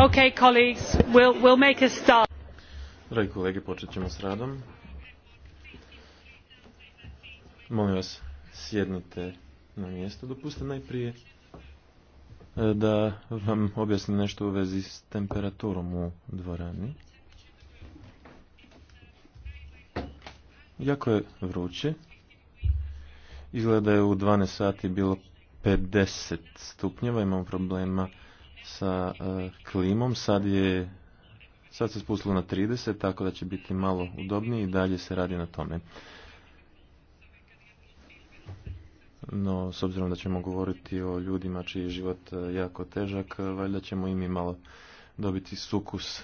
Okay, colleagues, we'll, we'll make a start. Dragi kolege, počet ćemo s radom. Molim vas, sjednite na mjesto. Dopustite najprije e, da vam objasnim nešto u vezi s temperaturom u dvorani. Jako je vruće. Izgleda je u 12 sati bilo 50 stupnjeva. Imamo problema sa e, klimom. Sad je sad se spustilo na 30, tako da će biti malo udobnije i dalje se radi na tome. No, s obzirom da ćemo govoriti o ljudima čiji je život e, jako težak, e, valjda ćemo i mi malo dobiti sukus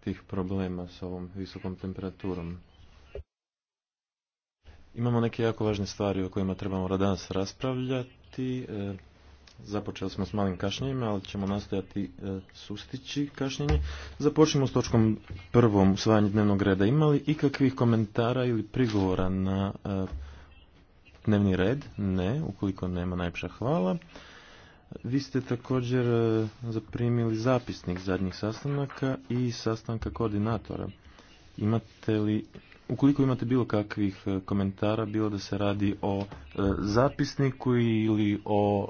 tih problema s ovom visokom temperaturom. Imamo neke jako važne stvari o kojima trebamo danas raspravljati. Započeli smo s malim kašnjenjima, ali ćemo nastojati e, sustići kašnjenje. Započnimo s točkom prvom usvajanje dnevnog reda. Imali li ikakvih komentara ili prigovora na e, dnevni red? Ne, ukoliko nema najpša hvala. Vi ste također e, zaprimili zapisnik zadnjih sastanaka i sastanka koordinatora. Imate li Ukoliko imate bilo kakvih komentara, bilo da se radi o zapisniku ili o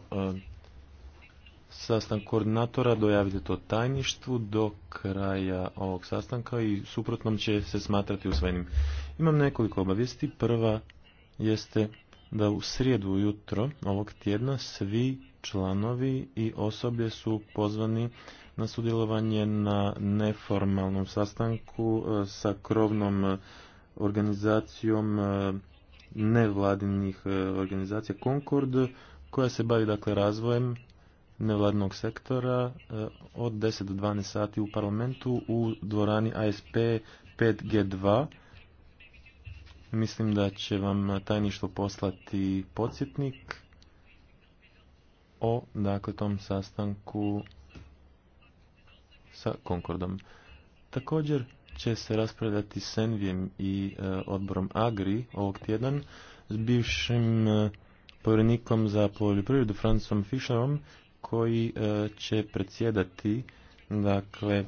sastanku koordinatora, dojavite to tajništvu do kraja ovog sastanka i suprotnom će se smatrati usvojenim. Imam nekoliko obavijesti. Prva jeste da u srijedu jutro ovog tjedna svi članovi i osoblje su pozvani na sudjelovanje na neformalnom sastanku e, sa krovnom e, organizacijom e, nevladinih organizacija Concord koja se bavi dakle razvojem nevladnog sektora eh, od 10 do 12 sati u parlamentu u dvorani ASP 5G2. Mislim da će vam tajništvo poslati podsjetnik o dakle, tom sastanku sa Concordom. Također će se raspravljati s Envijem i eh, odborom Agri ovog tjedan s bivšim eh, povjerenikom za poljoprivredu Francom Fischerom koji e, će predsjedati dakle, e,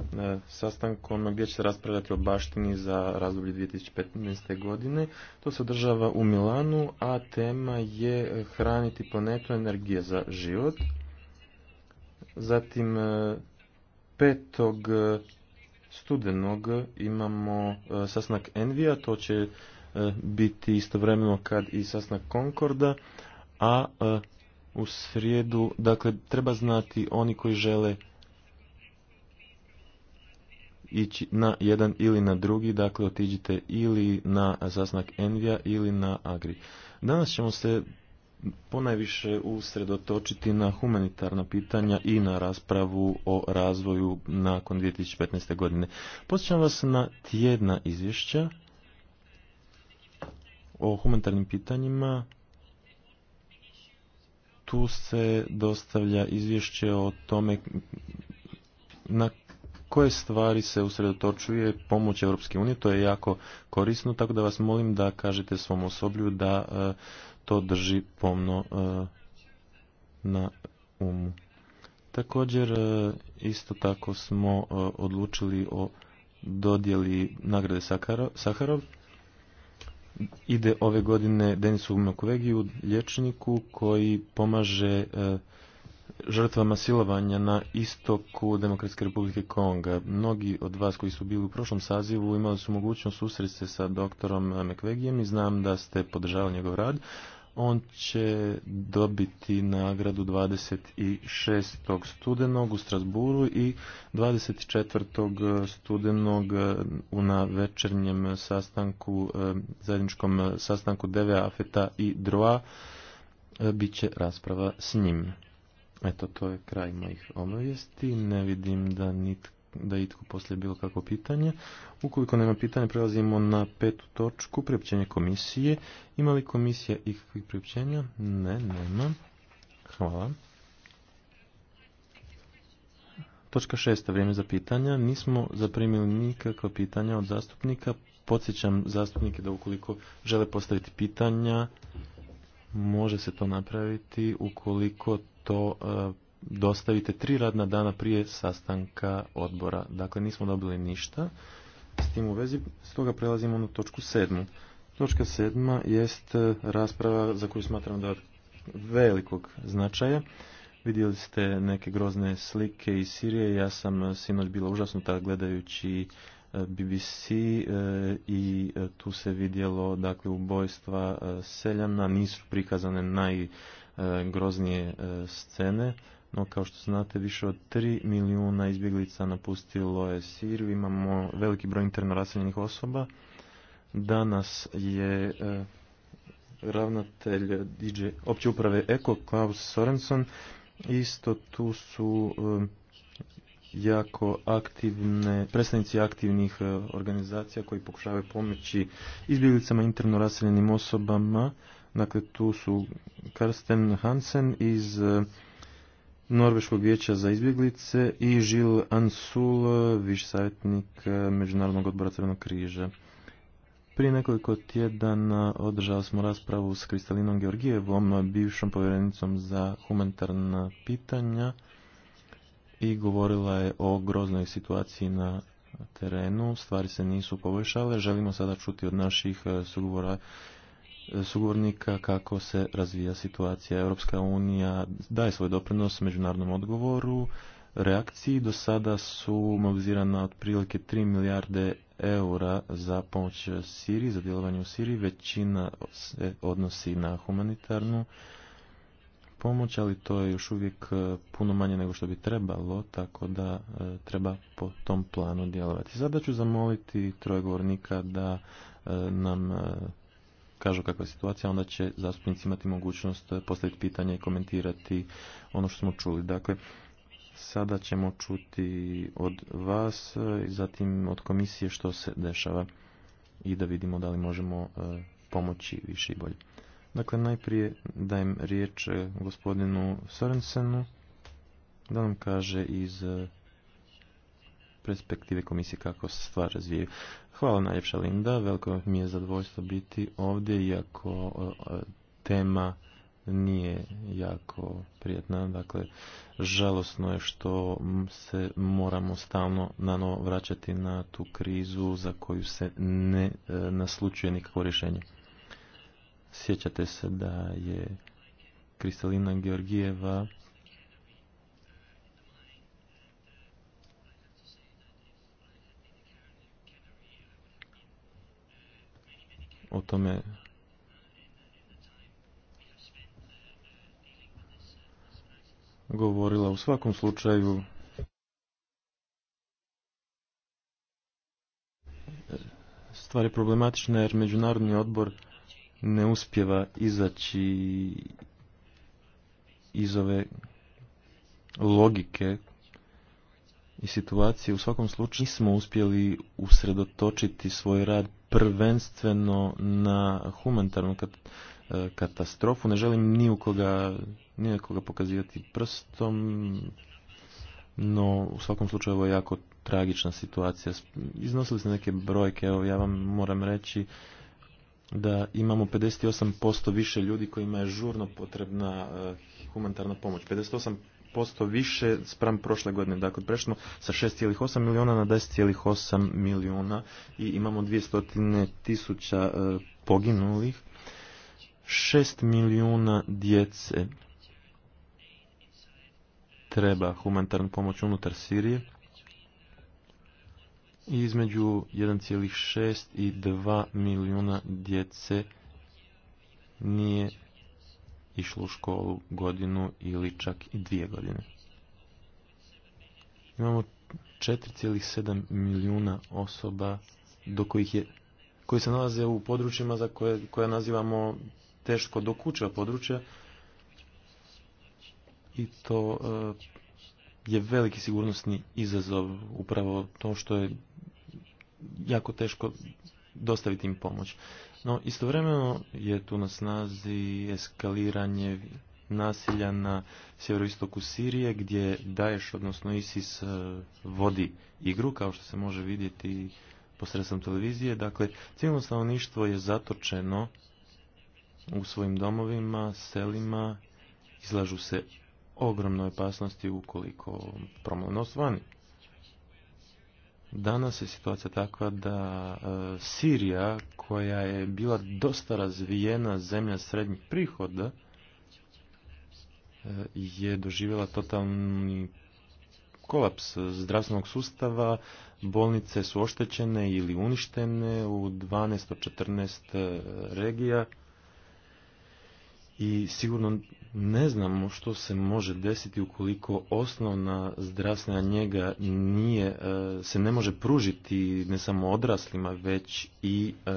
sastankom gdje će se raspravljati o baštini za razdoblje 2015. godine. To se održava u Milanu, a tema je hraniti planetu energije za život. Zatim, e, petog studenog imamo sastanak Envija, to će biti istovremeno kad i sastanak Konkorda, a u srijedu. Dakle, treba znati oni koji žele ići na jedan ili na drugi, dakle otiđite ili na zasnak Envija ili na Agri. Danas ćemo se ponajviše usredotočiti na humanitarna pitanja i na raspravu o razvoju nakon 2015. godine. Posjećam vas na tjedna izvješća o humanitarnim pitanjima tu se dostavlja izvješće o tome na koje stvari se usredotočuje pomoć Europske unije, to je jako korisno, tako da vas molim da kažete svom osoblju da e, to drži pomno e, na umu. Također, e, isto tako smo odlučili o dodjeli nagrade Saharov ide ove godine Denisu Mekovegiju, lječniku koji pomaže e, žrtvama silovanja na istoku Demokratske republike Konga. Mnogi od vas koji su bili u prošlom sazivu imali su mogućnost susresti se sa doktorom Mekvegijem i znam da ste podržavali njegov rad, on će dobiti nagradu 26. studenog u Strasburu i 24. studenog eh, na večernjem sastanku, eh, zajedničkom eh, sastanku Deve, Afeta i Droa bit će rasprava s njim. Eto, to je kraj mojih obavijesti. Ne vidim da nitko da itko poslije bilo kakvo pitanje. Ukoliko nema pitanja, prelazimo na petu točku, priopćenje komisije. Ima li komisija ikakvih priopćenja? Ne, nema. Hvala. Točka šesta, vrijeme za pitanja. Nismo zaprimili nikakva pitanja od zastupnika. Podsjećam zastupnike da ukoliko žele postaviti pitanja, može se to napraviti ukoliko to e, dostavite tri radna dana prije sastanka odbora. Dakle, nismo dobili ništa. S tim u vezi, stoga prelazimo na točku sedmu. Točka sedma jest e, rasprava za koju smatram da je velikog značaja. Vidjeli ste neke grozne slike iz Sirije. Ja sam e, sinoć bila užasnuta gledajući e, BBC i tu se vidjelo dakle ubojstva seljana. Nisu prikazane najgroznije scene no, kao što znate, više od 3 milijuna izbjeglica napustilo je Siriju. Imamo veliki broj interno raseljenih osoba. Danas je e, ravnatelj DJ, opće uprave Eko, Klaus Sorenson. Isto tu su e, jako aktivne, predstavnici aktivnih e, organizacija koji pokušavaju pomoći izbjeglicama interno raseljenim osobama. Dakle, tu su Karsten Hansen iz Norveškog vijeća za izbjeglice i Žil Ansul, viš savjetnik e, Međunarodnog odbora Crvenog križa. Prije nekoliko tjedana održali smo raspravu s Kristalinom Georgijevom, bivšom povjerenicom za humanitarna pitanja i govorila je o groznoj situaciji na terenu. Stvari se nisu poboljšale. Želimo sada čuti od naših e, sugovora sugovornika kako se razvija situacija. Europska unija daje svoj doprinos međunarodnom odgovoru, reakciji. Do sada su mobilizirana otprilike 3 milijarde eura za pomoć Siriji, za djelovanje u Siriji. Većina se odnosi na humanitarnu pomoć, ali to je još uvijek e, puno manje nego što bi trebalo, tako da e, treba po tom planu djelovati. Sada ću zamoliti troje govornika da e, nam kažu kakva je situacija, onda će zastupnici imati mogućnost e, postaviti pitanje i komentirati ono što smo čuli. Dakle, sada ćemo čuti od vas e, i zatim od komisije što se dešava i da vidimo da li možemo e, pomoći više i bolje. Dakle, najprije dajem riječ gospodinu Sorensenu da nam kaže iz perspektive komisije kako se stvar razvijaju. Hvala najljepša Linda, veliko mi je zadovoljstvo biti ovdje, iako e, tema nije jako prijetna. Dakle, žalosno je što se moramo stalno nano vraćati na tu krizu za koju se ne e, naslučuje nikakvo rješenje. Sjećate se da je Kristalina Georgijeva o tome govorila. U svakom slučaju stvari problematične problematična jer Međunarodni odbor ne uspjeva izaći iz ove logike i situacije. U svakom slučaju nismo uspjeli usredotočiti svoj rad prvenstveno na humanitarnu e, katastrofu. Ne želim nikoga, nikoga pokazivati prstom, no u svakom slučaju ovo je jako tragična situacija. Iznosili ste neke brojke, evo ja vam moram reći da imamo 58% više ljudi kojima je žurno potrebna e, humanitarna pomoć posto više spram prošle godine. Dakle, prešli sa 6,8 miliona na 10,8 miliona i imamo 200 tisuća e, poginulih, 6 milijuna djece treba humanitarnu pomoć unutar Sirije i između 1,6 i 2 milijuna djece nije išlo u školu godinu ili čak i dvije godine. Imamo 4,7 milijuna osoba do kojih je, koji se nalaze u područjima za koje, koja nazivamo teško do kuća područja i to eh, je veliki sigurnosni izazov upravo to što je jako teško dostaviti im pomoć. No, istovremeno je tu na snazi eskaliranje nasilja na sjeveroistoku Sirije gdje Daesh, odnosno ISIS, e, vodi igru, kao što se može vidjeti posredstvom televizije. Dakle, civilno stanovništvo je zatočeno u svojim domovima, selima, izlažu se ogromnoj opasnosti ukoliko promovno osvani. Danas je situacija takva da e, Sirija, koja je bila dosta razvijena zemlja srednjih prihoda, e, je doživjela totalni kolaps zdravstvenog sustava, bolnice su oštećene ili uništene u 12 14 e, regija i sigurno ne znamo što se može desiti ukoliko osnovna zdravstvena njega nije, e, se ne može pružiti ne samo odraslima, već i e,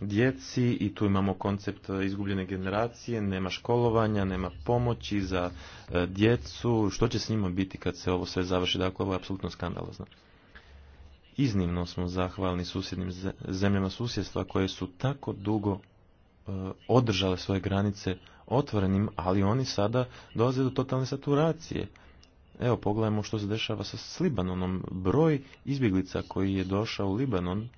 djeci i tu imamo koncept izgubljene generacije, nema školovanja, nema pomoći za e, djecu, što će s njima biti kad se ovo sve završi, dakle ovo je apsolutno skandalozno. Iznimno smo zahvalni susjednim zemljama susjedstva koje su tako dugo E, održale svoje granice otvorenim, ali oni sada dolaze do totalne saturacije. Evo, pogledajmo što se dešava sa s Libanonom. Broj izbjeglica koji je došao u Libanon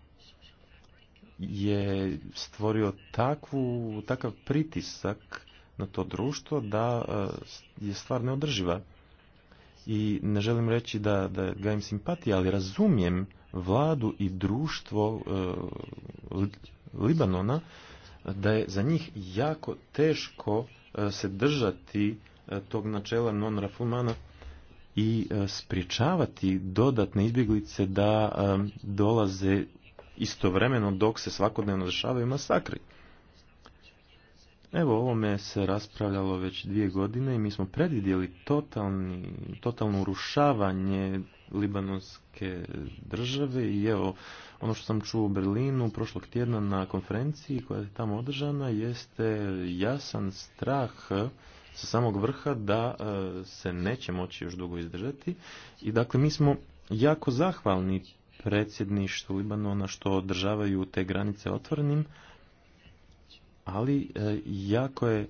je stvorio takvu, takav pritisak na to društvo da e, je stvar neodrživa. I ne želim reći da, da im simpatije, ali razumijem vladu i društvo e, Libanona da je za njih jako teško e, se držati e, tog načela non rafumana i e, spriječavati dodatne izbjeglice da dolaze istovremeno dok se svakodnevno dešavaju masakri. Evo, ovome se raspravljalo već dvije godine i mi smo predvidjeli totalni, totalno urušavanje libanonske države i evo ono što sam čuo u Berlinu prošlog tjedna na konferenciji koja je tamo održana jeste jasan strah sa samog vrha da e, se neće moći još dugo izdržati i dakle mi smo jako zahvalni predsjedništvu Libanona što održavaju te granice otvorenim ali e, jako je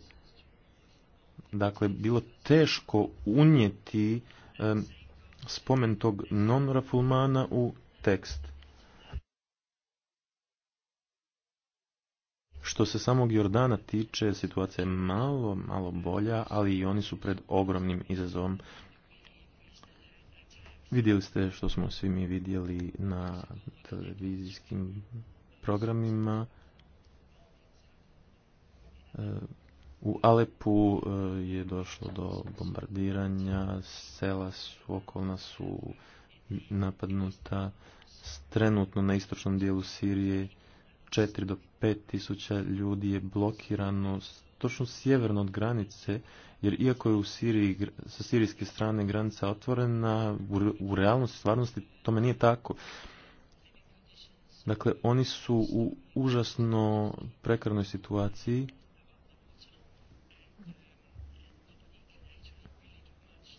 dakle bilo teško unijeti e, spomen tog non-rafulmana u tekst. Što se samog Jordana tiče, situacija je malo, malo bolja, ali i oni su pred ogromnim izazovom. Vidjeli ste što smo svi mi vidjeli na televizijskim programima. E, u Alepu e, je došlo do bombardiranja, sela su okolna su napadnuta, trenutno na istočnom dijelu Sirije 4 do 5 tisuća ljudi je blokirano točno sjeverno od granice, jer iako je u Siriji, sa sirijske strane granica otvorena, u realnosti, stvarnosti tome nije tako. Dakle, oni su u užasno prekarnoj situaciji,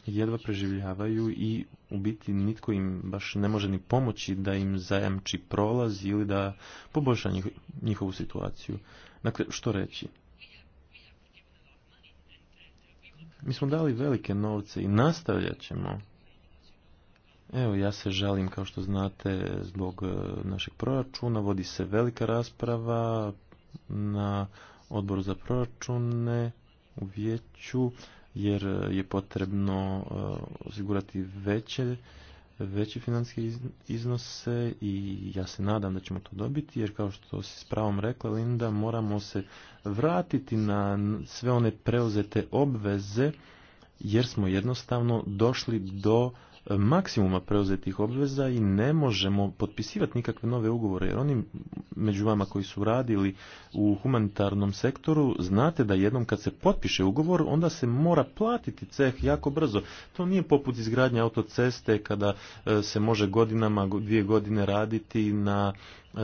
jedva preživljavaju i u biti nitko im baš ne može ni pomoći da im zajamči prolaz ili da poboljša njihovu situaciju. Dakle, što reći? Mi smo dali velike novce i nastavljat ćemo. Evo, ja se žalim, kao što znate, zbog e, našeg proračuna. Vodi se velika rasprava na odboru za proračune u vijeću jer e, je potrebno e, osigurati veće veće financijske iznose i ja se nadam da ćemo to dobiti jer kao što si s pravom rekla Linda moramo se vratiti na sve one preuzete obveze jer smo jednostavno došli do maksimuma preuzetih obveza i ne možemo potpisivati nikakve nove ugovore jer oni među vama koji su radili u humanitarnom sektoru znate da jednom kad se potpiše ugovor onda se mora platiti ceh jako brzo. To nije poput izgradnje autoceste kada e, se može godinama, dvije godine raditi na e,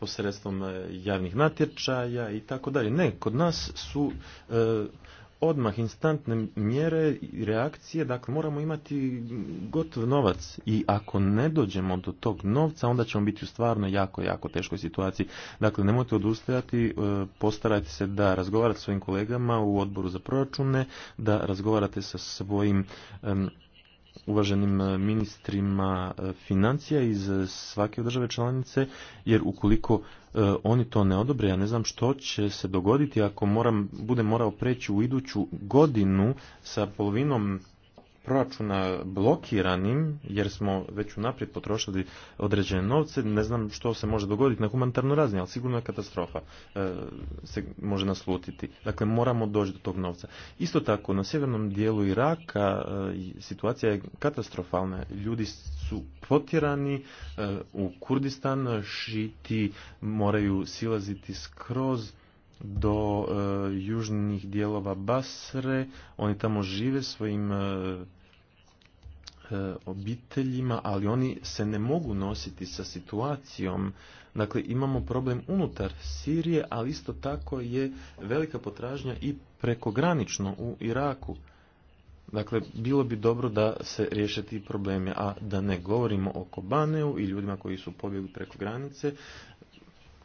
posredstvom e, javnih natječaja i tako dalje. Ne, kod nas su odmah instantne mjere i reakcije, dakle moramo imati gotov novac i ako ne dođemo do tog novca, onda ćemo biti u stvarno jako, jako teškoj situaciji. Dakle, nemojte odustajati, e, postarajte se da razgovarate s svojim kolegama u odboru za proračune, da razgovarate sa svojim um, uvaženim e, ministrima e, financija iz svake države članice, jer ukoliko E, oni to ne odobre, ja ne znam što će se dogoditi ako moram, budem morao preći u iduću godinu sa polovinom proračuna blokiranim, jer smo već unaprijed potrošili određene novce, ne znam što se može dogoditi na humanitarno razini, ali sigurno je katastrofa e, se može naslutiti. Dakle, moramo doći do tog novca. Isto tako, na sjevernom dijelu Iraka e, situacija je katastrofalna. Ljudi su potjerani e, u Kurdistan, šiti moraju silaziti skroz do južnih dijelova Basre, oni tamo žive svojim E, obiteljima, ali oni se ne mogu nositi sa situacijom. Dakle, imamo problem unutar Sirije, ali isto tako je velika potražnja i prekogranično u Iraku. Dakle, bilo bi dobro da se riješe ti problemi, a da ne govorimo o Kobaneu i ljudima koji su pobjegli preko granice,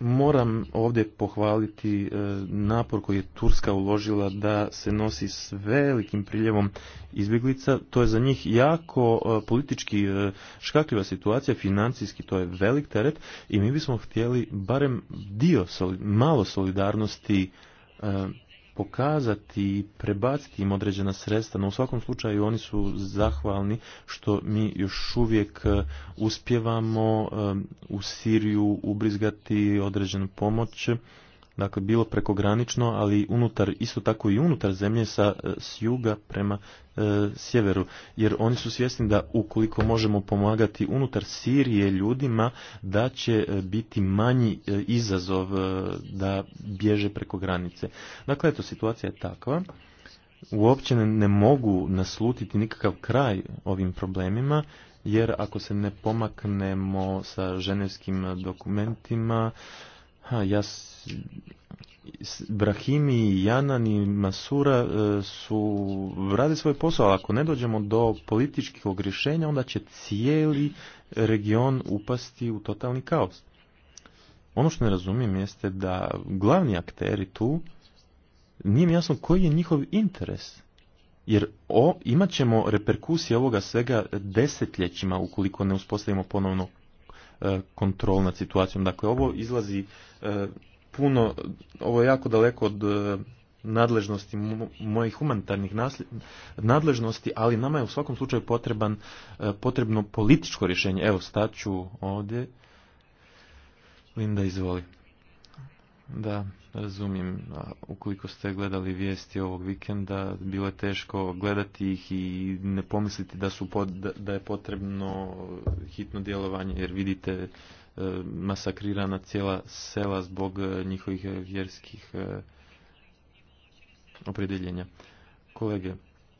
Moram ovdje pohvaliti e, napor koji je Turska uložila da se nosi s velikim priljevom izbjeglica. To je za njih jako e, politički e, škakljiva situacija, financijski to je velik teret i mi bismo htjeli barem dio, malo solidarnosti pokazati i prebaciti im određena sredstva, no u svakom slučaju oni su zahvalni što mi još uvijek e, uspjevamo e, u Siriju ubrizgati određenu pomoć dakle bilo prekogranično, ali unutar, isto tako i unutar zemlje sa e, s juga prema e, sjeveru. Jer oni su svjesni da ukoliko možemo pomagati unutar Sirije ljudima, da će e, biti manji izazov da bježe preko granice. Dakle, eto, situacija je takva uopće ne mogu naslutiti nikakav kraj ovim problemima, jer ako se ne pomaknemo sa ženevskim dokumentima, Ha, ja Brahimi, Janan i Masura e, su rade svoj posao, ali ako ne dođemo do političkih rješenja, onda će cijeli region upasti u totalni kaos. Ono što ne razumijem jeste da glavni akteri tu nije mi jasno koji je njihov interes. Jer o, imat ćemo reperkusije ovoga svega desetljećima ukoliko ne uspostavimo ponovno E, kontrol nad situacijom. Dakle, ovo izlazi e, puno, ovo je jako daleko od e, nadležnosti, mojih humanitarnih nadležnosti, ali nama je u svakom slučaju potreban, potrebno političko rješenje. Evo, staću ovdje. Linda, izvoli. Da, Razumijem, ukoliko ste gledali vijesti ovog vikenda, bilo je teško gledati ih i ne pomisliti da, su da je potrebno hitno djelovanje, jer vidite e, masakrirana cijela sela zbog e, njihovih e, vjerskih opredjeljenja. Kolege,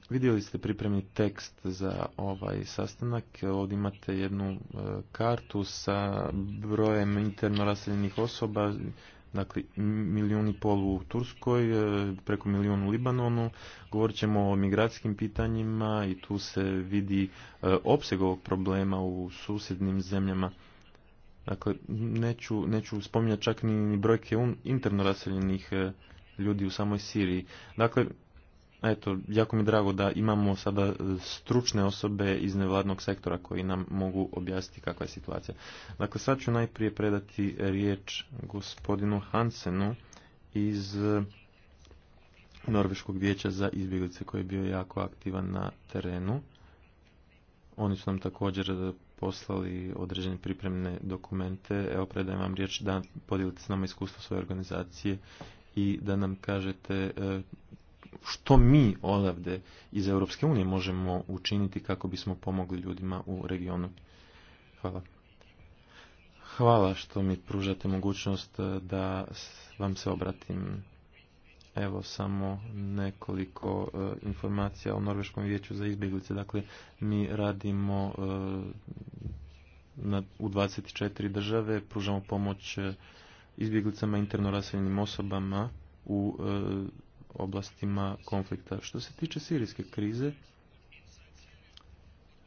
vidjeli ste pripremni tekst za ovaj sastanak. Ovdje imate jednu kartu sa brojem interno raseljenih osoba dakle milijun i pol u Turskoj, e, preko milijun u Libanonu, govorit ćemo o migracijskim pitanjima i tu se vidi e, opseg ovog problema u susjednim zemljama. Dakle, neću, neću spominjati čak ni brojke interno raseljenih e, ljudi u samoj Siriji. Dakle, Eto, jako mi drago da imamo sada e, stručne osobe iz nevladnog sektora koji nam mogu objasniti kakva je situacija. Dakle, sad ću najprije predati riječ gospodinu Hansenu iz e, Norveškog vijeća za izbjeglice koji je bio jako aktivan na terenu. Oni su nam također poslali određene pripremne dokumente. Evo, predajem vam riječ da podijelite s nama iskustvo svoje organizacije i da nam kažete e, što mi odavde iz Europske unije možemo učiniti kako bismo pomogli ljudima u regionu. Hvala. Hvala što mi pružate mogućnost eh, da vam se obratim. Evo samo nekoliko eh, informacija o Norveškom vijeću za izbjeglice. Dakle, mi radimo u eh, na, u 24 države, pružamo pomoć izbjeglicama, interno raseljenim osobama u oblastima konflikta. Što se tiče sirijske krize,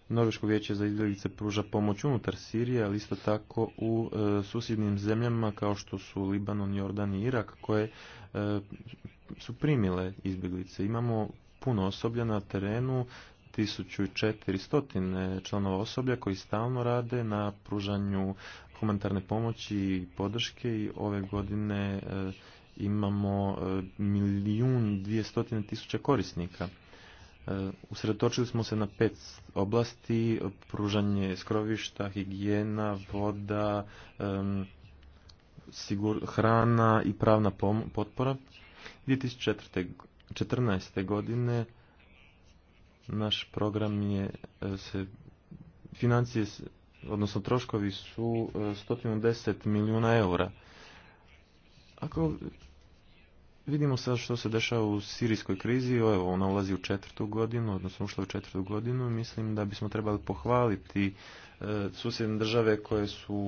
Norveško vijeće za izbjeglice pruža pomoć unutar Sirije, ali isto tako u e, susjednim zemljama kao što su Libanon, Jordan i Irak koje e, su primile izbjeglice. Imamo puno osoblja na terenu, 1400 članova osoblja koji stalno rade na pružanju humanitarne pomoći i podrške i ove godine e, imamo e, milijun stotine tisuća korisnika. E, usredotočili smo se na pet oblasti, pružanje skrovišta, higijena, voda, sigur, hrana i pravna potpora. 2014. godine naš program je e, se financije, odnosno troškovi su 110 milijuna eura. Ako Vidimo sad što se dešava u sirijskoj krizi, evo ona ulazi u četvrtu godinu, odnosno ušla u četvrtu godinu, mislim da bismo trebali pohvaliti e, susjedne države koje su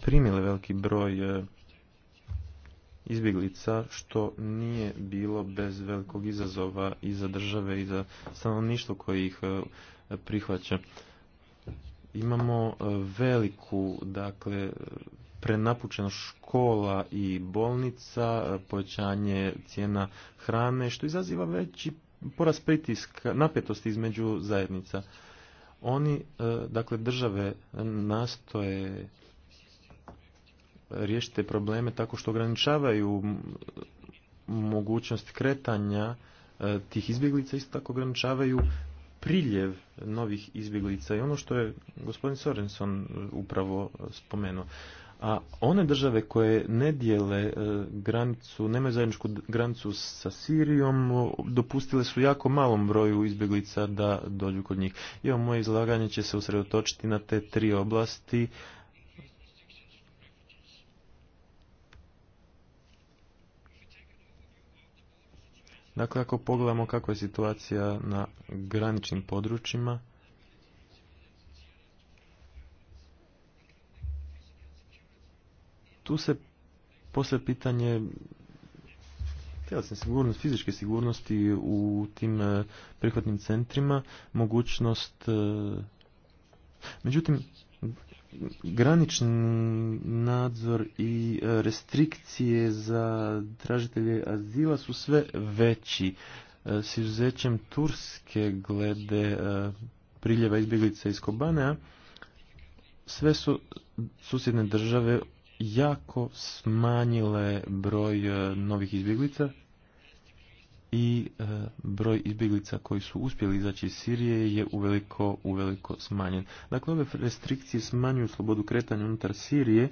e, primile veliki broj e, izbjeglica, što nije bilo bez velikog izazova i za države i za stanovništvo koje ih e, prihvaća. Imamo veliku, dakle, prenapučeno škola i bolnica, povećanje cijena hrane, što izaziva veći porast pritiska, napetosti između zajednica. Oni, e, dakle, države nastoje riješiti probleme tako što ograničavaju mogućnost kretanja e, tih izbjeglica, isto tako ograničavaju priljev novih izbjeglica i ono što je gospodin Sorenson upravo spomenuo a one države koje ne dijele e, granicu, nemaju zajedničku granicu sa Sirijom, dopustile su jako malom broju izbjeglica da dođu kod njih. I ovo moje izlaganje će se usredotočiti na te tri oblasti. Dakle, ako pogledamo kako je situacija na graničnim područjima, Tu se poslije pitanje tjelesne sigurnosti, fizičke sigurnosti u tim e, prihvatnim centrima, mogućnost... E, međutim, granični nadzor i e, restrikcije za tražitelje azila su sve veći. S izuzećem Turske glede priljeva izbjeglica iz Kobanea, sve su susjedne države jako smanjile broj e, novih izbjeglica i e, broj izbjeglica koji su uspjeli izaći iz Sirije je uveliko, uveliko smanjen. Dakle, ove restrikcije smanjuju slobodu kretanja unutar Sirije,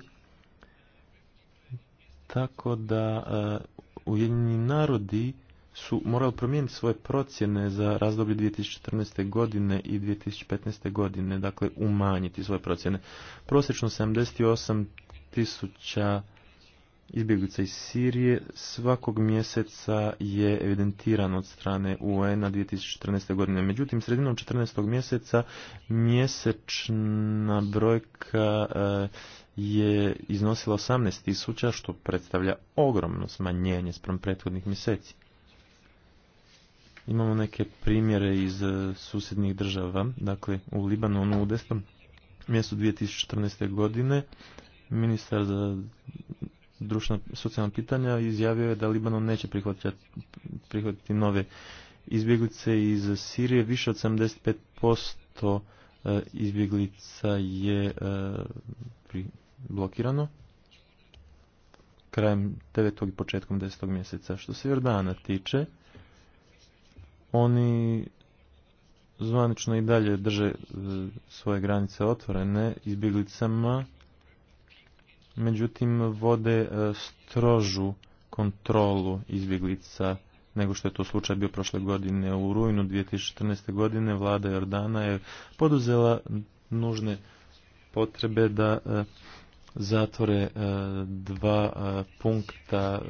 tako da e, Ujedinjeni narodi su morali promijeniti svoje procjene za razdoblje 2014. godine i 2015. godine, dakle umanjiti svoje procjene. Prosječno 78 tisuća izbjeglica iz Sirije svakog mjeseca je evidentiran od strane UN-a 2014. godine. Međutim, sredinom 14. mjeseca mjesečna brojka eh, je iznosila 18 tisuća, što predstavlja ogromno smanjenje sprem prethodnih mjeseci. Imamo neke primjere iz eh, susjednih država, dakle u Libanonu u desnom mjestu 2014. godine ministar za društvena socijalna pitanja izjavio je da Libanon neće prihvatiti nove izbjeglice iz Sirije. Više od 75% e, izbjeglica je e, blokirano krajem 9. i početkom 10. mjeseca. Što se Jordana tiče, oni zvanično i dalje drže e, svoje granice otvorene izbjeglicama međutim vode e, strožu kontrolu izbjeglica nego što je to slučaj bio prošle godine. U rujnu 2014. godine vlada Jordana je poduzela nužne potrebe da e, zatvore e, dva punkta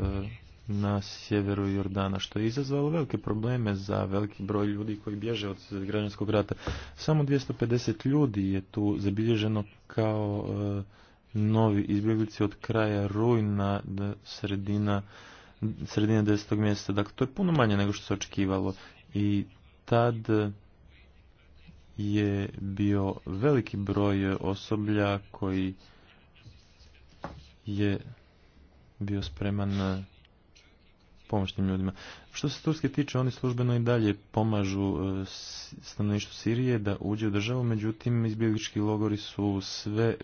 na sjeveru Jordana, što je izazvalo velike probleme za veliki broj ljudi koji bježe od građanskog rata. Samo 250 ljudi je tu zabilježeno kao novi izbjeglici od kraja rujna do sredina, sredina 10. mjeseca. Dakle, to je puno manje nego što se očekivalo i tad je bio veliki broj osoblja koji je bio spreman pomoćnim ljudima. Što se Turske tiče, oni službeno i dalje pomažu e, stanovništvu Sirije da uđe u državu, međutim izbjeglički logori su sve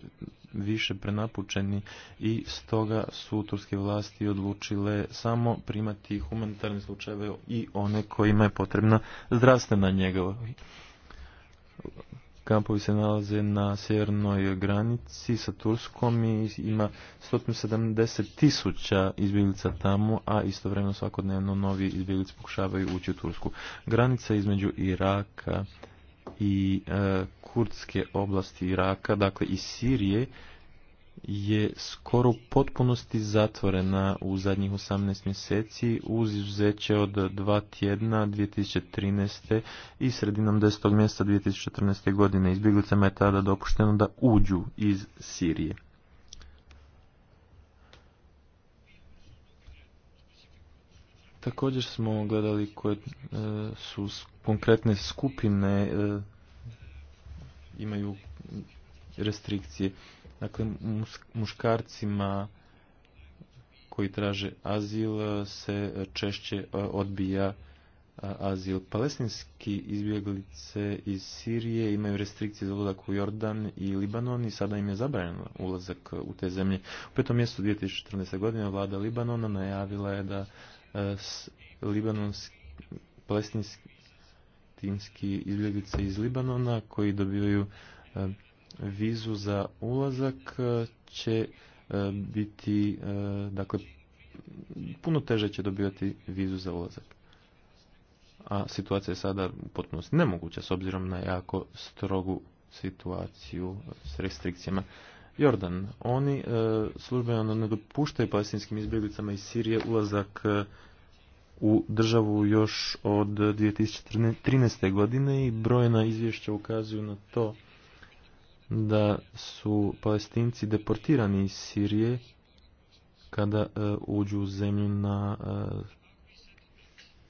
više prenapučeni i stoga su turske vlasti odlučile samo primati humanitarne slučajeve i one kojima je potrebna zdravstvena njegova kampovi se nalaze na sjevernoj granici sa Turskom i ima 170 tisuća izbjeglica tamo, a istovremeno svakodnevno novi izbjeglici pokušavaju ući u Tursku. Granica između Iraka i e, kurdske oblasti Iraka, dakle i Sirije, je skoro u potpunosti zatvorena u zadnjih 18 mjeseci uz izuzeće od dva tjedna 2013. i sredinom 10. mjesta 2014. godine. Izbjeglicama je tada dopušteno da uđu iz Sirije. Također smo gledali koje e, su konkretne skupine e, imaju restrikcije. Dakle, muškarcima koji traže azil se češće e, odbija e, azil. Palestinski izbjeglice iz Sirije imaju restrikcije za ulazak u Jordan i Libanon i sada im je zabranjen ulazak u te zemlje. U petom mjestu 2014. godine vlada Libanona najavila je da e, libanonski palestinski izbjeglice iz Libanona koji dobivaju vizu za ulazak e, će e, biti, e, dakle, puno teže će dobivati vizu za ulazak. A situacija je sada potpuno nemoguća s obzirom na jako strogu situaciju s restrikcijama. Jordan, oni službeno ne dopuštaju palestinskim izbjeglicama iz Sirije ulazak u državu još od 2013. godine i brojna izvješća ukazuju na to da su palestinci deportirani iz Sirije kada e, uđu u zemlju na e,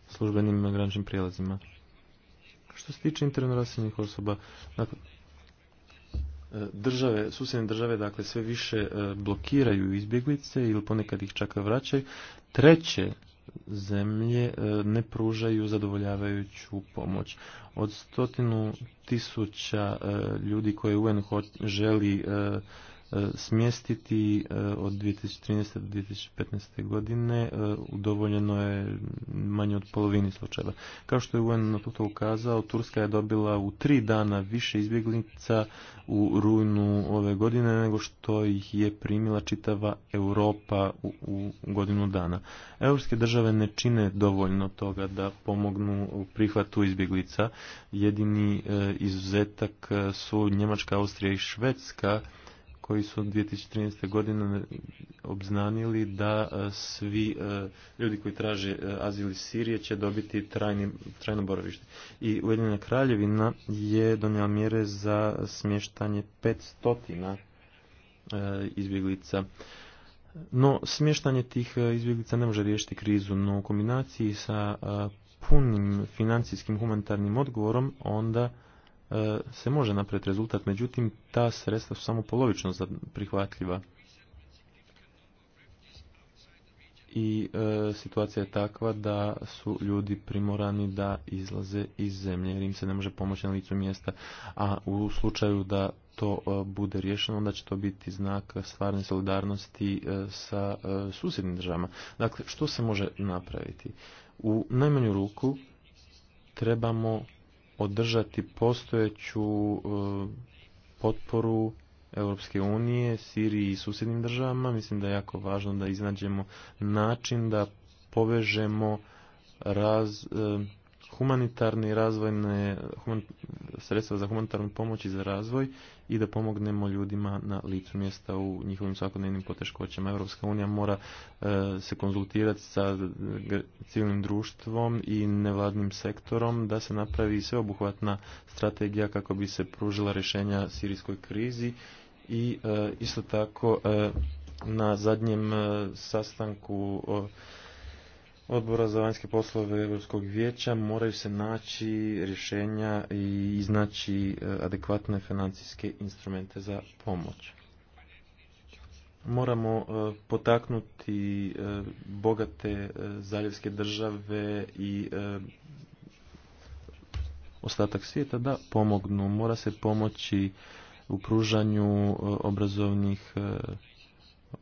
službenim graničnim prijelazima. Što se tiče interno raseljenih osoba, dakle, e, države, susjedne države dakle sve više blokiraju izbjeglice ili ponekad ih čak vraćaju. Treće, zemlje e, ne pružaju zadovoljavajuću pomoć. Od stotinu tisuća e, ljudi koje UN želi e, E, smjestiti e, od 2013. do 2015. godine e, udovoljeno je manje od polovini slučajeva. Kao što je UN na to ukazao, Turska je dobila u tri dana više izbjeglica u rujnu ove godine nego što ih je primila čitava Europa u, u godinu dana. Europske države ne čine dovoljno toga da pomognu u prihvatu izbjeglica. Jedini izuzetak su Njemačka, Austrija i Švedska koji su 2013. godine obznanili da e, svi e, ljudi koji traže e, azil iz Sirije će dobiti trajni, trajno boravište. I Ujedinjena kraljevina je donijela mjere za smještanje 500 izbjeglica. No, smještanje tih izbjeglica ne može riješiti krizu, no u kombinaciji sa punim financijskim humanitarnim odgovorom onda E, se može napraviti rezultat, međutim ta sredstva su samo polovično prihvatljiva. I e, situacija je takva da su ljudi primorani da izlaze iz zemlje jer im se ne može pomoći na licu mjesta, a u slučaju da to e, bude riješeno, onda će to biti znak stvarne solidarnosti sa susjednim državama. Dakle, što se može napraviti? U najmanju ruku trebamo održati postojeću e, potporu Europske unije, Siriji i susjednim državama. Mislim da je jako važno da iznađemo način da povežemo raz, e, humanitarni razvojne, human, sredstva za humanitarnu pomoć i za razvoj i da pomognemo ljudima na licu mjesta u njihovim svakodnevnim poteškoćama. Europska unija mora e, se konzultirati sa e, civilnim društvom i nevladnim sektorom da se napravi sveobuhvatna strategija kako bi se pružila rješenja sirijskoj krizi i e, isto tako na zadnjem sastanku odbora za vanjske poslove Europskog vijeća moraju se naći rješenja i iznaći e, adekvatne financijske instrumente za pomoć. Moramo e, potaknuti e, bogate zaljevske države i ostatak svijeta da pomognu. Mora se pomoći u pružanju obrazovnih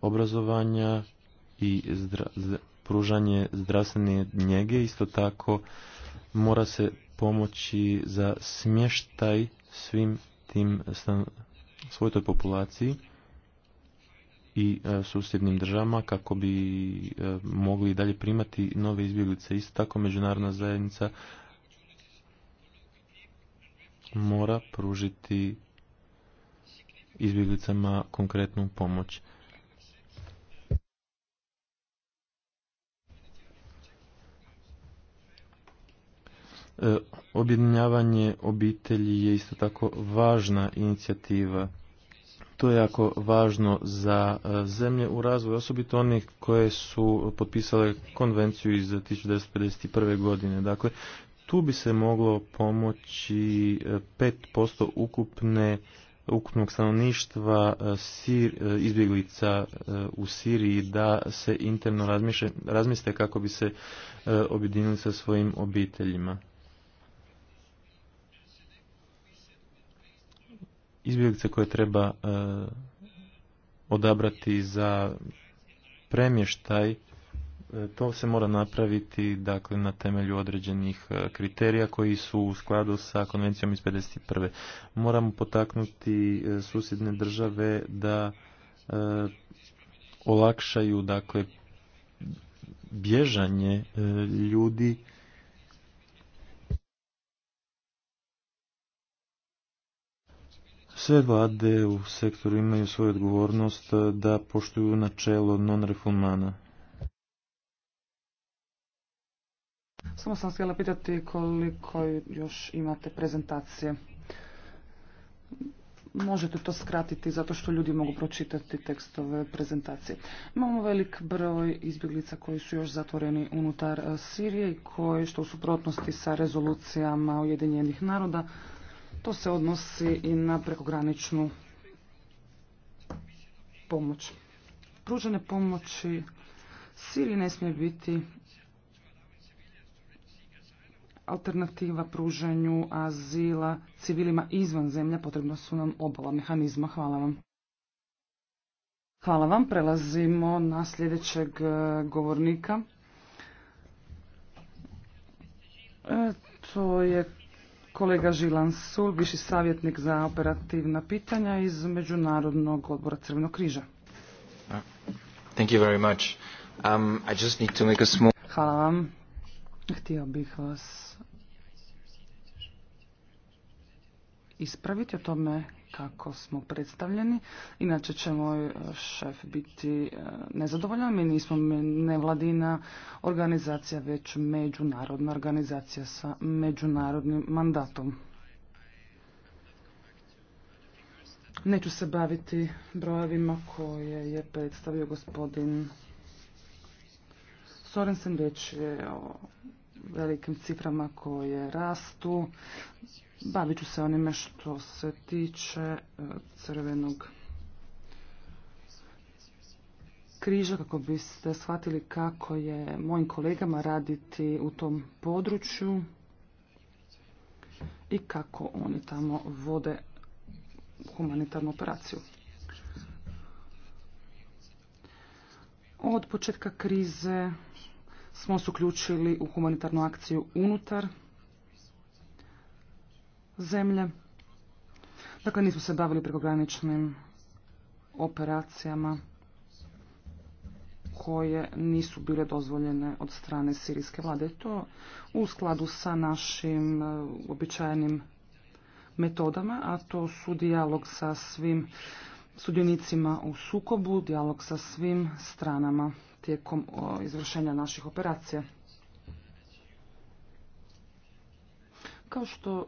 obrazovanja i pružanje zdravstvene njege, isto tako mora se pomoći za smještaj svim tim populaciji i e, susjednim državama kako bi e, mogli dalje primati nove izbjeglice. Isto tako međunarodna zajednica mora pružiti izbjeglicama konkretnu pomoć. E, objedinjavanje obitelji je isto tako važna inicijativa. To je jako važno za e, zemlje u razvoju, osobito one koje su potpisale konvenciju iz 1951. godine. Dakle, tu bi se moglo pomoći 5% e, ukupne ukupnog stanovništva sir, izbjeglica u Siriji da se interno razmiste kako bi se objedinili sa svojim obiteljima. izbjeglice koje treba e, odabrati za premještaj, e, to se mora napraviti dakle, na temelju određenih e, kriterija koji su u skladu sa konvencijom iz 51. Moramo potaknuti susjedne države da olakšaju dakle, bježanje ljudi Sve vlade u sektoru imaju svoju odgovornost eh, da poštuju načelo non Samo sam htjela pitati koliko još imate prezentacije. Možete to skratiti zato što ljudi mogu pročitati tekstove prezentacije. Imamo velik broj izbjeglica koji su još zatvoreni unutar eh, Sirije i koji što u suprotnosti sa rezolucijama Ujedinjenih naroda to se odnosi i na prekograničnu pomoć. Pružene pomoći Siriji ne smije biti alternativa pružanju azila civilima izvan zemlje. Potrebno su nam obala mehanizma. Hvala vam. Hvala vam. Prelazimo na sljedećeg e, govornika. E, to je kolega Žilan Sul, viši savjetnik za operativna pitanja iz Međunarodnog odbora Crvenog križa. Thank Hvala vam. Htio bih vas ispraviti o tome kako smo predstavljeni. Inače će moj e, šef biti e, nezadovoljan. Mi nismo nevladina organizacija, već međunarodna organizacija sa međunarodnim mandatom. Neću se baviti brojevima koje je predstavio gospodin Sorensen, već je velikim ciframa koje rastu. Bavit ću se onime što se tiče e, crvenog križa kako biste shvatili kako je mojim kolegama raditi u tom području i kako oni tamo vode humanitarnu operaciju. Od početka krize smo se uključili u humanitarnu akciju unutar zemlje. Dakle, nismo se bavili prekograničnim operacijama koje nisu bile dozvoljene od strane sirijske vlade. to u skladu sa našim e, običajenim metodama, a to su dijalog sa svim sudionicima u sukobu, dijalog sa svim stranama tijekom izvršenja naših operacija. Kao što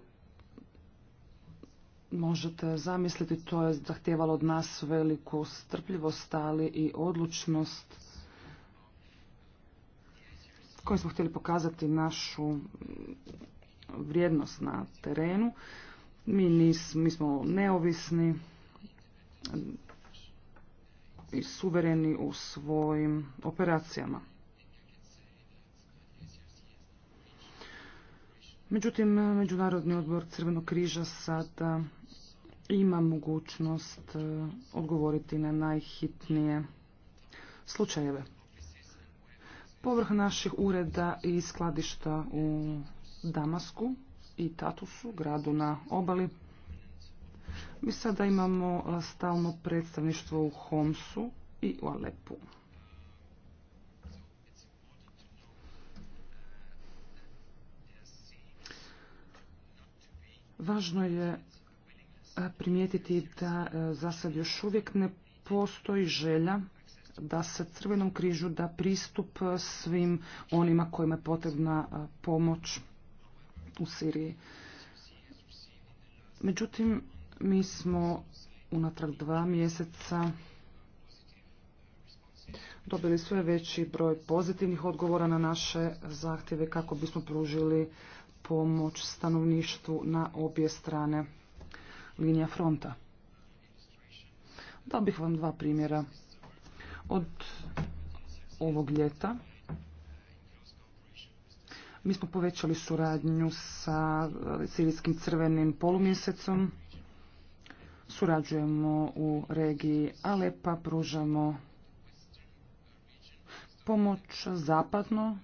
možete zamisliti, to je zahtjevalo od nas veliku strpljivost, ali i odlučnost kojim smo htjeli pokazati našu vrijednost na terenu. Mi, mi smo neovisni, i suvereni u svojim operacijama. Međutim, Međunarodni odbor Crvenog križa sada ima mogućnost e, odgovoriti na najhitnije slučajeve. Povrh naših ureda i skladišta u Damasku i Tatusu, gradu na obali, mi sada imamo e, stalno predstavništvo u Homsu i u Alepu. Važno je e, primijetiti da e, za sad još uvijek ne postoji želja da se Crvenom križu da pristup svim onima kojima je potrebna pomoć u Siriji. Međutim, mi smo unatrag dva mjeseca dobili sve veći broj pozitivnih odgovora na naše zahtjeve kako bismo pružili pomoć stanovništvu na obje strane linija fronta. Dao bih vam dva primjera. Od ovog ljeta mi smo povećali suradnju sa sirijskim crvenim polumjesecom surađujemo u regiji Alepa, pružamo pomoć zapadno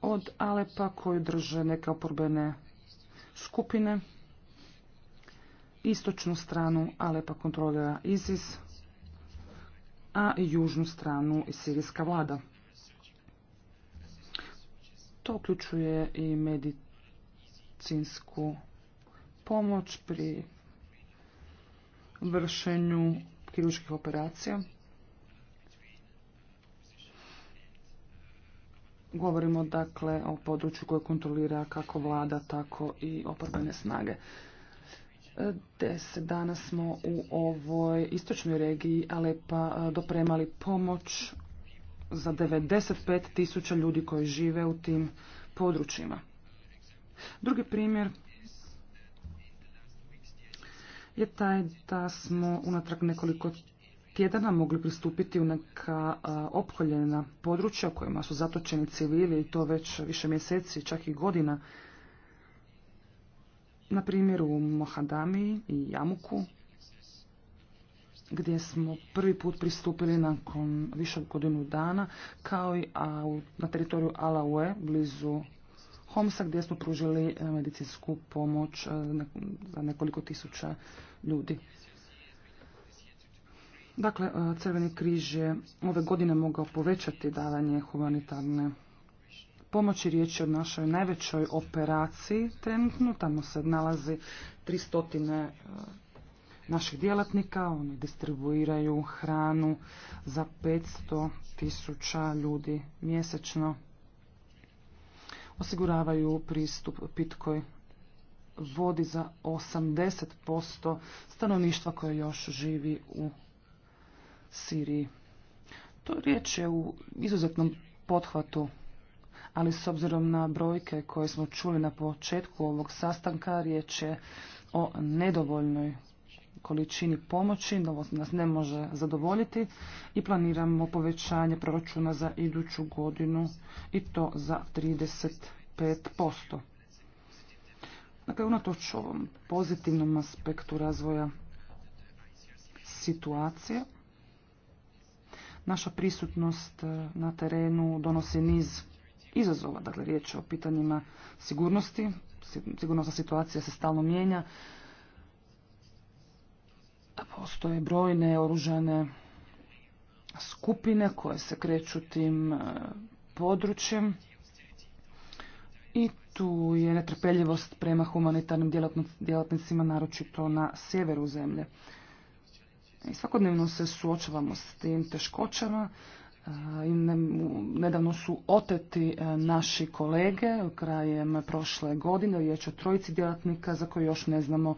od Alepa koju drže neke oporbene skupine. Istočnu stranu Alepa kontrolira ISIS, a i južnu stranu i sirijska vlada. To uključuje i medicinsku pomoć pri vršenju kirurških operacija. Govorimo dakle o području koje kontrolira kako vlada, tako i oporbene snage. Deset dana smo u ovoj istočnoj regiji Alepa dopremali pomoć za 95 tisuća ljudi koji žive u tim područjima. Drugi primjer je taj da smo unatrag nekoliko tjedana mogli pristupiti u neka područja u kojima su zatočeni civili i to već više mjeseci, čak i godina. Na primjer u Mohadami i Jamuku, gdje smo prvi put pristupili nakon više od godinu dana, kao i na teritoriju Alaue, blizu Homsa gdje smo pružili e, medicinsku pomoć e, za nekoliko tisuća ljudi. Dakle, e, Crveni križ je ove godine mogao povećati davanje humanitarne pomoći. Riječ je o našoj najvećoj operaciji trenutno. Tamo se nalazi 300 naših djelatnika. Oni distribuiraju hranu za 500 tisuća ljudi mjesečno osiguravaju pristup pitkoj vodi za 80% stanovništva koje još živi u Siriji. To riječ je u izuzetnom pothvatu, ali s obzirom na brojke koje smo čuli na početku ovog sastanka, riječ je o nedovoljnoj količini pomoći, novo nas ne može zadovoljiti i planiramo povećanje proračuna za iduću godinu i to za 35%. Dakle, unatoč ovom pozitivnom aspektu razvoja situacije, naša prisutnost e, na terenu donosi niz izazova. Dakle, riječ je o pitanjima sigurnosti, sigurnosna situacija se stalno mijenja, postoje brojne oružane skupine koje se kreću tim e, područjem i tu je netrpeljivost prema humanitarnim djelatnicima, naročito na sjeveru zemlje. I svakodnevno se suočavamo s tim teškoćama. E, nedavno su oteti e, naši kolege krajem prošle godine, riječ o trojici djelatnika za koje još ne znamo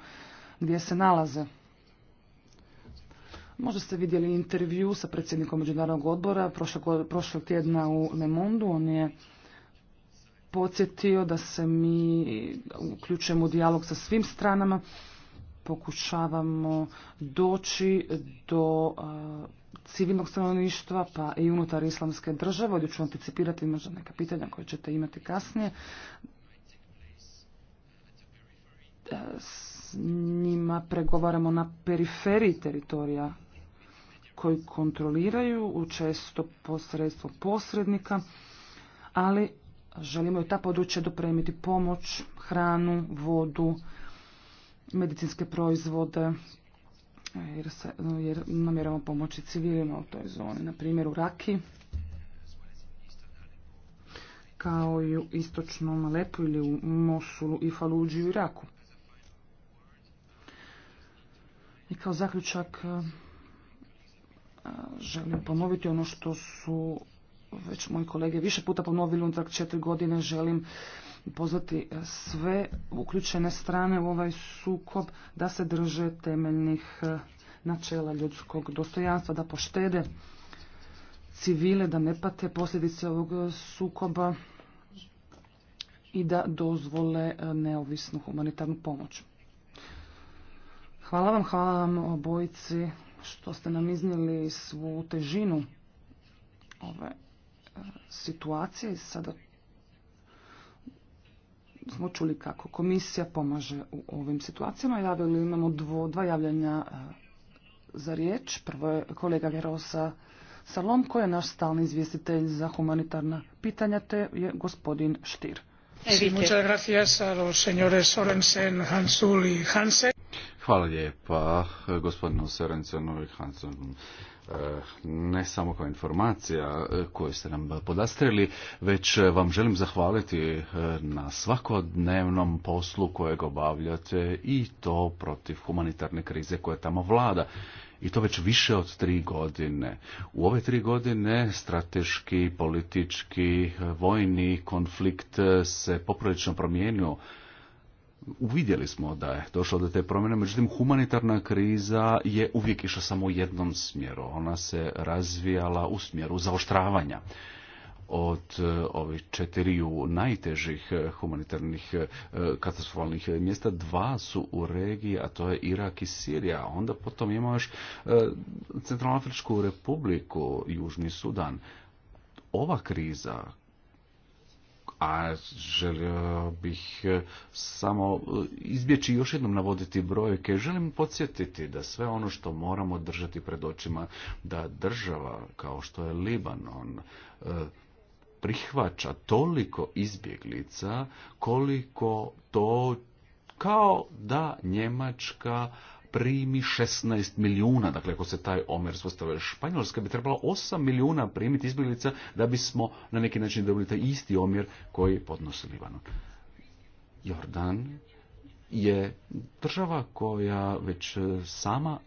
gdje se nalaze. Možda ste vidjeli intervju sa predsjednikom Međunarodnog odbora prošlog tjedna u Le On je podsjetio da se mi uključujemo u dijalog sa svim stranama, pokušavamo doći do civilnog stanovništva pa i unutar islamske države. Ovdje ću anticipirati možda neka pitanja koje ćete imati kasnije. S njima pregovaramo na periferiji teritorija koji kontroliraju često posredstvo posrednika, ali želimo i ta područja dopremiti pomoć, hranu, vodu, medicinske proizvode, jer, se, jer namjeramo pomoći civilima u toj zoni, na primjer u Raki, kao i u istočnom Alepu ili u Mosulu i Faluđi i Iraku. I kao zaključak želim ponoviti ono što su već moji kolege više puta ponovili unutar četiri godine. Želim pozvati sve uključene strane u ovaj sukob da se drže temeljnih e, načela ljudskog dostojanstva, da poštede civile, da ne pate posljedice ovog sukoba i da dozvole e, neovisnu humanitarnu pomoć. Hvala vam, hvala vam obojici što ste nam iznijeli svu težinu ove e, situacije i sada smo čuli kako komisija pomaže u ovim situacijama. Javili imamo dva javljanja e, za riječ. Prvo je kolega Gerosa Salom koji je naš stalni izvjestitelj za humanitarna pitanja te je gospodin Štir. gracias a los señores Sorensen, Hansul Hansen Hvala lijepa gospodinu Serencenu i e, ne samo kao informacija e, koju ste nam podastrili, već e, vam želim zahvaliti na svakodnevnom poslu kojeg obavljate i to protiv humanitarne krize koja tamo vlada. I to već više od tri godine. U ove tri godine strateški, politički, vojni konflikt se poprilično promijenio uvidjeli smo da je došlo do te promjene, međutim humanitarna kriza je uvijek išla samo u jednom smjeru. Ona se razvijala u smjeru zaoštravanja od e, ovih četiriju najtežih e, humanitarnih e, katastrofalnih mjesta, dva su u regiji, a to je Irak i Sirija. Onda potom imamo još Centralnoafričku republiku, Južni Sudan. Ova kriza a želio bih e, samo e, izbjeći još jednom navoditi brojke. Želim podsjetiti da sve ono što moramo držati pred očima, da država kao što je Libanon, e, prihvaća toliko izbjeglica koliko to kao da Njemačka primi 16 milijuna. Dakle, ako se taj omjer spostave Španjolska bi trebala 8 milijuna primiti izbjeglica da bismo na neki način dobili taj isti omjer koji podnosi Libanon. Jordan je država koja već sama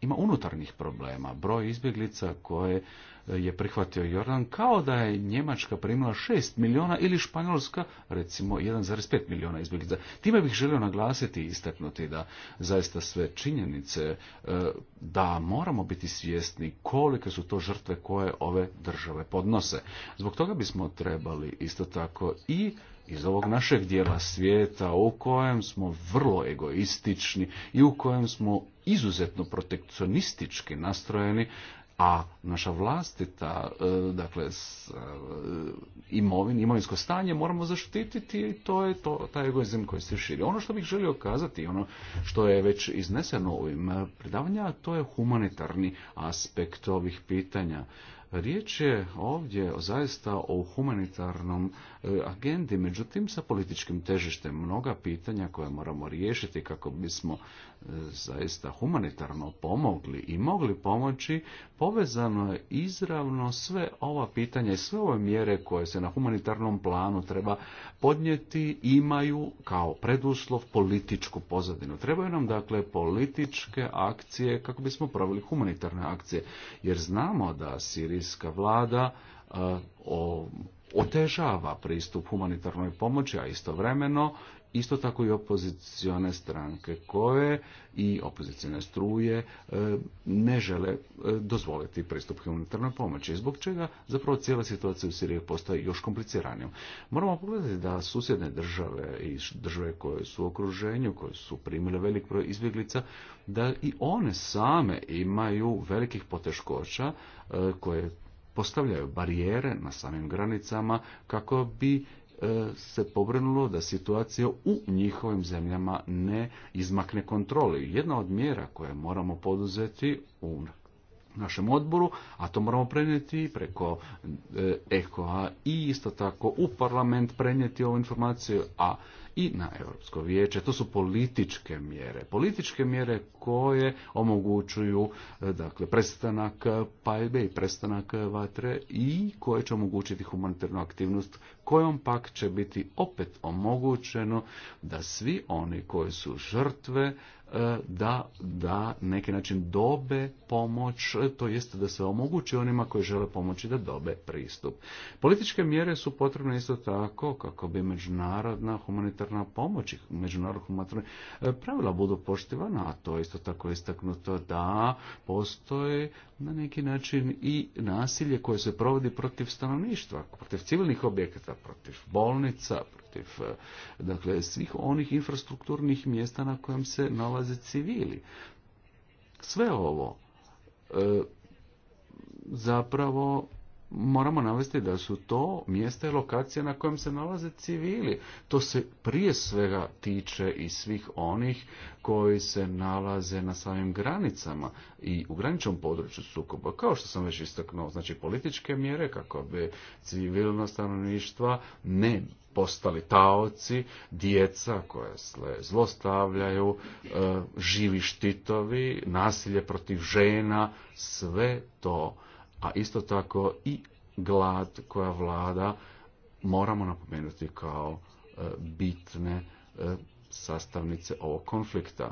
ima unutarnjih problema. Broj izbjeglica koje je prihvatio Jordan kao da je Njemačka primila 6 milijuna ili Španjolska recimo 1,5 milijuna izbjeglica. Time bih želio naglasiti i istaknuti da zaista sve činjenice e, da moramo biti svjesni kolike su to žrtve koje ove države podnose. Zbog toga bismo trebali isto tako i iz ovog našeg dijela svijeta u kojem smo vrlo egoistični i u kojem smo izuzetno protekcionistički nastrojeni, a naša vlastita e, dakle, e, imovin, imovinsko stanje moramo zaštititi i to je to, taj egoizam koji se širi. Ono što bih želio kazati, ono što je već izneseno ovim e, predavanja, to je humanitarni aspekt ovih pitanja. Riječ je ovdje zaista o humanitarnom E, agendi, međutim sa političkim težištem mnoga pitanja koja moramo riješiti kako bismo e, zaista humanitarno pomogli i mogli pomoći, povezano je izravno sve ova pitanja i sve ove mjere koje se na humanitarnom planu treba podnijeti imaju kao preduslov političku pozadinu. Trebaju nam dakle političke akcije kako bismo proveli humanitarne akcije jer znamo da sirijska vlada e, o otežava pristup humanitarnoj pomoći, a istovremeno isto tako i opozicione stranke koje i opozicione struje e, ne žele e, dozvoliti pristup humanitarnoj pomoći. Zbog čega zapravo cijela situacija u Siriji postaje još kompliciranijom. Moramo pogledati da susjedne države i države koje su u okruženju, koje su primile velik broj izbjeglica, da i one same imaju velikih poteškoća e, koje postavljaju barijere na samim granicama kako bi e, se pobrinulo da situacija u njihovim zemljama ne izmakne kontroli. Jedna od mjera koje moramo poduzeti u našem odboru, a to moramo prenijeti preko EKOA i isto tako u parlament prenijeti ovu informaciju, a i na Europsko vijeće. To su političke mjere. Političke mjere koje omogućuju e, dakle, prestanak pajbe i prestanak vatre i koje će omogućiti humanitarnu aktivnost kojom pak će biti opet omogućeno da svi oni koji su žrtve E, da, da neki način dobe pomoć, to jest da se omogući onima koji žele pomoći da dobe pristup. Političke mjere su potrebne isto tako kako bi međunarodna humanitarna pomoć i međunarodna humanitarna e, pravila budu poštivana, a to je isto tako istaknuto da postoje na neki način i nasilje koje se provodi protiv stanovništva, protiv civilnih objekata, protiv bolnica, protiv protiv e, dakle, svih onih infrastrukturnih mjesta na kojem se nalaze civili. Sve ovo e, zapravo moramo navesti da su to mjesta i lokacije na kojem se nalaze civili. To se prije svega tiče i svih onih koji se nalaze na samim granicama i u graničnom području sukoba. Kao što sam već istaknuo, znači političke mjere kako bi civilno stanovništva ne postali taoci, djeca koja se zlostavljaju, e, živi štitovi, nasilje protiv žena, sve to a isto tako i glad koja vlada moramo napomenuti kao e, bitne e, sastavnice ovog konflikta.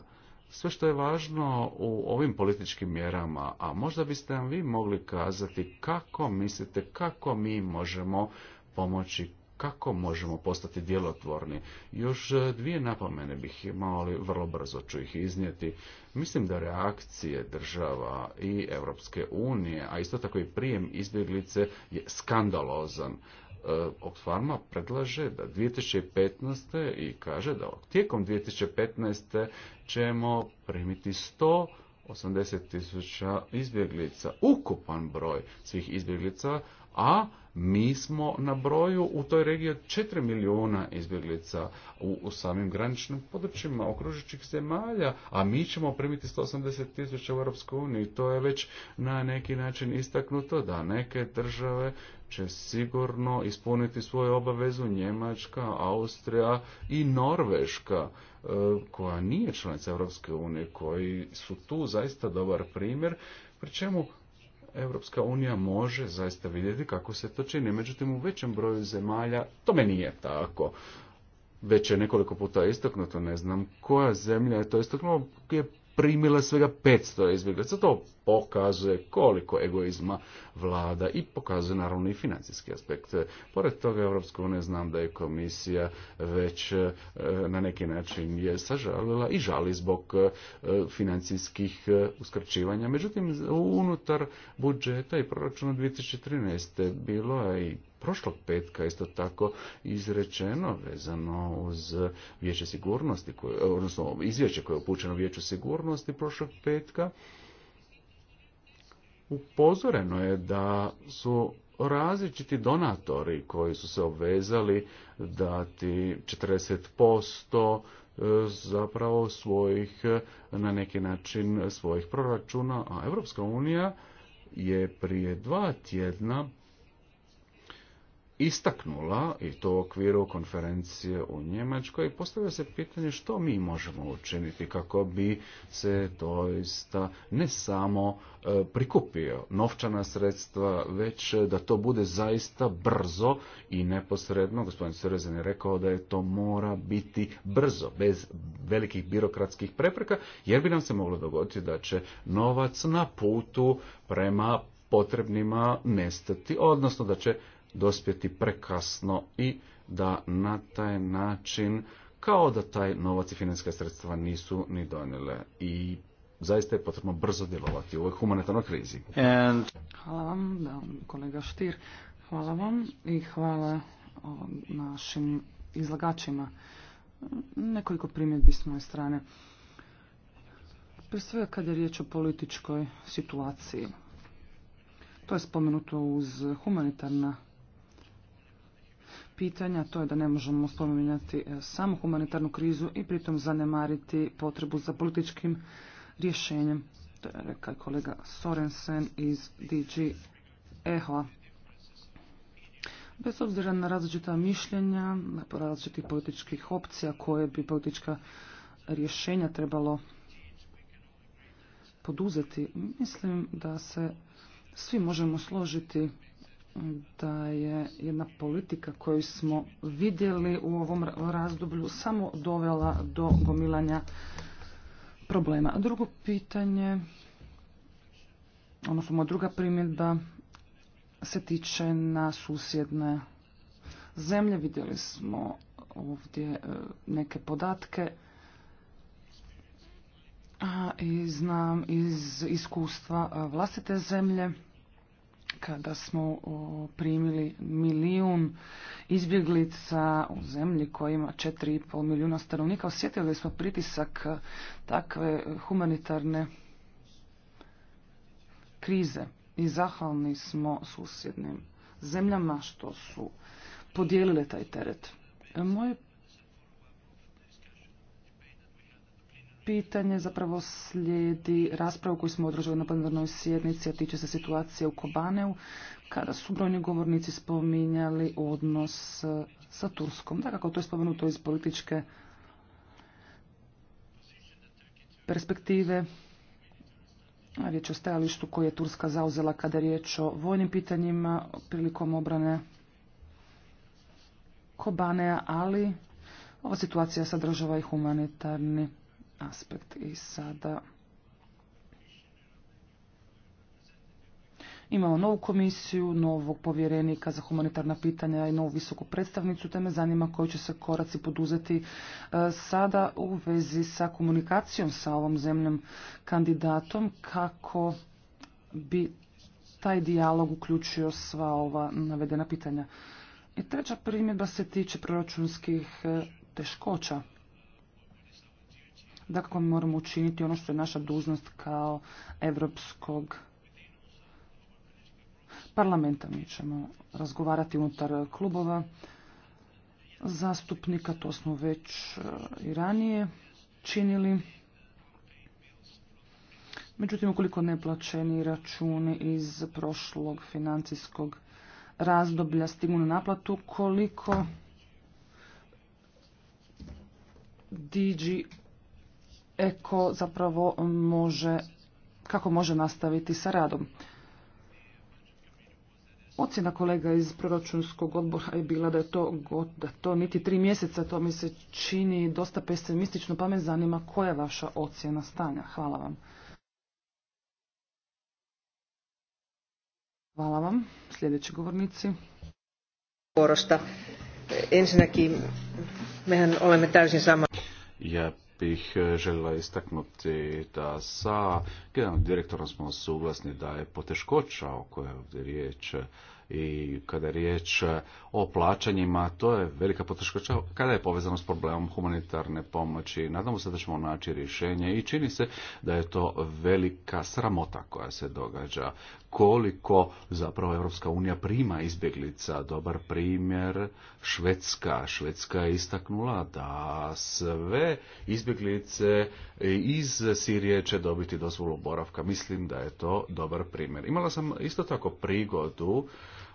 Sve što je važno u ovim političkim mjerama, a možda biste nam vi mogli kazati kako mislite, kako mi možemo pomoći kako možemo postati djelotvorni. Još e, dvije napomene bih imao, ali vrlo brzo ću ih iznijeti. Mislim da reakcije država i Europske unije, a isto tako i prijem izbjeglice, je skandalozan. E, Oxfarma predlaže da 2015. i kaže da tijekom 2015. ćemo primiti 100 80 izbjeglica. Ukupan broj svih izbjeglica a mi smo na broju u toj regiji od 4 milijuna izbjeglica u, samim graničnim područjima okružućih zemalja, a mi ćemo primiti 180 tisuća u Europskoj uniji. To je već na neki način istaknuto da neke države će sigurno ispuniti svoju obavezu Njemačka, Austrija i Norveška e, koja nije članica Europske unije, koji su tu zaista dobar primjer, pri čemu Europska unija može zaista vidjeti kako se to čini. Međutim, u većem broju zemalja tome nije tako. Već je nekoliko puta istaknuto, ne znam koja zemlja je to istaknula, je primila svega 500 izbjeglica. To pokazuje koliko egoizma vlada i pokazuje naravno i financijski aspekt. Pored toga Europska unija znam da je komisija već e, na neki način je sažalila i žali zbog e, financijskih e, uskrčivanja. Međutim, unutar budžeta i proračuna 2013. bilo je i prošlog petka isto tako izrečeno vezano uz vijeće sigurnosti, odnosno izvješće koje je upućeno vijeću sigurnosti prošlog petka, upozoreno je da su različiti donatori koji su se obvezali dati 40% e, zapravo svojih, na neki način svojih proračuna, a Europska unija je prije dva tjedna istaknula i to u okviru konferencije u Njemačkoj postavlja se pitanje što mi možemo učiniti kako bi se toista ne samo e, prikupio novčana sredstva, već da to bude zaista brzo i neposredno. Gospodin Srezen je rekao da je to mora biti brzo, bez velikih birokratskih prepreka, jer bi nam se moglo dogoditi da će novac na putu prema potrebnima nestati, odnosno da će dospjeti prekasno i da na taj način kao da taj novac i financijska sredstva nisu ni donijele i zaista je potrebno brzo djelovati u ovoj humanitarnoj krizi. And... Hvala vam, da, kolega Štir. Hvala vam i hvala našim izlagačima. Nekoliko primjedbi s moje strane. Prije svega kad je riječ o političkoj situaciji. To je spomenuto uz humanitarna pitanja, to je da ne možemo spominjati e, samo humanitarnu krizu i pritom zanemariti potrebu za političkim rješenjem. To je rekao kolega Sorensen iz DG Eho. Bez obzira na različita mišljenja, na različitih političkih opcija koje bi politička rješenja trebalo poduzeti, mislim da se svi možemo složiti da je jedna politika koju smo vidjeli u ovom razdoblju samo dovela do gomilanja problema. A drugo pitanje, odnosno moja druga primjedba, se tiče na susjedne zemlje. Vidjeli smo ovdje e, neke podatke i znam iz iskustva e, vlastite zemlje kada smo primili milijun izbjeglica u zemlji koja ima 4,5 milijuna stanovnika, osjetili smo pritisak e, takve humanitarne krize i zahvalni smo susjednim zemljama što su podijelile taj teret. E, moje pitanje zapravo slijedi raspravu koju smo održali na plenarnoj sjednici, a tiče se situacije u Kobaneu, kada su brojni govornici spominjali odnos e, sa Turskom. Da, kako to je spomenuto iz političke perspektive, a riječ o stajalištu koje je Turska zauzela kada je riječ o vojnim pitanjima prilikom obrane Kobanea, ali ova situacija sadržava i humanitarni aspekt. I sada imamo novu komisiju, novog povjerenika za humanitarna pitanja i novu visoku predstavnicu, te me zanima koji će se koraci poduzeti e, sada u vezi sa komunikacijom sa ovom zemljom kandidatom kako bi taj dijalog uključio sva ova navedena pitanja. I treća primjedba se tiče proračunskih e, teškoća. Dakle, moramo učiniti ono što je naša dužnost kao evropskog parlamenta. Mi ćemo razgovarati unutar klubova zastupnika, to smo već eh, i ranije činili. Međutim, ukoliko neplaćeni računi iz prošlog financijskog razdoblja stignu naplatu, koliko DG Eko zapravo može, kako može nastaviti sa radom. Ocjena kolega iz proračunskog odbora je bila da je to, god, da to niti tri mjeseca, to mi se čini dosta pesimistično, pa me zanima koja je vaša ocjena stanja. Hvala vam. Hvala vam. Sljedeći govornici. Korosta. Ensinnäkin Ja bih e, željela istaknuti da sa generalnim direktorom smo suglasni da je poteškoća o kojoj je ovdje riječ e, i kada je riječ e, o plaćanjima, to je velika poteškoća kada je povezano s problemom humanitarne pomoći. Nadamo se da ćemo naći rješenje i čini se da je to velika sramota koja se događa koliko zapravo Europska unija prima izbjeglica. Dobar primjer Švedska. Švedska je istaknula da sve izbjeglice iz Sirije će dobiti dozvolu boravka. Mislim da je to dobar primjer. Imala sam isto tako prigodu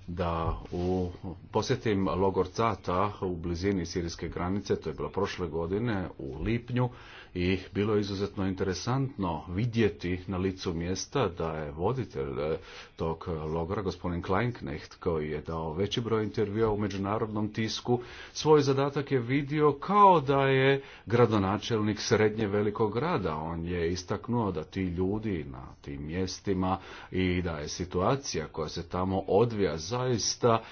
da u, posjetim Logorcata u blizini sirijske granice, to je bilo prošle godine u lipnju i bilo je izuzetno interesantno vidjeti na licu mjesta da je voditelj eh, tog logora, gospodin Kleinknecht, koji je dao veći broj intervjua u međunarodnom tisku, svoj zadatak je vidio kao da je gradonačelnik srednje velikog grada. On je istaknuo da ti ljudi na tim mjestima i da je situacija koja se tamo odvija zaista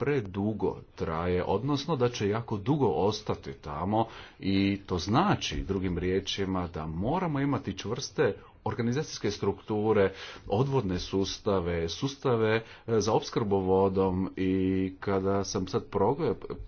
predugo traje, odnosno da će jako dugo ostati tamo i to znači drugim riječima da moramo imati čvrste organizacijske strukture, odvodne sustave, sustave e, za opskrbu vodom i kada sam sad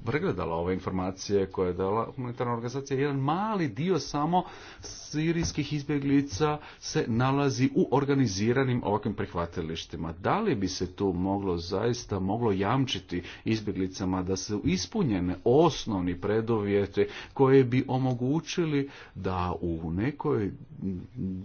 pregledala ove informacije koje je dala humanitarna organizacija, jedan mali dio samo sirijskih izbjeglica se nalazi u organiziranim ovakvim prihvatilištima. Da li bi se tu moglo zaista moglo jamčiti izbjeglicama da su ispunjene osnovni preduvjeti koje bi omogućili da u nekoj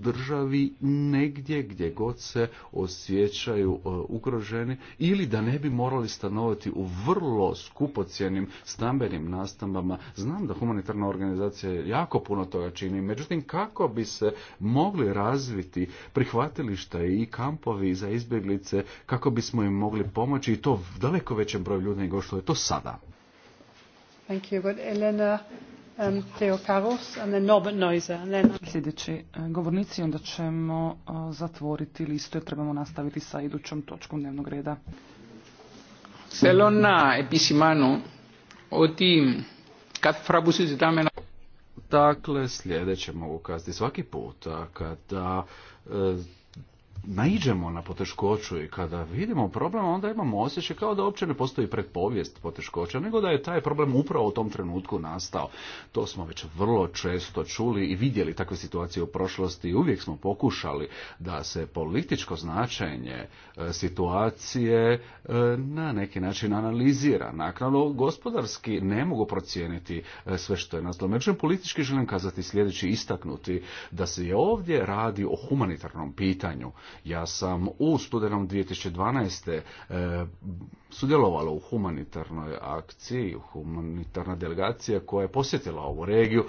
državi negdje gdje god se osjećaju e, ugroženi ili da ne bi morali stanovati u vrlo skupocijenim stambenim nastambama. Znam da humanitarna organizacija jako puno toga čini, međutim kako bi se mogli razviti prihvatilišta i kampovi za izbjeglice, kako bismo im mogli pomoći i to daleko većem broju ljudi nego što je to sada. Thank you, but Elena Um, Theo and then Norbert And then... Sljedeći e, govornici, onda ćemo e, zatvoriti listu jer trebamo nastaviti sa idućom točkom dnevnog reda. na episimanu o tim kad φορά που συζητάμε Dakle, sljedeće mogu kazati svaki puta kada e, naiđemo na poteškoću i kada vidimo problem, onda imamo osjećaj kao da uopće ne postoji predpovijest poteškoća, nego da je taj problem upravo u tom trenutku nastao. To smo već vrlo često čuli i vidjeli takve situacije u prošlosti i uvijek smo pokušali da se političko značenje e, situacije e, na neki način analizira. Naknadno gospodarski ne mogu procijeniti e, sve što je nastalo. Međutim, politički želim kazati sljedeći istaknuti da se je ovdje radi o humanitarnom pitanju ja sam u studenom 2012. E, sudjelovala u humanitarnoj akciji, humanitarna delegacija koja je posjetila ovu regiju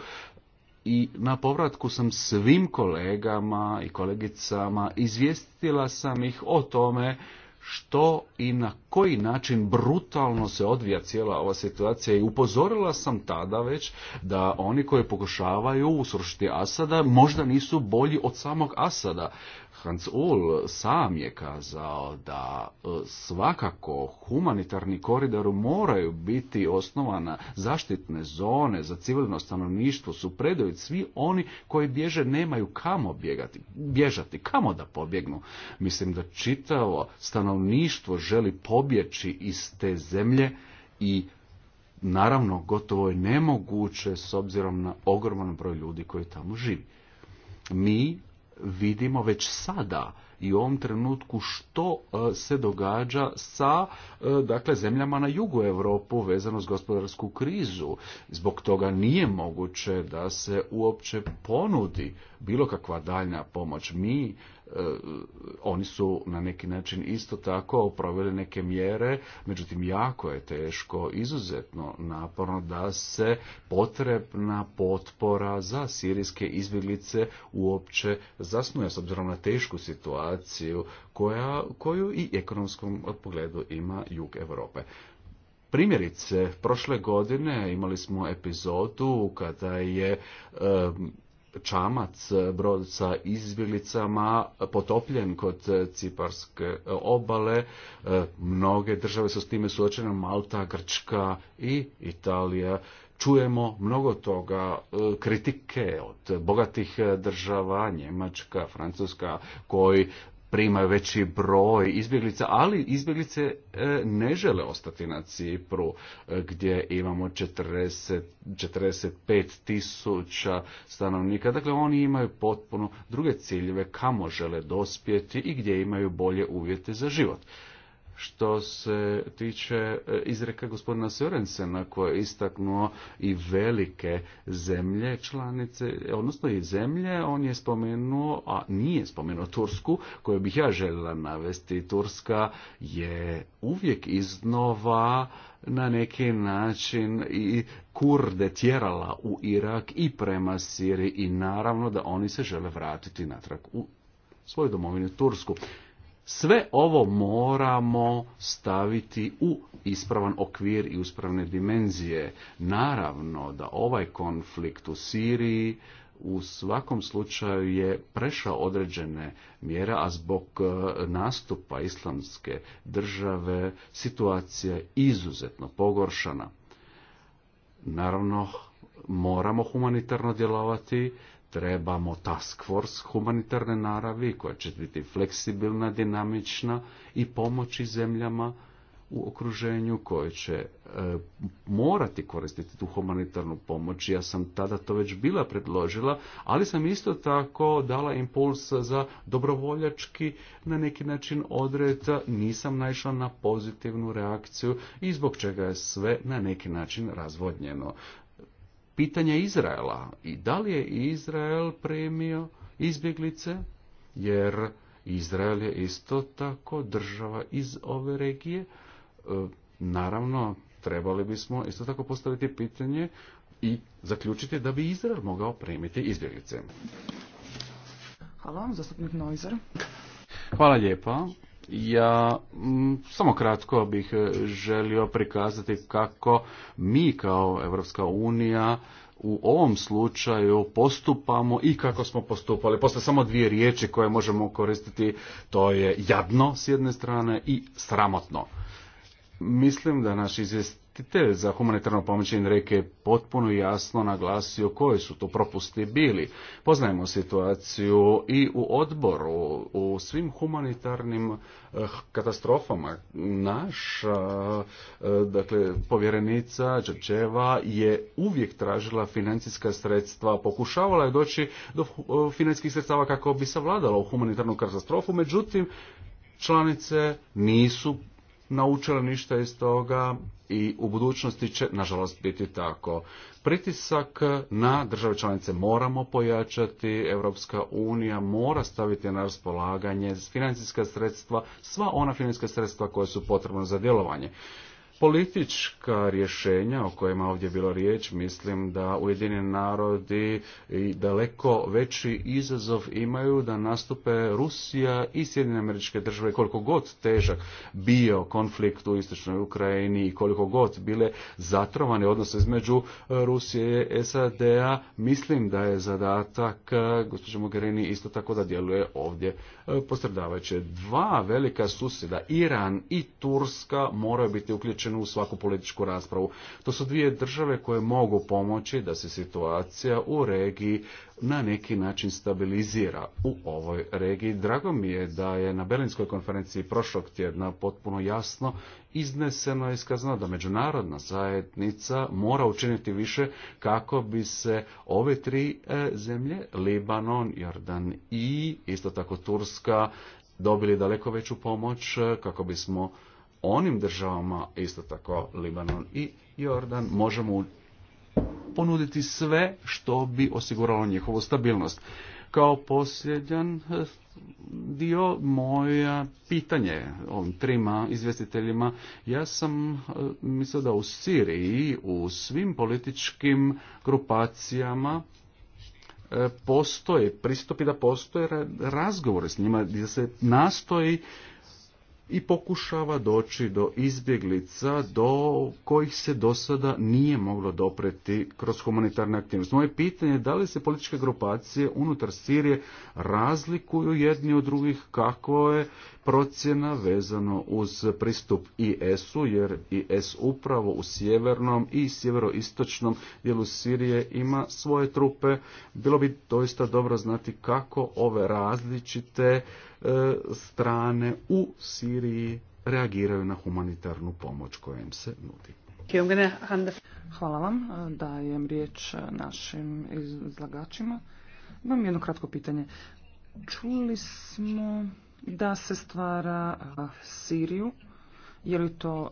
i na povratku sam svim kolegama i kolegicama izvijestila sam ih o tome što i na koji način brutalno se odvija cijela ova situacija i upozorila sam tada već da oni koji pokušavaju usrušiti Asada možda nisu bolji od samog Asada. Hans Ul sam je kazao da e, svakako humanitarni koridor moraju biti osnovana zaštitne zone za civilno stanovništvo su preduvjet svi oni koji bježe nemaju kamo bjegati, bježati, kamo da pobjegnu. Mislim da čitavo stanovništvo želi pobjeći iz te zemlje i naravno gotovo je nemoguće s obzirom na ogroman broj ljudi koji tamo živi. Mi vidimo već sada i u ovom trenutku što e, se događa sa e, dakle zemljama na jugu Europu vezano s gospodarsku krizu. Zbog toga nije moguće da se uopće ponudi bilo kakva daljna pomoć. Mi oni su na neki način isto tako proveli neke mjere, međutim jako je teško, izuzetno naporno da se potrebna potpora za sirijske izbjeglice uopće zasnuje s obzirom na tešku situaciju koja, koju i ekonomskom pogledu ima jug Europe. Primjerice, prošle godine imali smo epizodu kada je čamac e, brod sa izbjeglicama e, potopljen kod e, Ciparske obale. Mnoge države su s time suočene, Malta, Grčka i Italija. Čujemo mnogo toga, kritike od bogatih država, Njemačka, Francuska, koji primaju veći broj izbjeglica, ali izbjeglice e, ne žele ostati na Cipru e, gdje imamo 45 tisuća stanovnika. Dakle, oni imaju potpuno druge ciljeve kamo žele dospjeti i gdje imaju bolje uvjete za život što se tiče e, izreka gospodina Sörensena koji je istaknuo i velike zemlje članice, odnosno i zemlje, on je spomenuo, a nije spomenuo Tursku, koju bih ja željela navesti. Turska je uvijek iznova na neki način i kurde tjerala u Irak i prema Siriji i naravno da oni se žele vratiti natrag u svoju domovinu Tursku. Sve ovo moramo staviti u ispravan okvir i uspravne dimenzije. Naravno da ovaj konflikt u Siriji u svakom slučaju je prešao određene mjere, a zbog e, nastupa islamske države situacija je izuzetno pogoršana. Naravno, moramo humanitarno djelovati, trebamo task force humanitarne naravi koja će biti fleksibilna, dinamična i pomoći zemljama u okruženju koje će e, morati koristiti tu humanitarnu pomoć. Ja sam tada to već bila predložila, ali sam isto tako dala impuls za dobrovoljački na neki način odred. Nisam naišla na pozitivnu reakciju i zbog čega je sve na neki način razvodnjeno pitanje Izraela i da li je Izrael primio izbjeglice, jer Izrael je isto tako država iz ove regije. E, naravno, trebali bismo isto tako postaviti pitanje i zaključiti da bi Izrael mogao primiti izbjeglice. Hvala Hvala lijepa. Ja mm, samo kratko bih e, želio prikazati kako mi kao Europska unija u ovom slučaju postupamo i kako smo postupali. Postoje samo dvije riječi koje možemo koristiti, to je jadno s jedne strane i sramotno. Mislim da naš izvjest izvjestitelj za humanitarno pomoć reke potpuno jasno naglasio koji su to propusti bili. Poznajemo situaciju i u odboru, u svim humanitarnim eh, katastrofama. Naš eh, dakle, povjerenica Čečeva je uvijek tražila financijska sredstva, pokušavala je doći do eh, financijskih sredstava kako bi savladala u humanitarnu katastrofu, međutim članice nisu naučile ništa iz toga i u budućnosti će, nažalost, biti tako. Pritisak na države članice moramo pojačati, Europska unija mora staviti na raspolaganje financijska sredstva, sva ona financijska sredstva koja su potrebna za djelovanje politička rješenja o kojima ovdje bilo riječ, mislim da Ujedinjeni narodi i daleko veći izazov imaju da nastupe Rusija i Sjedinjene američke države koliko god težak bio konflikt u istočnoj Ukrajini i koliko god bile zatrovane odnose između Rusije i SAD-a, mislim da je zadatak eh, gospođe Mogherini isto tako da djeluje ovdje eh, posredavajuće. Dva velika susjeda, Iran i Turska, moraju biti uključeni uključeno u svaku političku raspravu. To su dvije države koje mogu pomoći da se situacija u regiji na neki način stabilizira u ovoj regiji. Drago mi je da je na Berlinskoj konferenciji prošlog tjedna potpuno jasno izneseno i iskazano da međunarodna zajednica mora učiniti više kako bi se ove tri e, zemlje, Libanon, Jordan i isto tako Turska, dobili daleko veću pomoć e, kako bismo onim državama, isto tako Libanon i Jordan, možemo ponuditi sve što bi osiguralo njihovu stabilnost. Kao posljedan eh, dio moja pitanje ovim trima izvjestiteljima, ja sam eh, mislio da u Siriji, u svim političkim grupacijama eh, postoje pristupi da postoje razgovore s njima, da se nastoji i pokušava doći do izbjeglica do kojih se do sada nije moglo dopreti kroz humanitarne aktivnosti. Moje pitanje je da li se političke grupacije unutar Sirije razlikuju jedni od drugih, kako je procjena vezano uz pristup IS-u, jer IS upravo u sjevernom i sjeveroistočnom dijelu Sirije ima svoje trupe. Bilo bi doista dobro znati kako ove različite e, strane u Siriji reagiraju na humanitarnu pomoć koja im se nudi. Hvala vam. Dajem riječ našim izlagačima. Imam jedno kratko pitanje. Čuli smo da se stvara Siriju. Je li to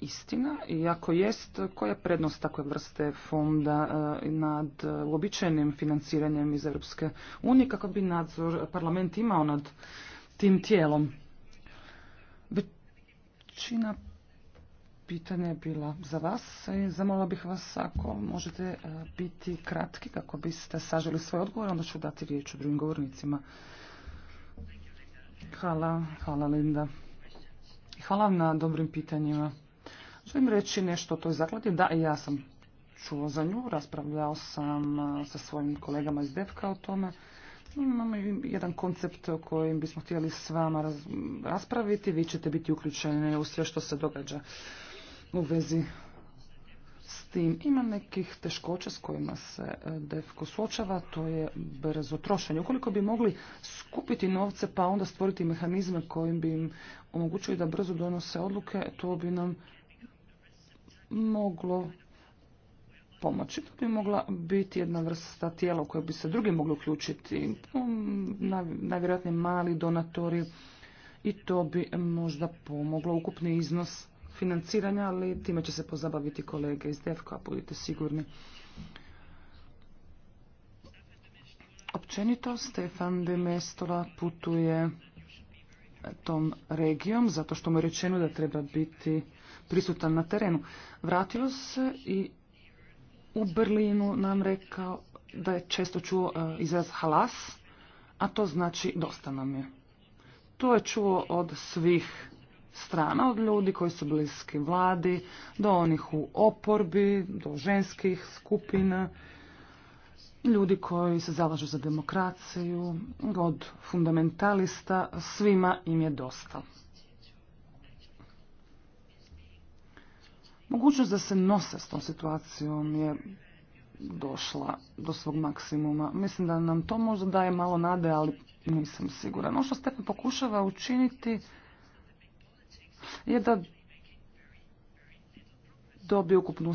istina? I ako jest, koja je prednost takve vrste fonda nad uobičajenim financiranjem iz Europske unije kako bi nadzor parlament imao nad tim tijelom? Većina pitanja je bila za vas i zamola bih vas ako možete biti kratki kako biste saželi svoj odgovor onda ću dati riječ u drugim govornicima. Hvala, hvala Linda. Hvala vam na dobrim pitanjima. Želim reći nešto o toj zakladi. Da, ja sam čuo za nju, raspravljao sam sa svojim kolegama iz DEFKA o tome. Imamo jedan koncept o kojem bismo htjeli s vama raspraviti. Vi ćete biti uključeni u sve što se događa u vezi s tim. Ima nekih teškoća s kojima se e, DEFKO suočava, to je brzo trošenje. Ukoliko bi mogli skupiti novce pa onda stvoriti mehanizme kojim bi im omogućili da brzo donose odluke, to bi nam moglo pomoći. To bi mogla biti jedna vrsta tijela u koje bi se drugi mogli uključiti, mm, najvjerojatnije mali donatori i to bi možda pomoglo. Ukupni iznos financiranja, ali time će se pozabaviti kolege iz DEFKA, budite sigurni. Općenito, Stefan de Mestola putuje tom regijom, zato što mu je rečeno da treba biti prisutan na terenu. Vratio se i u Berlinu nam rekao da je često čuo e, izraz halas, a to znači dosta nam je. To je čuo od svih strana, od ljudi koji su bliski vladi, do onih u oporbi, do ženskih skupina, ljudi koji se zalažu za demokraciju, od fundamentalista, svima im je dosta. Mogućnost da se nose s tom situacijom je došla do svog maksimuma. Mislim da nam to možda daje malo nade, ali nisam siguran. no što Stepan pokušava učiniti je da dobije ukupnu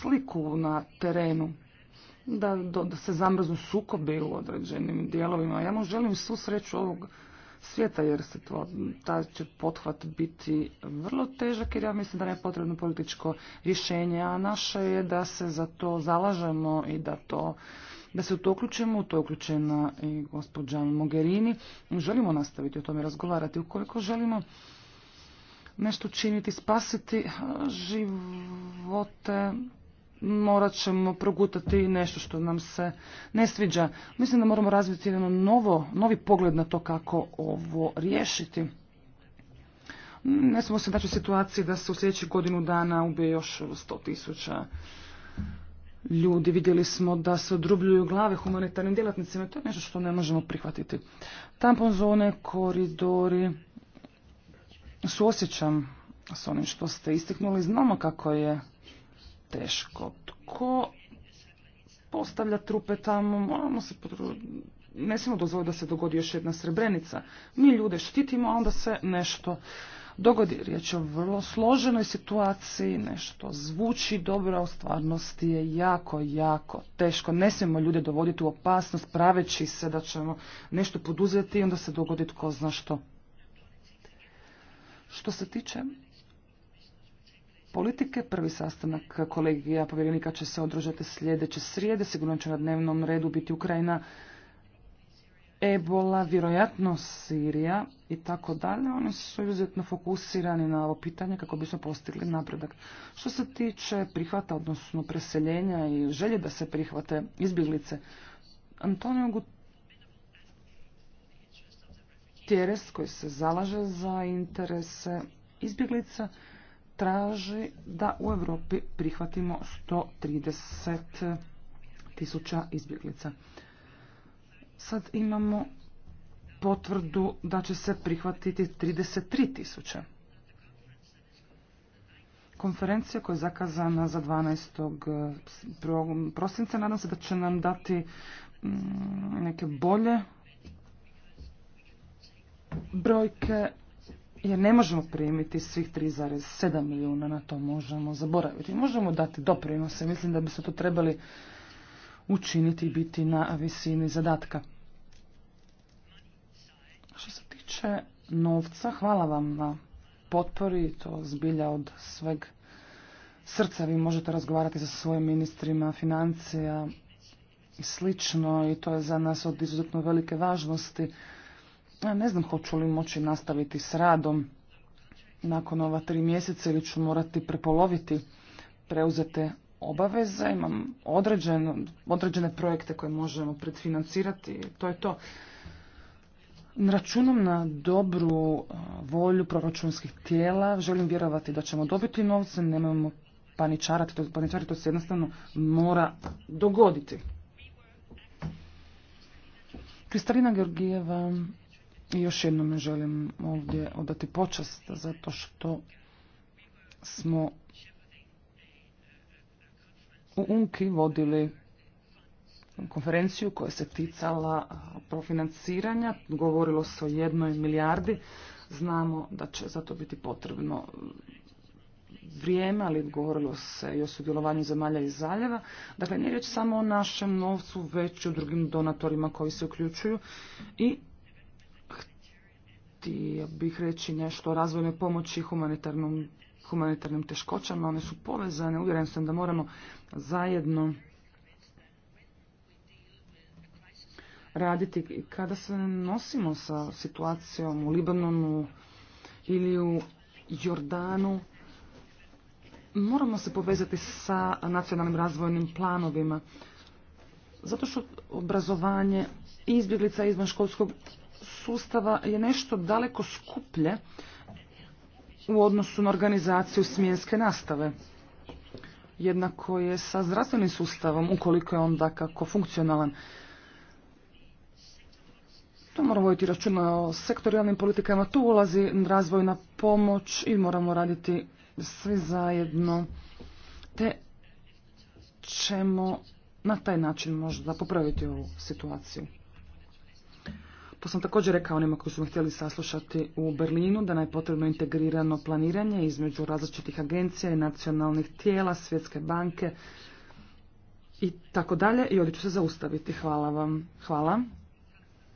sliku na terenu, da, da se zamrznu sukobi u određenim dijelovima. Ja mu želim svu sreću ovog svijeta jer se to, ta će pothvat biti vrlo težak jer ja mislim da ne je potrebno političko rješenje, a naše je da se za to zalažemo i da to da se u to uključimo, u to je uključena i gospođa Mogherini. Želimo nastaviti o tome razgovarati ukoliko želimo nešto činiti, spasiti živote, morat ćemo progutati nešto što nam se ne sviđa. Mislim da moramo razviti jedan novo, novi pogled na to kako ovo riješiti. Ne smo se daći u situaciji da se u sljedećih godinu dana ubije još sto tisuća ljudi. Vidjeli smo da se odrubljuju glave humanitarnim djelatnicima. To je nešto što ne možemo prihvatiti. Tampon zone, koridori, suosjećam s onim što ste istiknuli. Znamo kako je teško. Tko postavlja trupe tamo, moramo se ne smijemo dozvoliti da se dogodi još jedna srebrenica. Mi ljude štitimo, a onda se nešto dogodi. Riječ je o vrlo složenoj situaciji, nešto zvuči dobro, a u stvarnosti je jako, jako teško. Ne smijemo ljude dovoditi u opasnost praveći se da ćemo nešto poduzeti i onda se dogodi tko zna što. Što se tiče politike, prvi sastanak kolegija povjerenika će se održati sljedeće srijede. Sigurno će na dnevnom redu biti Ukrajina, Ebola, vjerojatno Sirija i tako dalje. Oni su izuzetno fokusirani na ovo pitanje kako bismo postigli napredak. Što se tiče prihvata, odnosno preseljenja i želje da se prihvate izbjeglice, Antonio Tjeres koji se zalaže za interese izbjeglica traži da u Europi prihvatimo 130 tisuća izbjeglica. Sad imamo potvrdu da će se prihvatiti 33 tisuća. Konferencija koja je zakazana za 12. prosinca, nadam se da će nam dati mm, neke bolje brojke jer ne možemo primiti svih 3,7 milijuna, na to možemo zaboraviti. Možemo dati doprinose, mislim da bi se to trebali učiniti i biti na visini zadatka. Što se tiče novca, hvala vam na potpori, to zbilja od sveg srca. Vi možete razgovarati sa svojim ministrima financija i slično i to je za nas od izuzetno velike važnosti. Ne znam hoću li moći nastaviti s radom nakon ova tri mjeseca ili ću morati prepoloviti preuzete obaveze. Imam određene projekte koje možemo predfinancirati. To je to. Računom na dobru uh, volju proračunskih tijela želim vjerovati da ćemo dobiti novce, nemojmo paničarati, to, paničarati to se jednostavno mora dogoditi. Kristalina Georgijeva i još jednom želim ovdje odati počast zato što smo u UNKI vodili konferenciju koja se ticala profinanciranja. Govorilo se o jednoj milijardi. Znamo da će za to biti potrebno e, vrijeme, ali govorilo se i o sudjelovanju zemalja i zaljeva. Dakle, nije riječ samo o našem novcu, već i o drugim donatorima koji se uključuju. I htio bih reći nešto o razvojnoj pomoći humanitarnom, humanitarnim teškoćama. One su povezane. Uvjeren sam da moramo zajedno raditi. Kada se nosimo sa situacijom u Libanonu ili u Jordanu, moramo se povezati sa nacionalnim razvojnim planovima. Zato što obrazovanje izbjeglica izvan školskog sustava je nešto daleko skuplje u odnosu na organizaciju smjenske nastave. Jednako je sa zdravstvenim sustavom, ukoliko je on dakako funkcionalan. To moramo voditi računa o sektorijalnim politikama. Tu ulazi razvojna pomoć i moramo raditi svi zajedno. Te ćemo na taj način možda popraviti ovu situaciju. To sam također rekao onima koji su me htjeli saslušati u Berlinu, da nam je potrebno integrirano planiranje između različitih agencija i nacionalnih tijela, svjetske banke i tako dalje. I ovdje ću se zaustaviti. Hvala vam. Hvala.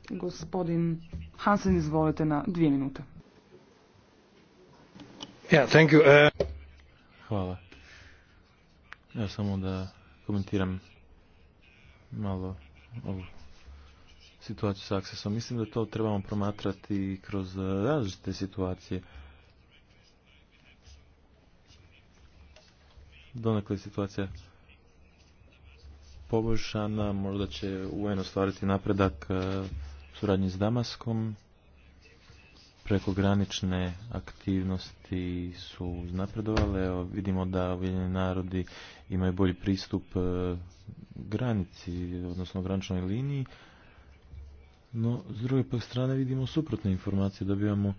Gospodin Hansen, izvolite na dvije minute. thank you. Uh, Hvala. Ja samo da komentiram malo situaciju s aksesom. Mislim da to trebamo promatrati kroz različite situacije. Donekle je situacija poboljšana, možda će UN ostvariti napredak e, u suradnji s Damaskom. Prekogranične aktivnosti su napredovale. Evo, vidimo da Ujedinjeni narodi imaju bolji pristup e, granici, odnosno graničnoj liniji no, s druge pak strane vidimo suprotne informacije, dobivamo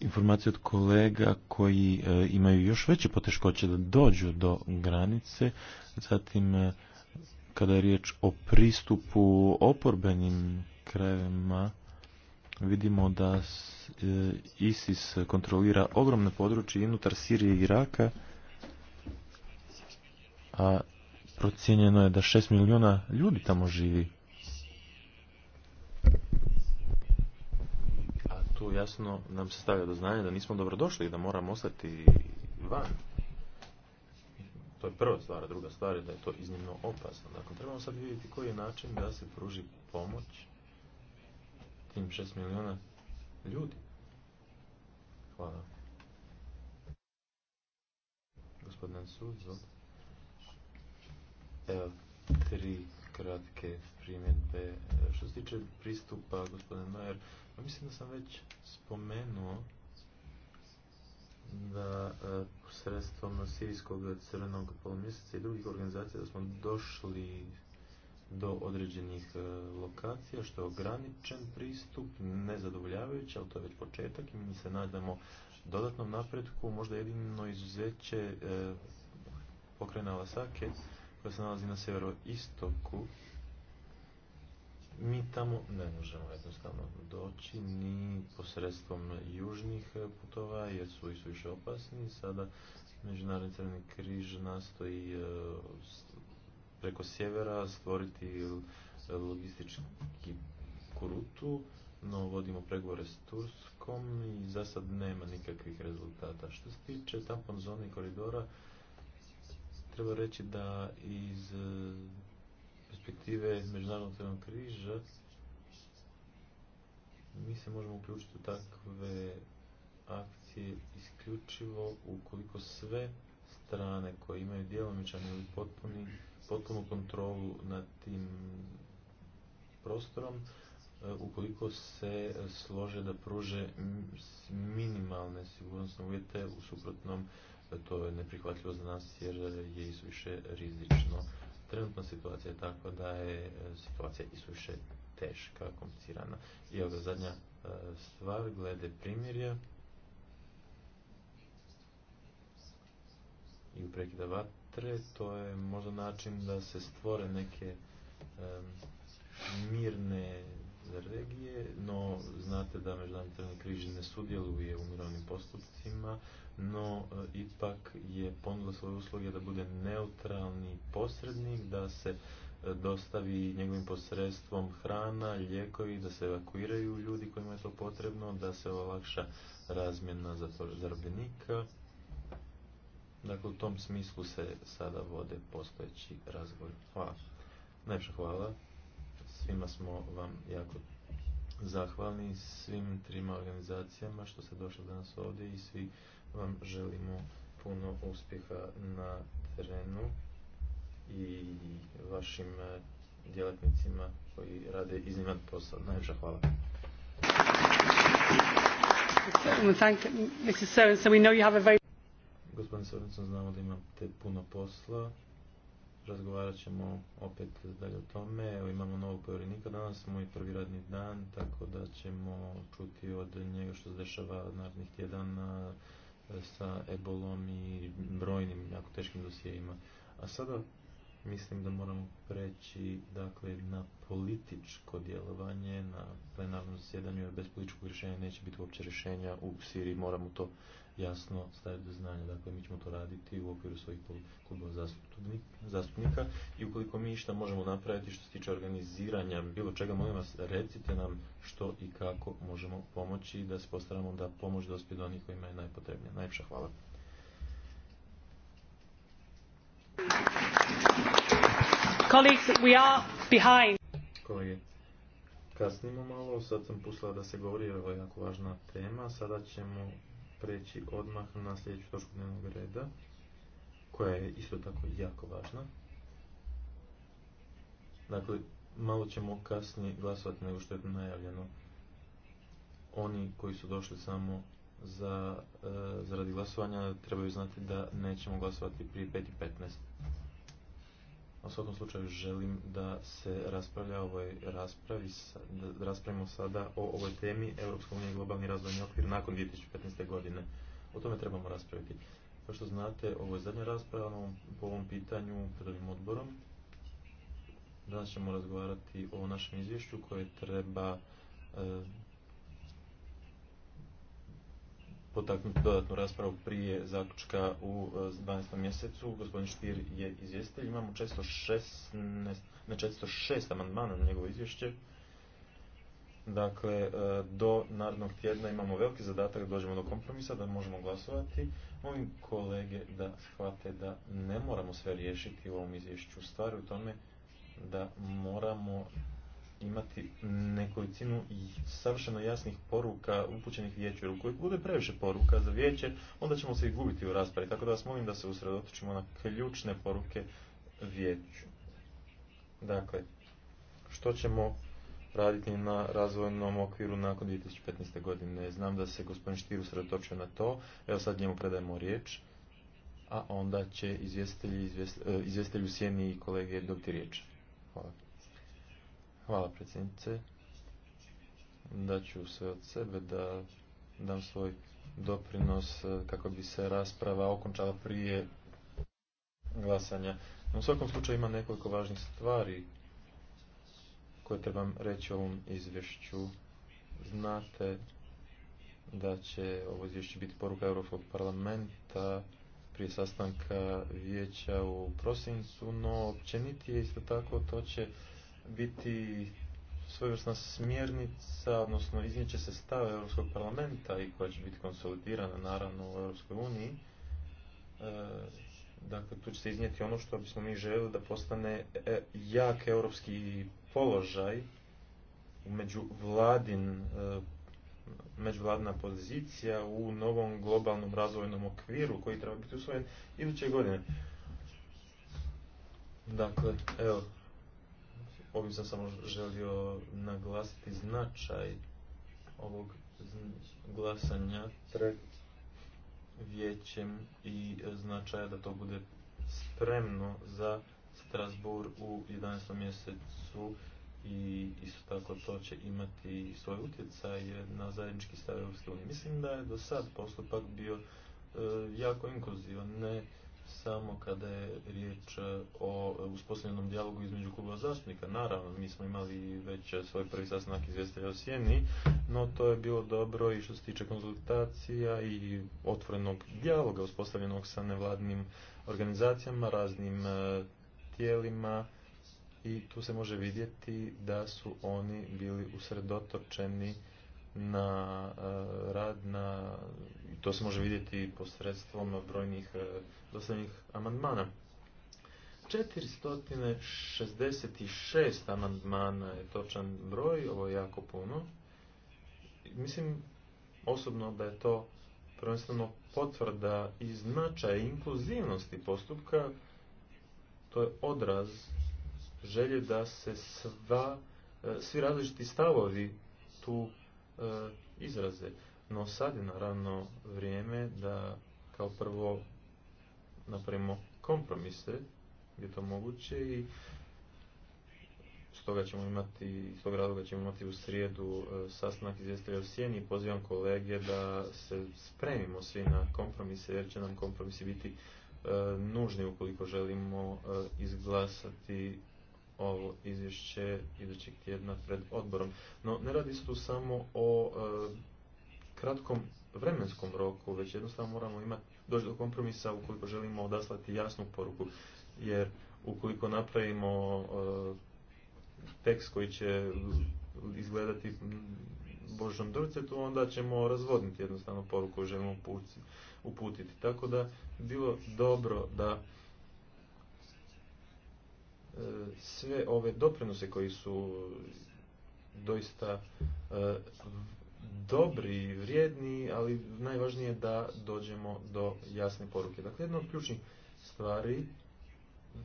informacije od kolega koji e, imaju još veće poteškoće da dođu do granice, zatim e, kada je riječ o pristupu oporbenim krajevima, vidimo da e, ISIS kontrolira ogromne područje unutar Sirije i Iraka, a procijenjeno je da 6 milijuna ljudi tamo živi. tu jasno nam se stavlja do znanja da nismo dobrodošli i da moramo ostati van. To je prva stvar, druga stvar je da je to iznimno opasno. Dakle, trebamo sad vidjeti koji je način da se pruži pomoć tim šest milijuna ljudi. Hvala. Gospodin Evo, tri kratke primjedbe. E, što se tiče pristupa, gospodine Majer, pa mislim da sam već spomenuo da e, sredstvom Sirijskog crvenog polumjeseca i drugih organizacija da smo došli do određenih e, lokacija, što je ograničen pristup, nezadovoljavajući, ali to je već početak i mi se nadamo dodatnom napretku, možda jedino izuzeće pokrena Lasake, koja se nalazi na severoistoku mi tamo ne možemo jednostavno doći ni posredstvom južnih e, putova jer su i više opasni. Sada Međunarodni crveni križ nastoji e, preko sjevera stvoriti e, logistički kurutu, no vodimo pregovore s Turskom i za sad nema nikakvih rezultata. Što se tiče tampon zone koridora, treba reći da iz perspektive Međunarodnog crvenog križa mi se možemo uključiti u takve akcije isključivo ukoliko sve strane koje imaju djelomičan ili potpuni, potpunu kontrolu nad tim prostorom, e, ukoliko se slože da pruže minimalne sigurnosne uvjete, u suprotnom e, to je neprihvatljivo za nas jer je isuviše rizično trenutna situacija je tako da je e, situacija isuše teška, komplicirana. I ovdje zadnja e, stvar glede primirja i prekida vatre, to je možda način da se stvore neke mirne regije, no znate da Međunarodni crveni križ ne sudjeluje u mirovnim postupcima, no e, ipak je ponudila svoje usluge da bude neutralni posrednik, da se e, dostavi njegovim posredstvom hrana, lijekovi, da se evakuiraju ljudi kojima je to potrebno, da se olakša razmjena zarobljenika. Dakle, u tom smislu se sada vode postojeći razvoj. Hvala. Najpša hvala. Svima smo vam jako zahvalni, svim trima organizacijama što ste došli danas ovdje i svi vam želimo puno uspjeha na terenu i vašim e, djelatnicima koji rade izniman posao. Najveća hvala. Gospodin Sorenson, znamo da imate puno posla razgovarat ćemo opet dalje o tome. Evo imamo novog povjerenika, danas moj prvi radni dan, tako da ćemo čuti od njega što se dešava narednih tjedana e, sa ebolom i brojnim jako teškim dosijejima. A sada mislim da moramo preći dakle, na političko djelovanje, na plenarnom sjedanju, jer bez političkog rješenja neće biti uopće rješenja u Siriji, moramo to jasno staviti do znanja. Dakle, mi ćemo to raditi u okviru svojih klubova zastupnika i ukoliko mi išta možemo napraviti što se tiče organiziranja bilo čega, molim vas, recite nam što i kako možemo pomoći da se postaramo da pomoć dospije do onih kojima je najpotrebnija. Najljepša hvala. Colleagues, Kolege, kasnimo malo, sad sam pustila da se govori, ovo je jako važna tema, sada ćemo preći odmah na sljedeću točku dnevnog reda, koja je isto tako jako važna. Dakle, malo ćemo kasnije glasovati nego što je najavljeno. Oni koji su došli samo za, e, za glasovanja trebaju znati da nećemo glasovati prije 5.15. U svakom slučaju želim da se raspravlja ovoj raspravi, da raspravimo sada o ovoj temi Europska i globalni razvojni okvir nakon 2015. godine. O tome trebamo raspraviti. Kao što znate, ovo je zadnja rasprava po ovom pitanju pred ovim odborom. Danas ćemo razgovarati o našem izvješću koje treba eh, potaknuti dodatnu raspravu prije zaključka u 12. E, mjesecu. Gospodin Štir je izvjestitelj. Imamo 416, ne 406 amandmana na njegovo izvješće. Dakle, e, do narodnog tjedna imamo veliki zadatak da dođemo do kompromisa, da možemo glasovati. Molim kolege da shvate da ne moramo sve riješiti u ovom izvješću. Stvar u tome da moramo imati nekolicinu savršeno jasnih poruka upućenih vijeću. Jer bude previše poruka za vijeće, onda ćemo se i gubiti u raspravi. Tako da vas molim da se usredotočimo na ključne poruke vijeću. Dakle, što ćemo raditi na razvojnom okviru nakon 2015. godine. Znam da se gospodin Štir usredotočio na to. Evo sad njemu predajemo riječ, a onda će izvjestelju izvjestitelji e, sjeni i kolege dobiti riječ. Hvala. Hvala predsjednice. Daću sve od sebe da dam svoj doprinos e, kako bi se rasprava okončala prije glasanja. U svakom slučaju ima nekoliko važnih stvari koje trebam reći o ovom izvješću. Znate da će ovo izvješće biti poruka Europskog parlamenta prije sastanka vijeća u prosincu, no općenitije isto tako to će biti svojevrsna smjernica, odnosno iznijeće se stav Europskog parlamenta i koja će biti konsolidirana naravno u Europskoj uniji. E, dakle, tu će se iznijeti ono što bismo mi željeli da postane e, jak europski položaj među vladin, e, međuvladna pozicija u novom globalnom razvojnom okviru koji treba biti usvojen iduće godine. Dakle, evo, Ovim sam samo želio naglasiti značaj ovog glasanja pred vijećem i značaja da to bude spremno za Strasbourg u 11. mjesecu i isto tako to će imati svoj utjecaj na zajednički stav Europske unije. Mislim da je do sad postupak bio e, jako inkluzivan, ne samo kada je riječ e, o uspostavljenom dijalogu između kluba zastupnika. Naravno, mi smo imali već svoj prvi sastanak izvjestelja o Sjeni, no to je bilo dobro i što se tiče konzultacija i otvorenog dijaloga uspostavljenog sa nevladnim organizacijama, raznim e, tijelima i tu se može vidjeti da su oni bili usredotočeni na e, rad na, to se može vidjeti posredstvom brojnih e, dosadnih amandmana. 466 amandmana je točan broj, ovo je jako puno. Mislim osobno da je to prvenstveno potvrda i značaj inkluzivnosti postupka, to je odraz želje da se sva, e, svi različiti stavovi tu E, izraze. No sad je naravno vrijeme da kao prvo napravimo kompromise gdje to moguće i stoga ćemo imati, s tog razloga ćemo imati u srijedu e, sastanak izvjestitelja u Sjeni i pozivam kolege da se spremimo svi na kompromise jer će nam kompromisi biti e, nužni ukoliko želimo izglasati ovo izvješće idućeg tjedna pred odborom. No, ne radi se tu samo o e, kratkom vremenskom roku, već jednostavno moramo imati doći do kompromisa ukoliko želimo odaslati jasnu poruku, jer ukoliko napravimo e, tekst koji će izgledati Božom drcetu, onda ćemo razvodniti jednostavno poruku koju želimo uputiti. Tako da bilo dobro da sve ove doprinose koji su doista e, dobri, vrijedni, ali najvažnije je da dođemo do jasne poruke. Dakle, jedna od ključnih stvari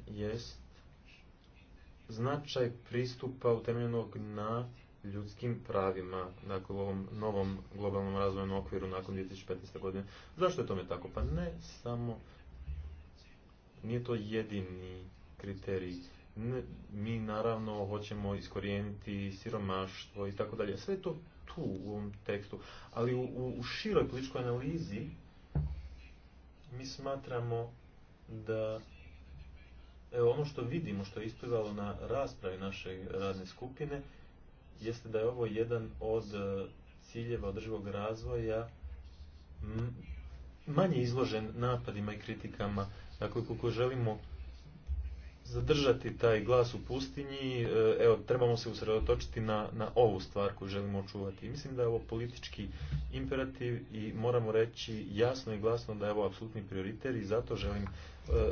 jest značaj pristupa utemeljenog na ljudskim pravima dakle, u ovom novom globalnom razvojnom okviru nakon 2015. godine. Zašto je tome tako? Pa ne samo, nije to jedini kriterij mi naravno hoćemo iskorijeniti siromaštvo i tako dalje. Sve je to tu u ovom tekstu, ali u, u široj političkoj analizi mi smatramo da evo, ono što vidimo, što je isplivalo na raspravi naše radne skupine, jeste da je ovo jedan od e, ciljeva održivog razvoja manje izložen napadima i kritikama. Dakle, koliko želimo zadržati taj glas u pustinji, e, evo, trebamo se usredotočiti na, na ovu stvar koju želimo očuvati. Mislim da je ovo politički imperativ i moramo reći jasno i glasno da je ovo apsolutni prioritet i zato želim e,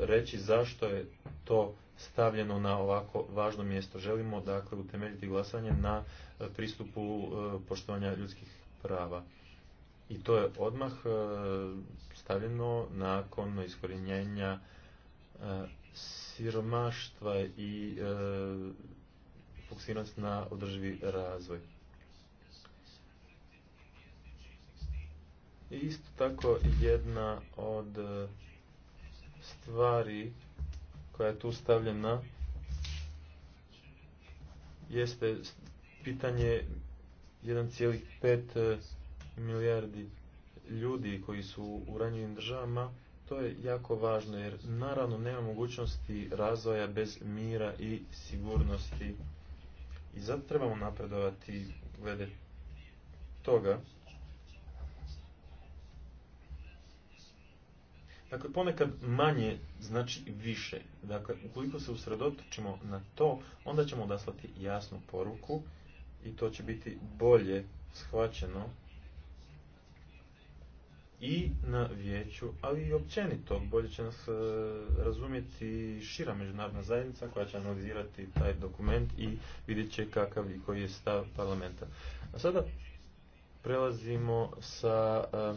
reći zašto je to stavljeno na ovako važno mjesto. Želimo dakle utemeljiti glasanje na e, pristupu poštovanja ljudskih prava. I to je odmah stavljeno nakon iskorjenjenja siromaštva i e, fokusiranost na održivi razvoj. I isto tako jedna od e, stvari koja je tu stavljena jeste pitanje 1,5 e, milijardi ljudi koji su u ranjivim državama to je jako važno jer naravno nema mogućnosti razvoja bez mira i sigurnosti. I zato trebamo napredovati glede toga. Dakle, ponekad manje znači više. Dakle, ukoliko se usredotočimo na to, onda ćemo odaslati jasnu poruku i to će biti bolje shvaćeno i na vijeću, ali i općenito. Bolje će nas e, razumjeti šira međunarodna zajednica koja će analizirati taj dokument i vidjet će kakav i koji je stav parlamenta. A sada prelazimo sa e,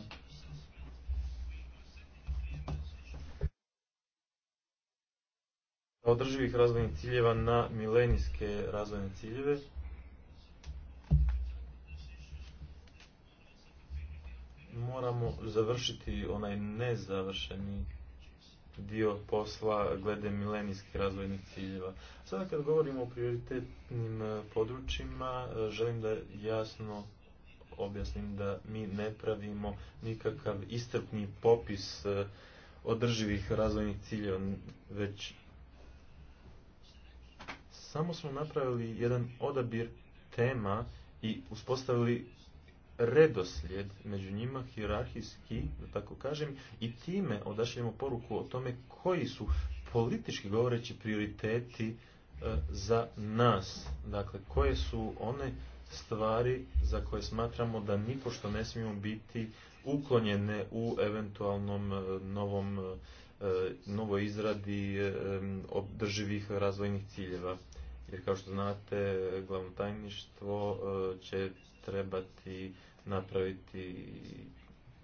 održivih razvojnih ciljeva na milenijske razvojne ciljeve. moramo završiti onaj nezavršeni dio posla glede milenijskih razvojnih ciljeva. Sada kad govorimo o prioritetnim e, područjima, e, želim da jasno objasnim da mi ne pravimo nikakav istrpni popis e, održivih razvojnih ciljeva, već samo smo napravili jedan odabir tema i uspostavili redoslijed među njima hirarhijski, da tako kažem, i time odašljemo poruku o tome koji su politički govoreći prioriteti e, za nas. Dakle, koje su one stvari za koje smatramo da nipošto ne smijemo biti uklonjene u eventualnom e, novom e, novoj izradi održivih razvojnih ciljeva. Jer kao što znate, glavno tajništvo će trebati napraviti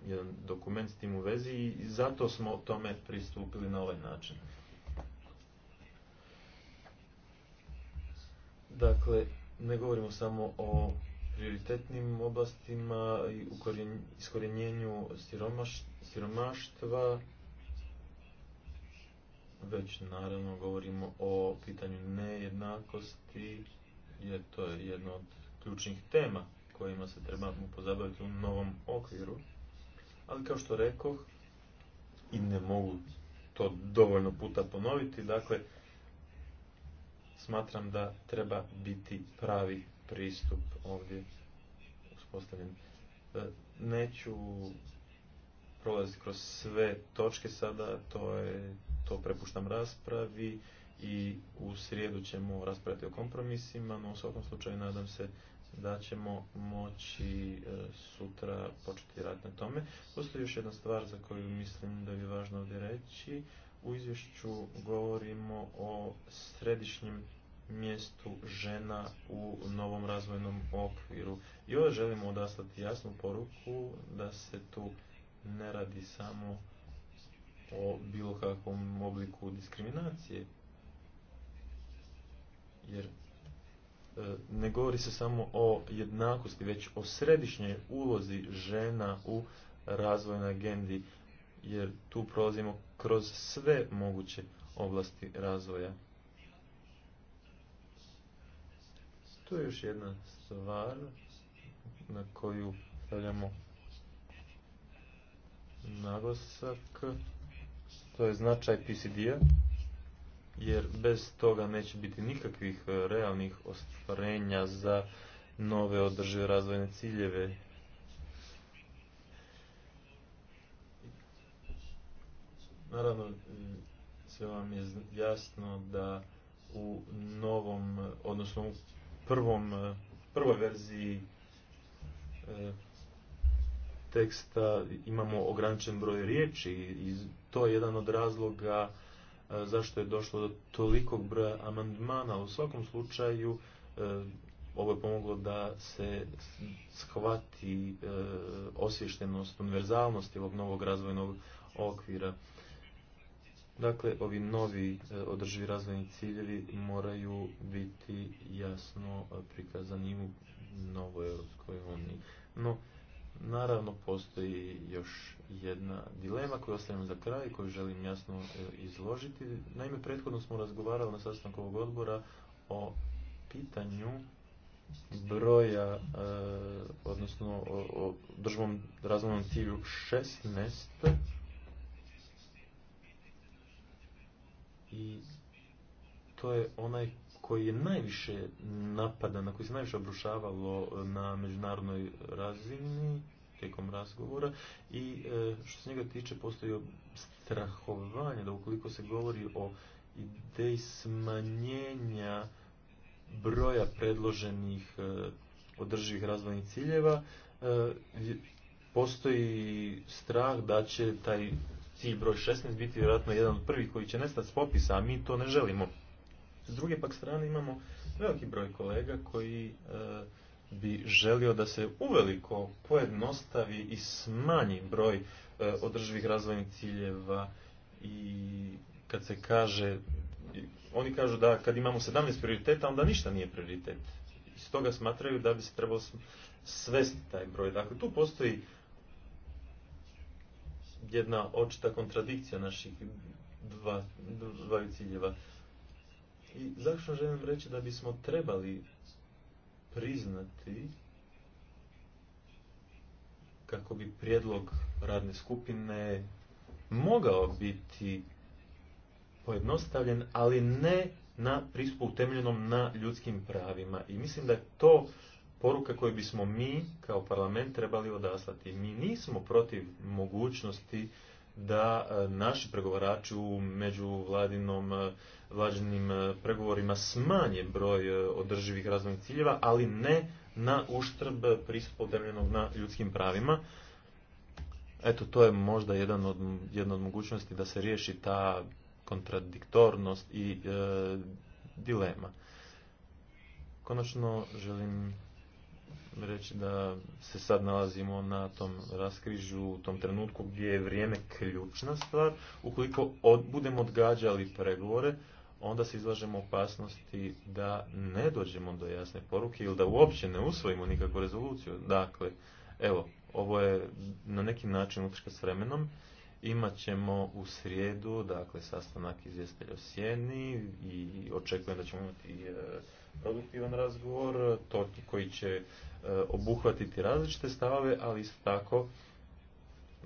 jedan dokument s tim u vezi i zato smo tome pristupili na ovaj način. Dakle, ne govorimo samo o prioritetnim oblastima i iskorjenjenju siromaštva, već naravno govorimo o pitanju nejednakosti, jer to je jedno od ključnih tema kojima se trebamo pozabaviti u novom okviru. Ali kao što rekoh, i ne mogu to dovoljno puta ponoviti, dakle, smatram da treba biti pravi pristup ovdje uspostavljen. E, neću prolaziti kroz sve točke sada, to, je, to prepuštam raspravi i u srijedu ćemo raspraviti o kompromisima, no u svakom slučaju nadam se da ćemo moći e, sutra početi raditi na tome. Postoji još jedna stvar za koju mislim da je važno ovdje reći. U izvješću govorimo o središnjem mjestu žena u novom razvojnom okviru. I ovdje želimo odaslati jasnu poruku da se tu ne radi samo o bilo kakvom obliku diskriminacije. Jer E, ne govori se samo o jednakosti, već o središnjoj ulozi žena u razvojnoj agendi, jer tu prolazimo kroz sve moguće oblasti razvoja. To je još jedna stvar na koju stavljamo naglasak. To je značaj PCD-a jer bez toga neće biti nikakvih e, realnih ostvarenja za nove održive razvojne ciljeve. Naravno, mm, sve vam je jasno da u novom, odnosno u prvom, e, prvoj verziji e, teksta imamo ograničen broj riječi i to je jedan od razloga zašto je došlo do tolikog broja amandmana. U svakom slučaju e, ovo je pomoglo da se shvati e, osvještenost, univerzalnosti ovog novog razvojnog okvira. Dakle, ovi novi e, održivi razvojni ciljevi moraju biti jasno prikazani u novoj Europskoj uniji. No, Naravno, postoji još jedna dilema koju ostavljam za kraj i koju želim jasno e, izložiti. Naime, prethodno smo razgovarali na sastanku ovog odbora o pitanju broja, e, odnosno o, o državnom razvojnom cilju 16 i to je onaj koji je najviše napada, na koji se najviše obrušavalo e, na međunarodnoj razini tijekom razgovora i e, što se njega tiče postoji strahovanje da ukoliko se govori o ideji smanjenja broja predloženih e, održivih razvojnih ciljeva postoji strah da će taj cilj broj 16 biti vjerojatno jedan od prvih koji će nestati s popisa, a mi to ne želimo. S druge pak strane imamo veliki broj kolega koji e, bi želio da se uveliko pojednostavi i smanji broj e, održivih razvojnih ciljeva i kad se kaže, oni kažu da kad imamo 17 prioriteta, onda ništa nije prioritet. Iz toga smatraju da bi se trebalo svesti taj broj. Dakle, tu postoji jedna očita kontradikcija naših dva, dva ciljeva. I zašto želim reći da bismo trebali priznati kako bi prijedlog radne skupine mogao biti pojednostavljen, ali ne na pristupu utemljenom na ljudskim pravima. I mislim da je to poruka koju bismo mi kao parlament trebali odaslati. Mi nismo protiv mogućnosti da e, naši pregovarači u međuvladinom e, vlađenim e, pregovorima smanje broj održivih razvojnih ciljeva, ali ne na uštrb pristupa na ljudskim pravima. Eto, to je možda jedan od, jedna od mogućnosti da se riješi ta kontradiktornost i dilema. Konačno želim reći da se sad nalazimo na tom raskrižu, u tom trenutku gdje je vrijeme ključna stvar. Ukoliko budemo odgađali pregovore, onda se izlažemo opasnosti da ne dođemo do jasne poruke ili da uopće ne usvojimo nikakvu rezoluciju. Dakle, evo, ovo je na neki način utrška s vremenom. Imat ćemo u srijedu, dakle, sastanak izvjestelja o sjeni i očekujem da ćemo imati e, produktivan razgovor to koji će e, obuhvatiti različite stavove, ali isto tako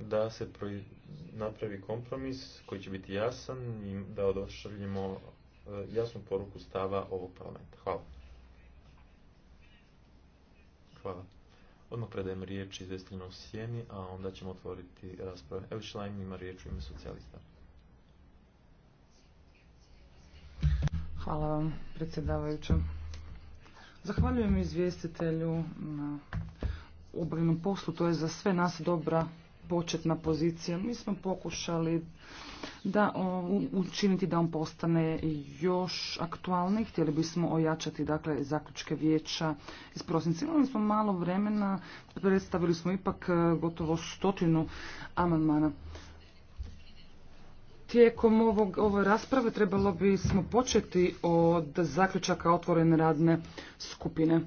da se napravi kompromis koji će biti jasan i da odošljemo e, jasnu poruku stava ovog parlamenta. Hvala. Hvala. Odmah predajem riječ izvestljeno u sjeni, a onda ćemo otvoriti rasprave. Evo Šlajn ima riječ u ime socijalista. Hvala vam, Zahvaljujem izvjestitelju na obavljenom poslu. To je za sve nas dobra početna pozicija. Mi smo pokušali da učiniti da on postane još aktualniji. Htjeli bismo ojačati dakle, zaključke vijeća iz prosinca. Imali smo malo vremena, predstavili smo ipak e, gotovo stotinu amandmana. Tijekom ovog, ove rasprave trebalo bismo početi od zaključaka otvorene radne skupine.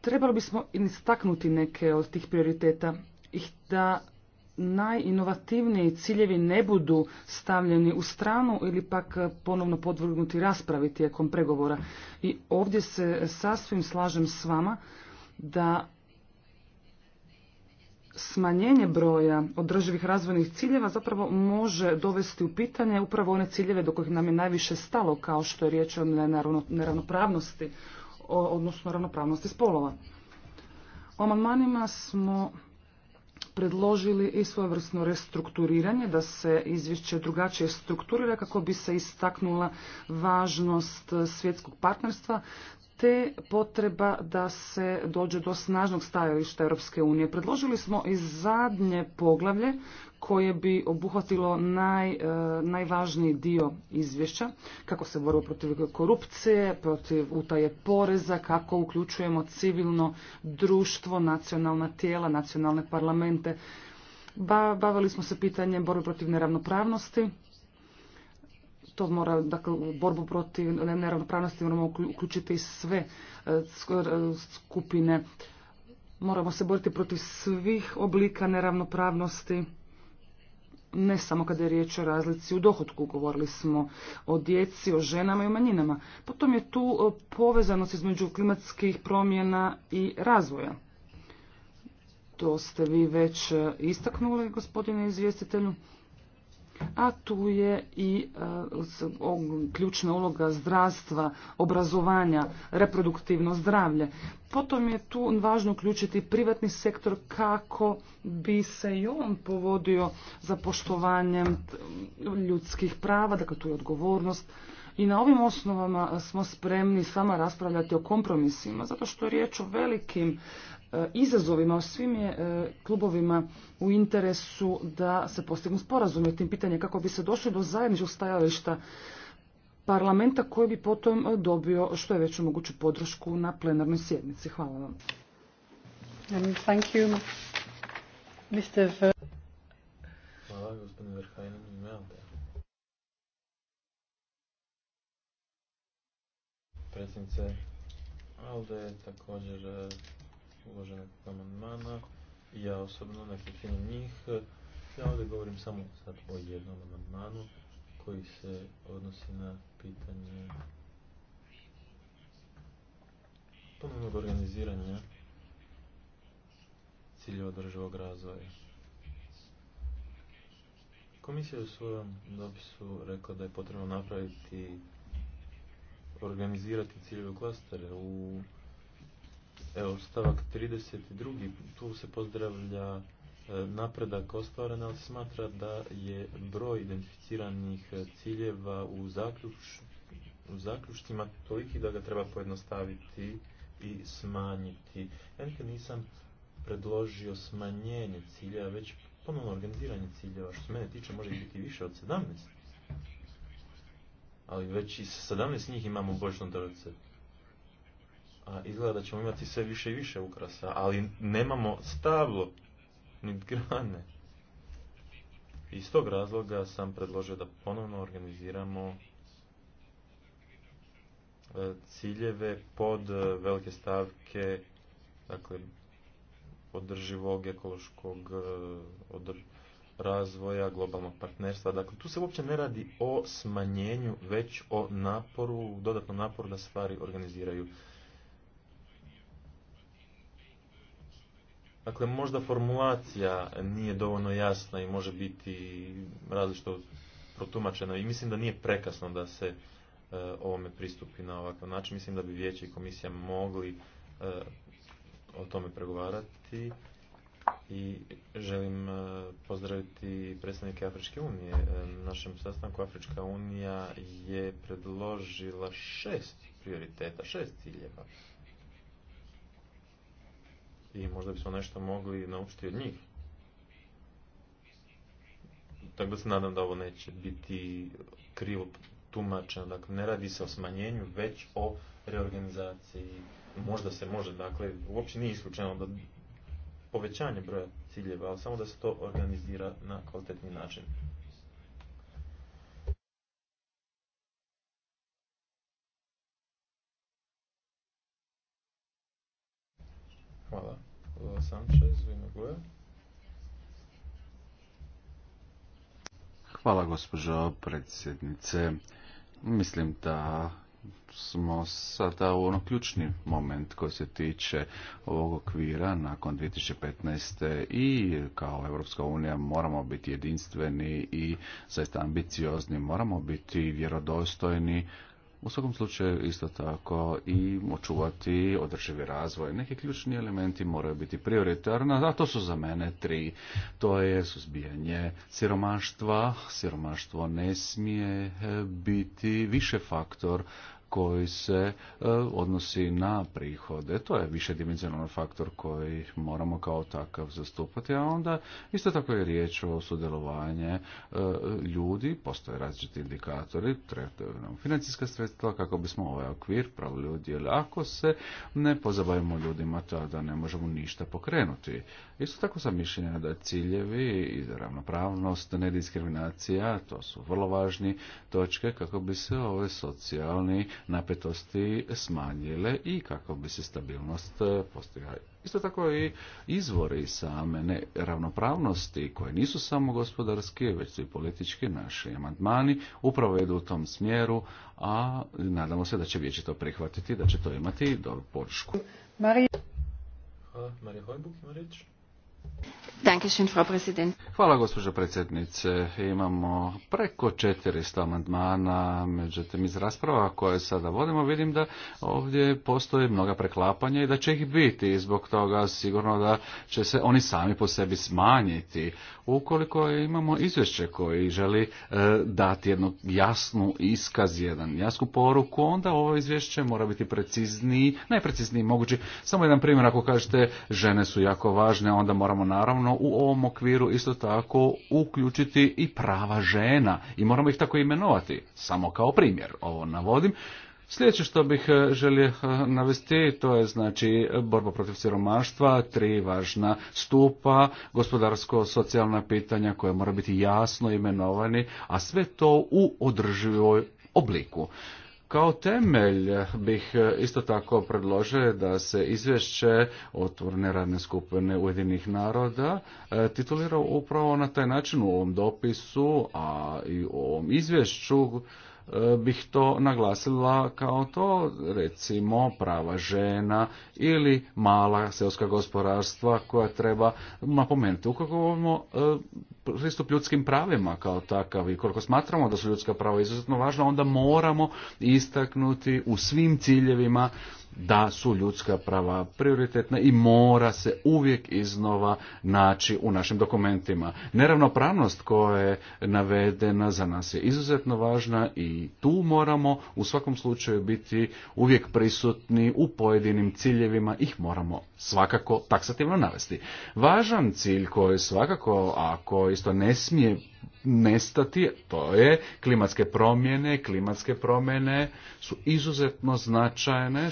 Trebalo bismo istaknuti neke od tih prioriteta i da najinovativniji ciljevi ne budu stavljeni u stranu ili pak ponovno podvrgnuti raspravi tijekom pregovora. I ovdje se sasvim slažem s vama da smanjenje broja održivih razvojnih ciljeva zapravo može dovesti u pitanje upravo one ciljeve do kojih nam je najviše stalo kao što je riječ o neravnopravnosti, odnosno ravnopravnosti spolova. U amandmanima smo predložili i svojevrsno restrukturiranje, da se izvješće drugačije strukturira kako bi se istaknula važnost svjetskog partnerstva te potreba da se dođe do snažnog stajališta Europske unije. Predložili smo i zadnje poglavlje koje bi obuhvatilo naj, e, najvažniji dio izvješća, kako se borba protiv korupcije, protiv utaje poreza, kako uključujemo civilno društvo, nacionalna tijela, nacionalne parlamente. Ba, bavili smo se pitanjem borbe protiv neravnopravnosti, to mora, dakle, u borbu protiv neravnopravnosti moramo uključiti sve e, e, skupine. Moramo se boriti protiv svih oblika neravnopravnosti, ne samo kada je riječ o razlici u dohodku, govorili smo o djeci, o ženama i o manjinama. Potom je tu e, povezanost između klimatskih promjena i razvoja. To ste vi već istaknuli, gospodine izvjestitelju a tu je i e, ključna uloga zdravstva, obrazovanja, reproduktivno zdravlje. Potom je tu važno uključiti privatni sektor kako bi se i on povodio za poštovanjem ljudskih prava, dakle tu je odgovornost. I na ovim osnovama smo spremni sama raspravljati o kompromisima, zato što je riječ o velikim E, izazovima, o svim je e, klubovima u interesu da se postignu sporazum o tim pitanjem kako bi se došlo do zajedničkog stajališta parlamenta koji bi potom e, dobio što je veću moguću podršku na plenarnoj sjednici. Hvala vam. Thank you. Mr. Hvala gospodine uloženog amandmana. Ja osobno dakle, na njih. Ja ovdje govorim samo sad o jednom amandmanu koji se odnosi na pitanje ponovnog organiziranja ciljeva održivog razvoja. Komisija u svojom dopisu rekla da je potrebno napraviti, organizirati ciljeve klastere u Evo, stavak 32. Tu se pozdravlja e, napredak ostvaren, ali smatra da je broj identificiranih e, ciljeva u, zaključ, u zaključcima toliki da ga treba pojednostaviti i smanjiti. Enke nisam predložio smanjenje ciljeva, već ponovno organiziranje ciljeva. Što se mene tiče, može biti više od 17. Ali već i sa 17 njih imamo bočno drce. A izgleda da ćemo imati sve više i više ukrasa, ali nemamo stablo, ni grane. Iz tog razloga sam predložio da ponovno organiziramo e, ciljeve pod e, velike stavke, dakle, održivog ekološkog e, razvoja, globalnog partnerstva. Dakle, tu se uopće ne radi o smanjenju, već o naporu, dodatnom naporu da stvari organiziraju. Dakle, možda formulacija nije dovoljno jasna i može biti različito protumačena i mislim da nije prekasno da se e, ovome pristupi na ovakav način. Mislim da bi vijeće i komisija mogli e, o tome pregovarati i želim e, pozdraviti predstavnike Afričke unije. Na našem sastanku Afrička unija je predložila šest prioriteta, šest ciljeva i možda bismo nešto mogli naučiti od njih. Tako da se nadam da ovo neće biti krivo tumačeno. Dakle, ne radi se o smanjenju, već o reorganizaciji. Možda se može, dakle, uopće nije isključeno da povećanje broja ciljeva, ali samo da se to organizira na kvalitetni način. Hvala. Hvala gospođo predsjednice. Mislim da smo sada u ono ključni moment koji se tiče ovog okvira nakon 2015. i kao Evropska unija moramo biti jedinstveni i zaista ambiciozni, moramo biti vjerodostojni u svakom slučaju isto tako i očuvati održivi razvoj. Neki ključni elementi moraju biti prioritarni, a to su za mene tri. To je suzbijanje siromaštva. Siromaštvo ne smije eh, biti više faktor koji se e, odnosi na prihode. To je višedimenzionalan faktor koji moramo kao takav zastupati, a onda isto tako je riječ o sudjelovanje e, ljudi, postoje različiti indikatori, trebaju nam financijska sredstva kako bismo ovaj okvir pravili u Ako se ne pozabavimo ljudima, tada ne možemo ništa pokrenuti. Isto tako sam mišljenja da ciljevi i ravnopravnost, nediskriminacija, to su vrlo važni točke kako bi se ovaj socijalni napetosti smanjile i kako bi se stabilnost e, postigla. Isto tako i izvori same ravnopravnosti koje nisu samo gospodarski, već su i politički naši amandmani upravo idu u tom smjeru, a nadamo se da će vijeće to prihvatiti, da će to imati dobru podršku. Marija Hojbuk ima Hvala gospođo predsjednice. Imamo preko 400 amandmana, međutim iz rasprava koje sada vodimo vidim da ovdje postoje mnoga preklapanja i da će ih biti i zbog toga sigurno da će se oni sami po sebi smanjiti. Ukoliko imamo izvješće koji želi e, dati jednu jasnu iskaz, jedan jasku poruku, onda ovo izvješće mora biti precizniji, najprecizniji mogući. Samo jedan primjer, ako kažete žene su jako važne, onda mora moramo naravno u ovom okviru isto tako uključiti i prava žena i moramo ih tako imenovati, samo kao primjer ovo navodim. Sljedeće što bih e, želio e, navesti, to je znači borba protiv siromaštva, tri važna stupa, gospodarsko-socijalna pitanja koje mora biti jasno imenovani, a sve to u održivoj obliku. Kao temelj bih e, isto tako predložio da se izvješće otvorene radne skupine Ujedinih naroda e, titulira upravo na taj način u ovom dopisu, a i u ovom izvješću e, bih to naglasila kao to, recimo, prava žena ili mala seoska gospodarstva koja treba napomenuti. Ukoliko govorimo pristup ljudskim pravima kao takav i koliko smatramo da su ljudska prava izuzetno važna, onda moramo istaknuti u svim ciljevima da su ljudska prava prioritetna i mora se uvijek iznova naći u našim dokumentima. Neravnopravnost koja je navedena za nas je izuzetno važna i tu moramo u svakom slučaju biti uvijek prisutni u pojedinim ciljevima, ih moramo svakako taksativno navesti. Važan cilj koji svakako, ako isto ne smije nestati, to je klimatske promjene. Klimatske promjene su izuzetno značajne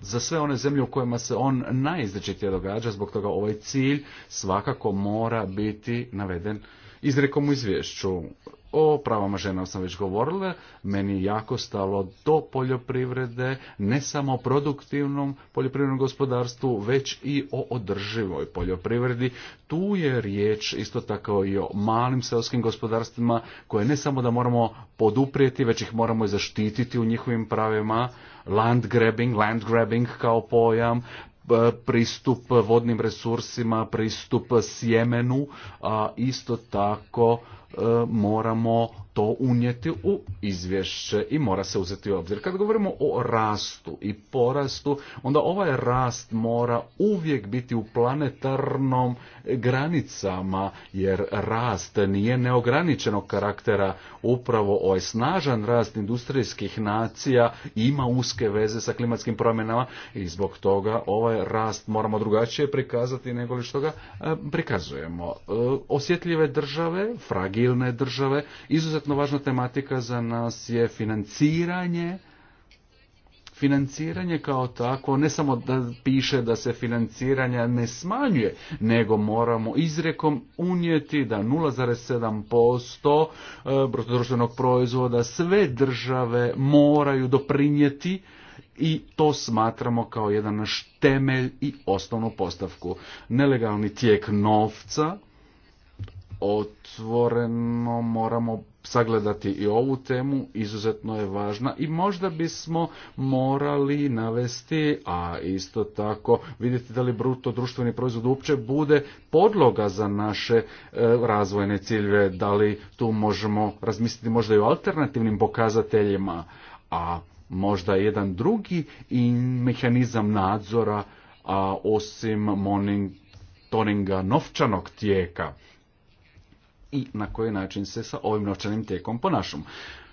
za sve one zemlje u kojima se on najizrečitije događa, zbog toga ovaj cilj svakako mora biti naveden izrekom u izvješću. O pravama žena sam već govorila, meni je jako stalo do poljoprivrede, ne samo produktivnom poljoprivrednom gospodarstvu, već i o održivoj poljoprivredi. Tu je riječ isto tako i o malim seoskim gospodarstvima koje ne samo da moramo poduprijeti, već ih moramo i zaštititi u njihovim pravima. Land grabbing, land grabbing kao pojam, pristup vodnim resursima, pristup sjemenu, a isto tako moramo to unijeti u izvješće i mora se uzeti u obzir. Kad govorimo o rastu i porastu, onda ovaj rast mora uvijek biti u planetarnom granicama, jer rast nije neograničenog karaktera. Upravo ovaj snažan rast industrijskih nacija ima uske veze sa klimatskim promjenama i zbog toga ovaj rast moramo drugačije prikazati nego li što ga e, prikazujemo. E, osjetljive države, fragilne države, izuzetno važna tematika za nas je financiranje financiranje kao tako ne samo da piše da se financiranje ne smanjuje, nego moramo izrekom unijeti da 0,7% e, brutodruštvenog proizvoda sve države moraju doprinijeti i to smatramo kao jedan naš temelj i osnovnu postavku. Nelegalni tijek novca, otvoreno moramo sagledati i ovu temu, izuzetno je važna i možda bismo morali navesti, a isto tako vidjeti da li bruto društveni proizvod uopće bude podloga za naše e, razvojne ciljeve, da li tu možemo razmisliti možda i o alternativnim pokazateljima, a možda jedan drugi i mehanizam nadzora, a osim monitoringa novčanog tijeka i na koji način se sa ovim novčanim tijekom ponašamo.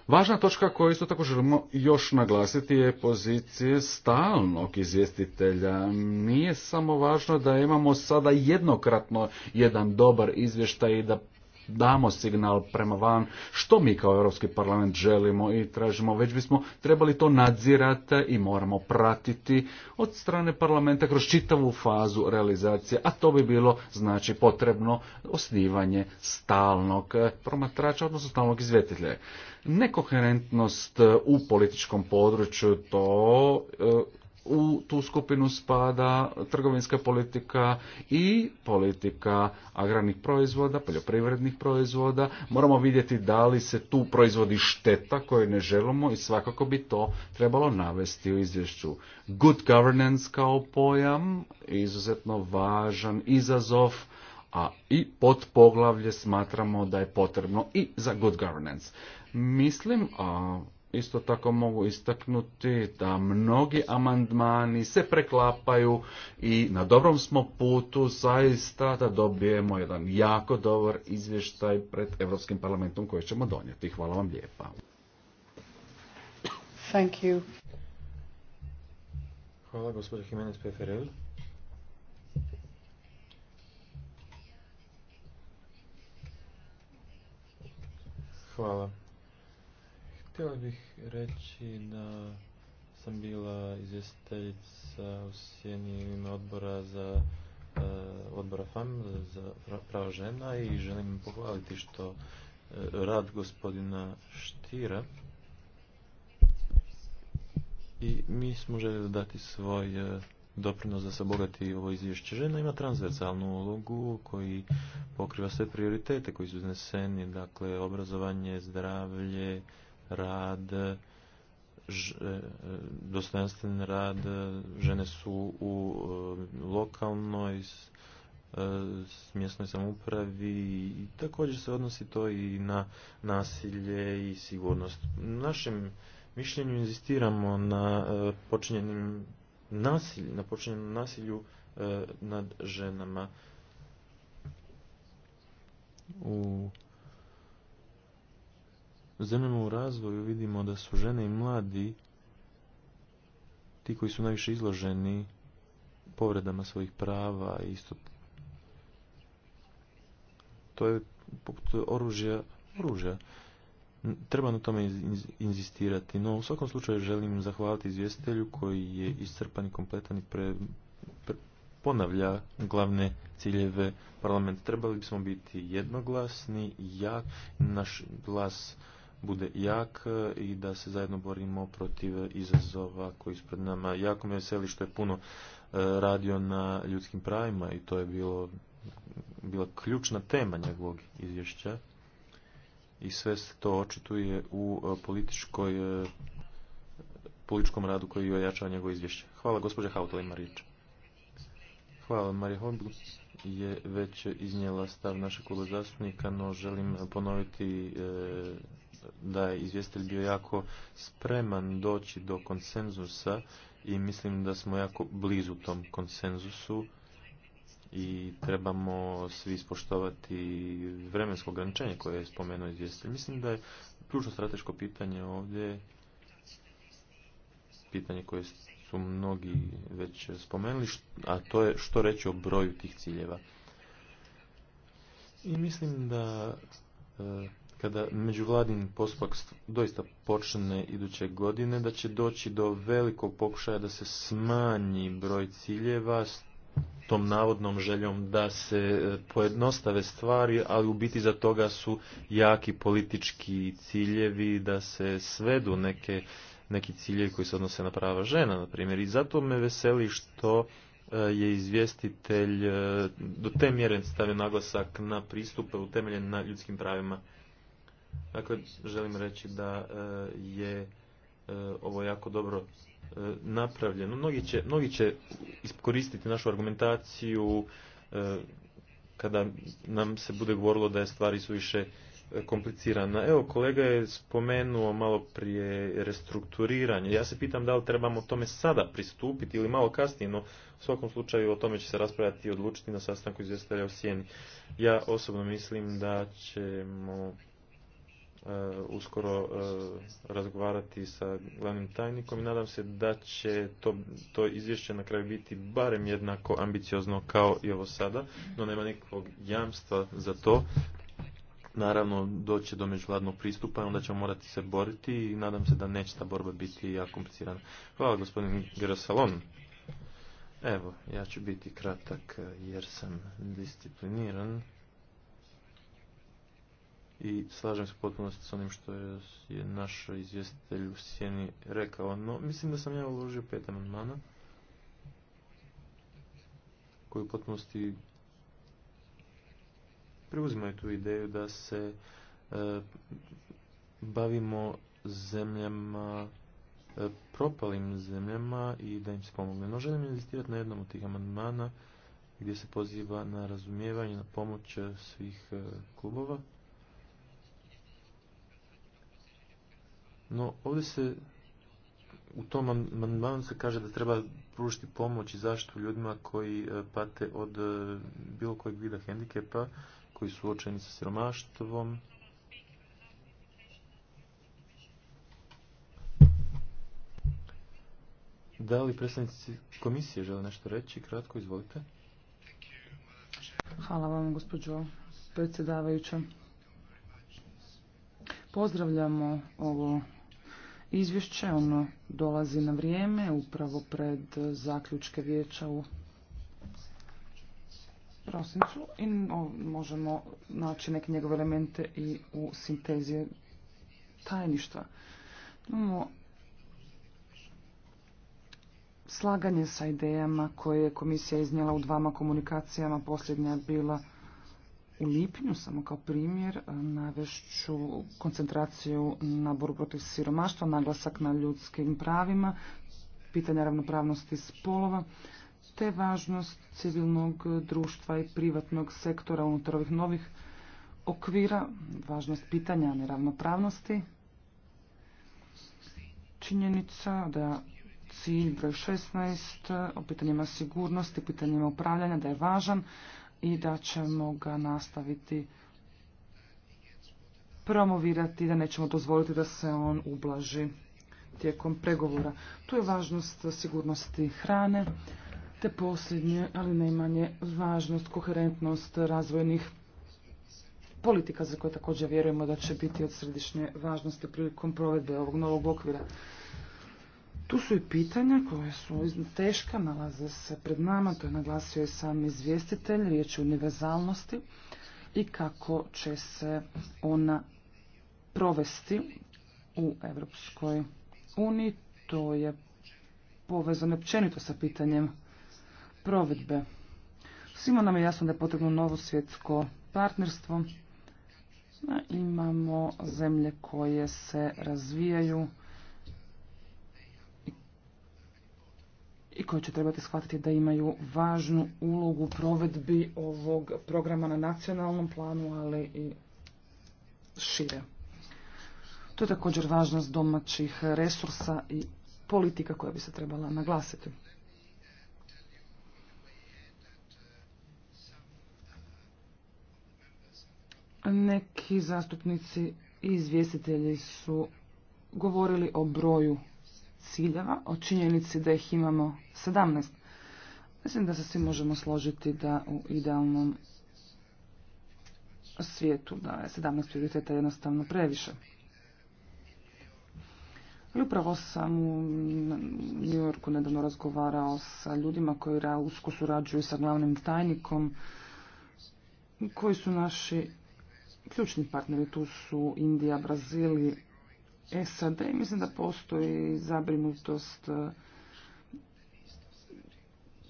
Važna točka koju isto tako želimo još naglasiti je pozicije stalnog izvjestitelja. Nije samo važno da imamo sada jednokratno jedan dobar izvještaj i da damo signal prema van što mi kao Europski parlament želimo i tražimo, već bismo trebali to nadzirati i moramo pratiti od strane parlamenta kroz čitavu fazu realizacije, a to bi bilo znači potrebno osnivanje stalnog eh, promatrača, odnosno stalnog izvjetitelja. Nekoherentnost u političkom području to eh, u tu skupinu spada trgovinska politika i politika agrarnih proizvoda, poljoprivrednih proizvoda. Moramo vidjeti da li se tu proizvodi šteta koju ne želimo i svakako bi to trebalo navesti u izvješću. Good governance kao pojam, izuzetno važan izazov, a i pod poglavlje smatramo da je potrebno i za good governance. Mislim, a isto tako mogu istaknuti da mnogi amandmani se preklapaju i na dobrom smo putu zaista da dobijemo jedan jako dobar izvještaj pred Evropskim parlamentom koji ćemo donijeti. Hvala vam lijepa. Thank you. Hvala gospođa Jimenez Peferel. Hvala. Htio bih reći da sam bila izvjestiteljica u sjeni ime odbora za e, odbora FAM za prava žena i želim pohvaliti što e, rad gospodina Štira i mi smo željeli dati svoj e, doprinos da se obogati ovo izvješće. Žena ima transversalnu ulogu koji pokriva sve prioritete koji su izneseni, dakle obrazovanje, zdravlje, rad, e, e, dostojanstven rad, e, žene su u lokalnoj mjesnoj samoupravi i također se odnosi to i na nasilje i sigurnost. U našem mišljenju inzistiramo na počinjenim nasilju, na počinjenom nasilju nad ženama u zemljama u razvoju vidimo da su žene i mladi ti koji su najviše izloženi povredama svojih prava i isto to je poput oružja oružja treba na tome inzistirati no u svakom slučaju želim zahvaliti izvjestitelju koji je iscrpan i kompletan i pre, ponavlja glavne ciljeve parlamenta trebali bismo biti jednoglasni ja naš glas bude jak e, i da se zajedno borimo protiv izazova koji su pred nama. Jako me veseli što je puno e, radio na ljudskim pravima i to je bilo, bila ključna tema njegovog izvješća i sve se to očituje u e, političkoj političkom radu koji ojačava njegovo izvješće. Hvala gospođa Hautala i Hvala Marije. je već iznijela stav našeg kluba zastupnika, no želim ponoviti da je izvjestitelj bio jako spreman doći do konsenzusa i mislim da smo jako blizu tom konsenzusu i trebamo svi ispoštovati vremensko ograničenje koje je spomenuo izvjestitelj. Mislim da je ključno strateško pitanje ovdje pitanje koje su mnogi već spomenuli, a to je što reći o broju tih ciljeva. I mislim da e, kada međuvladin postupak doista počne iduće godine, da će doći do velikog pokušaja da se smanji broj ciljeva s tom navodnom željom da se e, pojednostave stvari, ali u biti za toga su jaki politički ciljevi da se svedu neke, neki ciljevi koji se odnose na prava žena, na primjer. I zato me veseli što e, je izvjestitelj e, do te mjere stavio naglasak na pristupe utemeljen na ljudskim pravima Dakle, želim reći da e, je e, ovo jako dobro e, napravljeno. Mnogi će, mnogi će iskoristiti našu argumentaciju kada nam se bude govorilo da je stvari su više komplicirana. Evo, kolega je spomenuo malo prije restrukturiranje. Ja se pitam da li trebamo tome sada pristupiti ili malo kasnije, no u svakom slučaju o tome će se raspravljati i odlučiti na sastanku izvjestelja u Sjeni. Ja osobno mislim da ćemo E, uskoro e, razgovarati sa glavnim tajnikom i nadam se da će to, to izvješće na kraju biti barem jednako ambiciozno kao i ovo sada, no nema nekog jamstva za to. Naravno, doće do međuvladnog pristupa, onda ćemo morati se boriti i nadam se da neće ta borba biti jako komplicirana. Hvala gospodin Gerasalon. Evo, ja ću biti kratak e, jer sam discipliniran i slažem se potpuno s onim što je, naš izvjestitelj u Sjeni rekao, no mislim da sam ja uložio pet amandmana koji u potpunosti preuzimaju tu ideju da se e, bavimo zemljama e, propalim zemljama i da im se pomogne. No želim investirati na jednom od tih amandmana gdje se poziva na razumijevanje, na pomoć e, svih klubova. No ovdje se u tom amandmanu se kaže da treba pružiti pomoć i zaštitu ljudima koji e, pate od e, bilo kojeg vida hendikepa, koji su sa siromaštvom. Da li predstavnici komisije žele nešto reći? Kratko, izvolite. Hvala vam, gospođo predsjedavajuća. Pozdravljamo ovo izvješće. Ono dolazi na vrijeme, upravo pred zaključke vijeća u prosincu i možemo naći neke njegove elemente i u sintezi tajništva. Imamo slaganje sa idejama koje je komisija iznijela u dvama komunikacijama. Posljednja je bila u lipnju, samo kao primjer, e, navešću koncentraciju na boru protiv siromaštva, naglasak na ljudskim pravima, pitanja ravnopravnosti spolova, te važnost civilnog društva i privatnog sektora unutar ovih novih okvira, važnost pitanja neravnopravnosti, činjenica da cilj broj 16 o pitanjima sigurnosti, pitanjima upravljanja da je važan, i da ćemo ga nastaviti promovirati, da nećemo dozvoliti da se on ublaži tijekom pregovora. Tu je važnost sigurnosti hrane, te posljednje, ali najmanje važnost, koherentnost razvojnih politika za koje također vjerujemo da će biti od središnje važnosti prilikom provedbe ovog novog okvira. Tu su i pitanja koja su teška, nalaze se pred nama, to je naglasio i sam izvjestitelj, riječ je o univerzalnosti i kako će se ona provesti u Europskoj uniji. To je povezano općenito sa pitanjem provedbe. Svima nam je jasno da je potrebno novo svjetsko partnerstvo. Imamo zemlje koje se razvijaju, i koji će trebati shvatiti da imaju važnu ulogu u provedbi ovog programa na nacionalnom planu, ali i šire. To je također važnost domaćih resursa i politika koja bi se trebala naglasiti. Neki zastupnici i izvjestitelji su govorili o broju ciljeva, o činjenici da ih imamo 17. Mislim da se svi možemo složiti da u idealnom svijetu da je 17 prioriteta jednostavno previše. I upravo sam u New Yorku nedavno razgovarao sa ljudima koji usko surađuju sa glavnim tajnikom, koji su naši ključni partneri. Tu su Indija, Brazil E, SAD i mislim da postoji zabrinutost e,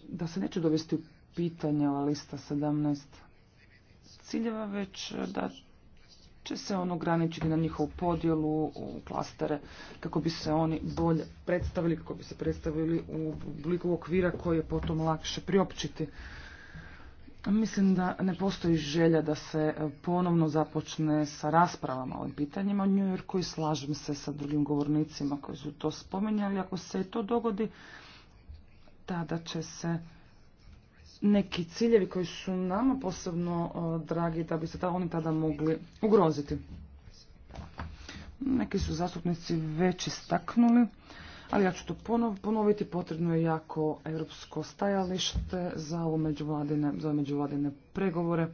da se neće dovesti u pitanje ova lista 17 ciljeva, već e, da će se on ograničiti na njihovu podjelu u klastere kako bi se oni bolje predstavili, kako bi se predstavili u obliku okvira koji je potom lakše priopćiti. Mislim da ne postoji želja da se e, ponovno započne sa raspravama o ovim pitanjima u New Yorku i slažem se sa drugim govornicima koji su to spominjali. Ako se to dogodi, tada će se neki ciljevi koji su nama posebno e, dragi, da bi se ta, oni tada mogli ugroziti. Neki su zastupnici već istaknuli ali ja ću to ponoviti, potrebno je jako europsko stajalište za ovo međuvladine, za pregovore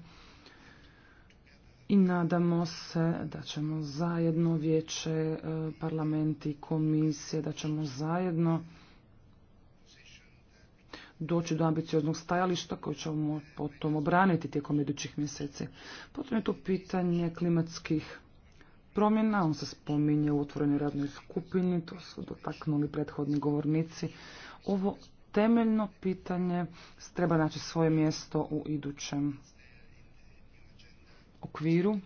i nadamo se da ćemo zajedno vijeće, e, parlamenti i komisije, da ćemo zajedno doći do ambicioznog stajališta koje ćemo potom obraniti tijekom idućih mjeseci. Potom je to pitanje klimatskih promjena, on se spominje u otvorenoj radnoj skupini, to su dotaknuli prethodni govornici. Ovo temeljno pitanje treba naći svoje mjesto u idućem okviru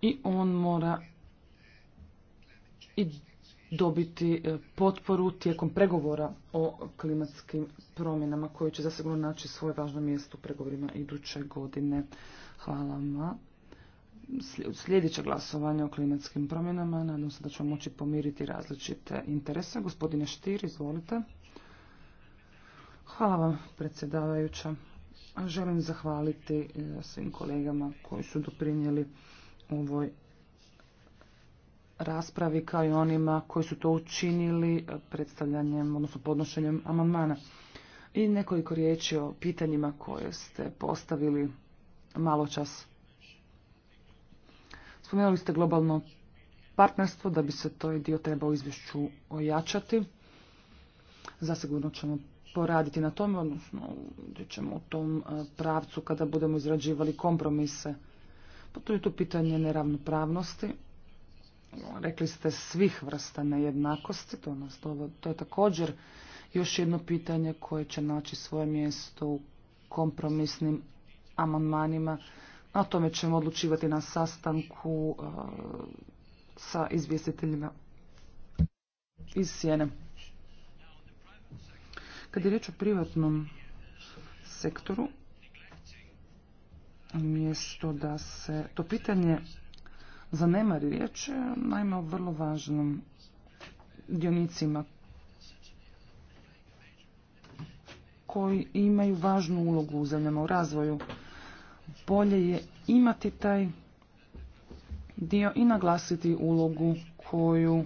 i on mora i dobiti e, potporu tijekom pregovora o klimatskim promjenama koji će zasigurno naći svoje važno mjesto u pregovorima iduće godine. Hvala vam sljedeće glasovanje o klimatskim promjenama. Nadam se da ćemo moći pomiriti različite interese. Gospodine Štir, izvolite. Hvala vam, predsjedavajuća. Želim zahvaliti e, svim kolegama koji su doprinijeli ovoj raspravi kao i onima koji su to učinili e, predstavljanjem, odnosno podnošenjem amandmana. I nekoliko riječi o pitanjima koje ste postavili malo čas. Spomenuli ste globalno partnerstvo, da bi se to dio trebao izvješću ojačati. Zasigurno ćemo poraditi na tome, odnosno ćemo u tom e, pravcu kada budemo izrađivali kompromise. To je tu pitanje neravnopravnosti. Rekli ste svih vrsta nejednakosti, to, nas, to je također još jedno pitanje koje će naći svoje mjesto u kompromisnim amandmanima. O tome ćemo odlučivati na sastanku e, sa izvjestiteljima iz Sjene. Kad je riječ o privatnom sektoru, mjesto da se to pitanje zanemari riječ naime o vrlo važnom dionicima koji imaju važnu ulogu u zemljama u razvoju bolje je imati taj dio i naglasiti ulogu koju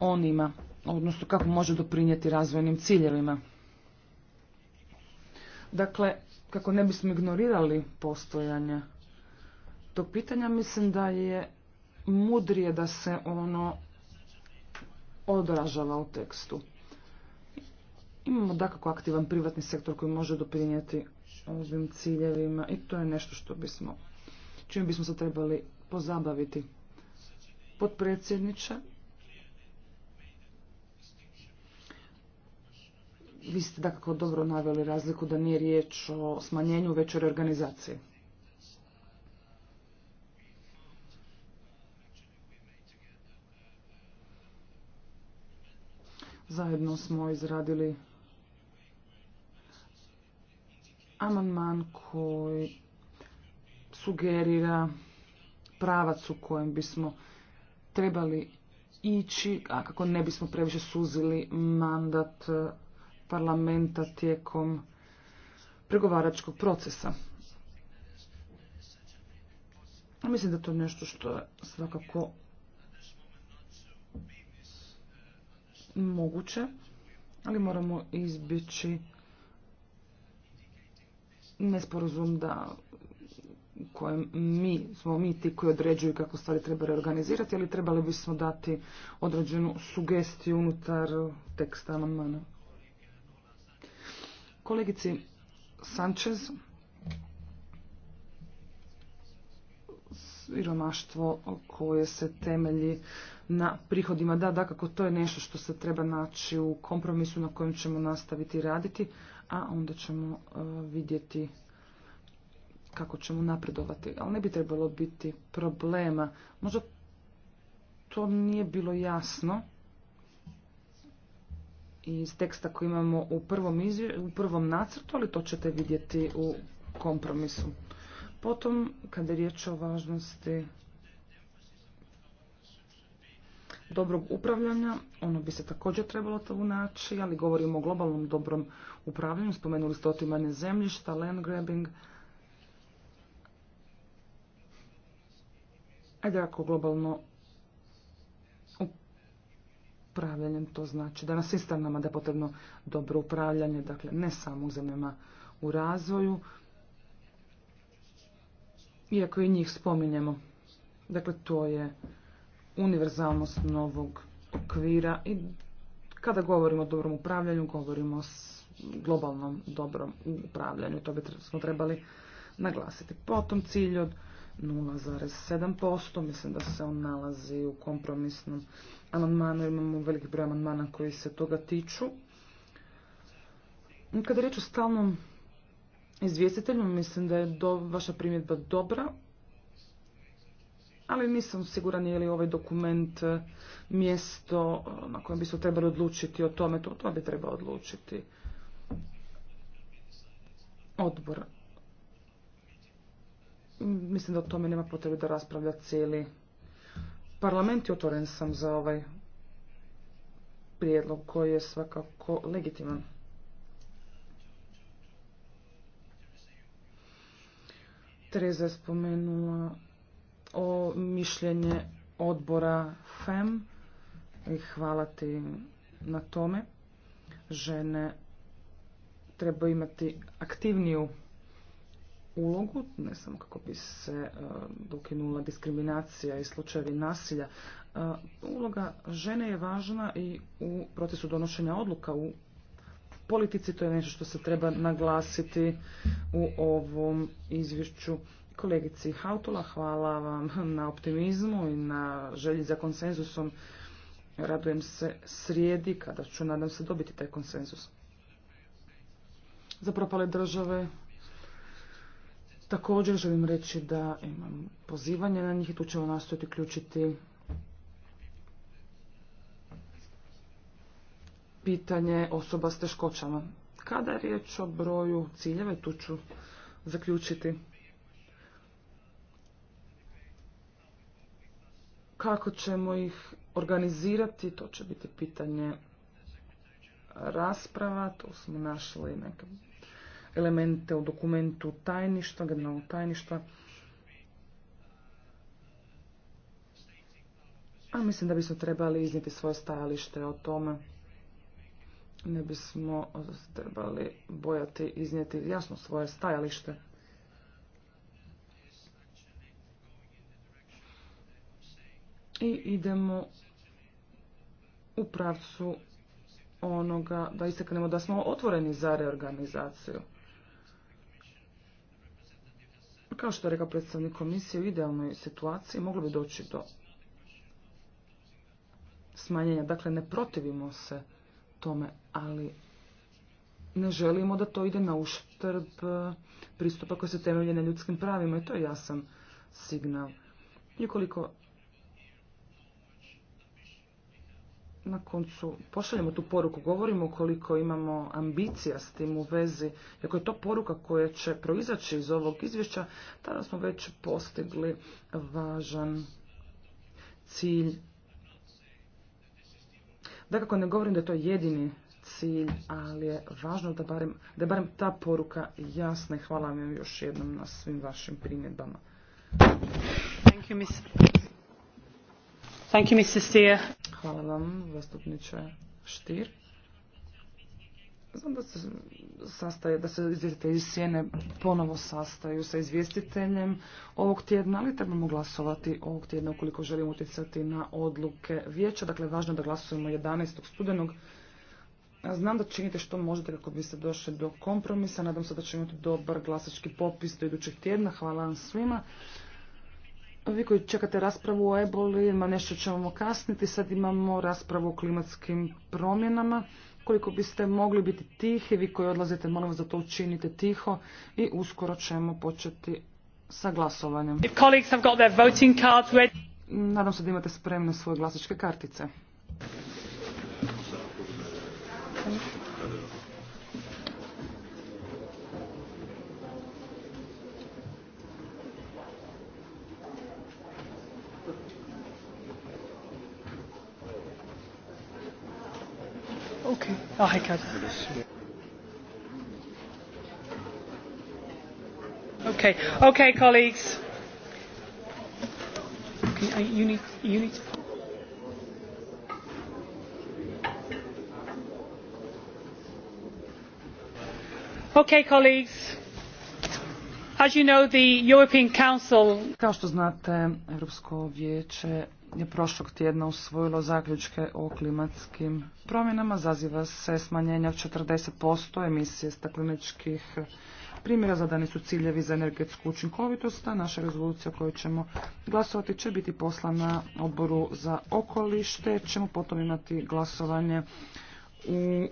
on ima, odnosno kako može doprinijeti razvojnim ciljevima. Dakle, kako ne bismo ignorirali postojanje tog pitanja, mislim da je mudrije da se ono odražava u tekstu. Imamo dakako aktivan privatni sektor koji može doprinijeti ovim ciljevima i to je nešto što bismo, čime bismo se trebali pozabaviti. Potpredsjedniče, vi ste dakako dobro naveli razliku da nije riječ o smanjenju većoj organizacije. Zajedno smo izradili amandman koji sugerira pravac u kojem bismo trebali ići, a kako ne bismo previše suzili mandat e, parlamenta tijekom pregovaračkog procesa. Mislim da to nešto što je svakako moguće, ali moramo izbjeći nesporazum da kojem mi smo mi ti koji određuju kako stvari treba reorganizirati, ali trebali bismo dati određenu sugestiju unutar teksta amandmana. Kolegici Sanchez, siromaštvo koje se temelji na prihodima. Da, dakako, to je nešto što se treba naći u kompromisu na kojem ćemo nastaviti raditi a onda ćemo e, vidjeti kako ćemo napredovati. Ali ne bi trebalo biti problema. Možda to nije bilo jasno iz teksta koji imamo u prvom, u prvom nacrtu, ali to ćete vidjeti u kompromisu. Potom, kada je riječ o važnosti dobrog upravljanja, ono bi se također trebalo to naći, ali govorimo o globalnom dobrom upravljanju, spomenuli ste otimanje zemljišta, land grabbing. Ajde ako globalno upravljanjem to znači da na sistemama da je potrebno dobro upravljanje, dakle ne samo u zemljama u razvoju, iako i njih spominjemo. Dakle, to je univerzalnost novog okvira i kada govorimo o dobrom upravljanju, govorimo o globalnom dobrom upravljanju. To bi smo trebali naglasiti. Potom cilj od 0,7%, mislim da se on nalazi u kompromisnom amandmanu, imamo veliki broj amandmana koji se toga tiču. Kada je riječ o stalnom izvjestitelju, mislim da je vaša primjedba dobra, ali nisam siguran je li ovaj dokument e, mjesto e, na kojem bi se trebali odlučiti o tome, to, bi trebao odlučiti odbor. Mislim da o tome nema potrebe da raspravlja cijeli parlament i otvoren sam za ovaj prijedlog koji je svakako legitiman. Tereza je spomenula o mišljenje odbora FEM i hvala ti na tome. Žene treba imati aktivniju ulogu, ne samo kako bi se e, dokinula diskriminacija i slučajevi nasilja. E, uloga žene je važna i u procesu donošenja odluka u politici, to je nešto što se treba naglasiti u ovom izvješću. Kolegici Hautula, hvala vam na optimizmu i na želji za konsenzusom. Radujem se srijedi kada ću, nadam se, dobiti taj konsenzus. Za propale države također želim reći da imam pozivanje na njih i tu ćemo nastojati ključiti pitanje osoba s teškoćama. Kada je riječ o broju ciljeve, tu ću zaključiti. Kako ćemo ih organizirati, to će biti pitanje rasprava, To smo našli neke elemente u dokumentu tajništva, generalnog tajništva. A mislim da bismo trebali iznijeti svoje stajalište o tome. Ne bismo trebali bojati iznijeti jasno svoje stajalište. i idemo u pravcu onoga da istaknemo da smo otvoreni za reorganizaciju. Kao što je rekao predstavnik komisije, u idealnoj situaciji moglo bi doći do smanjenja. Dakle, ne protivimo se tome, ali ne želimo da to ide na uštrb e, pristupa koji se temelje na ljudskim pravima i to je jasan signal. I ukoliko na koncu pošaljemo tu poruku, govorimo koliko imamo ambicija s tim u vezi, ako je to poruka koja će proizaći iz ovog izvješća, tada smo već postigli važan cilj. Dakako ne govorim da je to jedini cilj, ali je važno da barem, da barem ta poruka jasna i hvala vam još jednom na svim vašim primjedbama. Thank you, Mr. Thank you, Hvala vam, zastupniče Štir. Znam da se sastaje, da se izvjestitelji sjene ponovo sastaju sa izvjestiteljem ovog tjedna, ali trebamo glasovati ovog tjedna ukoliko želimo utjecati na odluke vijeća. Dakle, važno je da glasujemo 11. studenog. Znam da činite što možete kako biste došli do kompromisa. Nadam se da će imati dobar glasački popis do idućeg tjedna. Hvala vam svima. Vi koji čekate raspravu o eboli, ima nešto ćemo kasniti, sad imamo raspravu o klimatskim promjenama. Koliko biste mogli biti tihi, vi koji odlazite, molim vas da to učinite tiho i uskoro ćemo početi sa glasovanjem. Nadam se da imate spremne svoje glasičke kartice. Oh, okay. Okay, colleagues. Uh, you need, you need to... Okay, colleagues. As you know, the European Council... Kao što znate, Europsko vijeće je prošlog tjedna usvojilo zaključke o klimatskim promjenama. Zaziva se smanjenje od 40% emisije stakleničkih primjera. Zadani su ciljevi za energetsku učinkovitost, naša rezolucija koju ćemo glasovati će biti poslana odboru za okolište. te ćemo potom imati glasovanje u,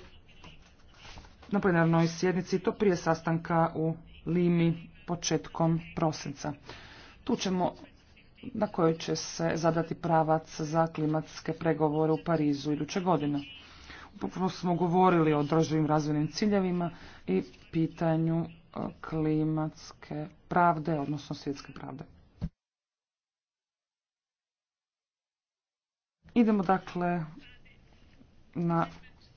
na plenarnoj sjednici, to prije sastanka u Limi početkom prosinca. Tu ćemo na kojoj će se zadati pravac za klimatske pregovore u Parizu iduće godine. Upravo smo govorili o održivim razvojnim ciljevima i pitanju e, klimatske pravde, odnosno svjetske pravde. Idemo dakle na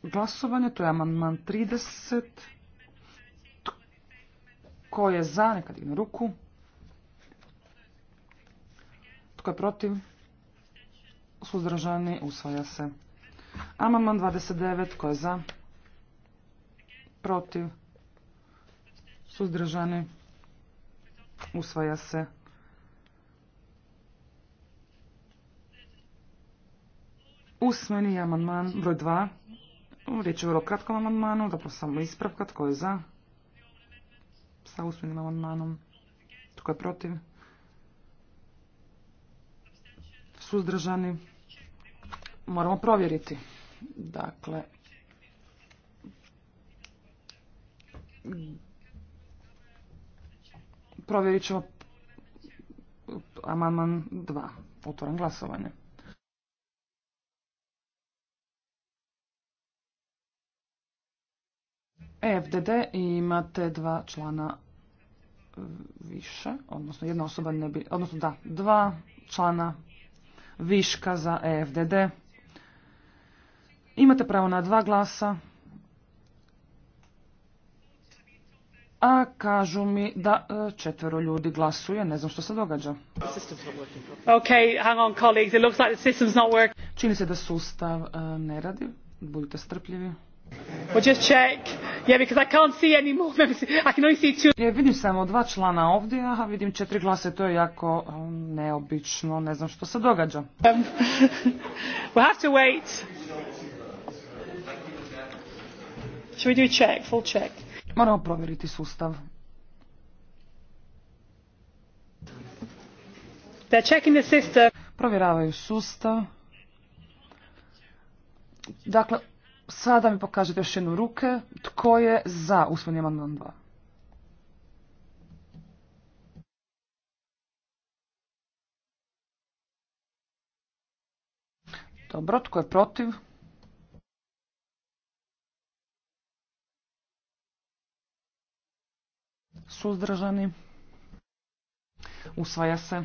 glasovanje, to je amandman 30. Ko je za, nekad idem ruku. Tko je protiv? Suzdržani usvaja se. Amaman 29. Tko je za? Protiv? Suzdržani usvaja se. Usmeni amandman broj 2. Riječ je o vrlo kratkom amandmanu, da samo ispravka. Tko je za? Sa usmenim amandmanom. Tko je protiv? suzdržani, moramo provjeriti. Dakle, provjerit ćemo amandman 2. Otvoram glasovanje. EFDD imate dva člana više, odnosno jedna osoba ne bi, odnosno da, dva člana viška za EFDD. Imate pravo na dva glasa. A kažu mi da e, četvero ljudi glasuje, ne znam što se događa. Čini se da sustav e, ne radi, budite strpljivi. We'll just check. Yeah, because I can't see any more members. I can only see two. Ja, vidim samo dva člana ovdje, a vidim četiri glase. To je jako um, neobično. Ne znam što se događa. Um, we'll have to wait. Should we do check, full check? Moramo provjeriti sustav. They're checking the system. Provjeravaju sustav. Dakle, Sada mi pokažete još jednu ruke. Tko je za usmeni amandman 2? Dobro, tko je protiv? Suzdržani? Usvaja se.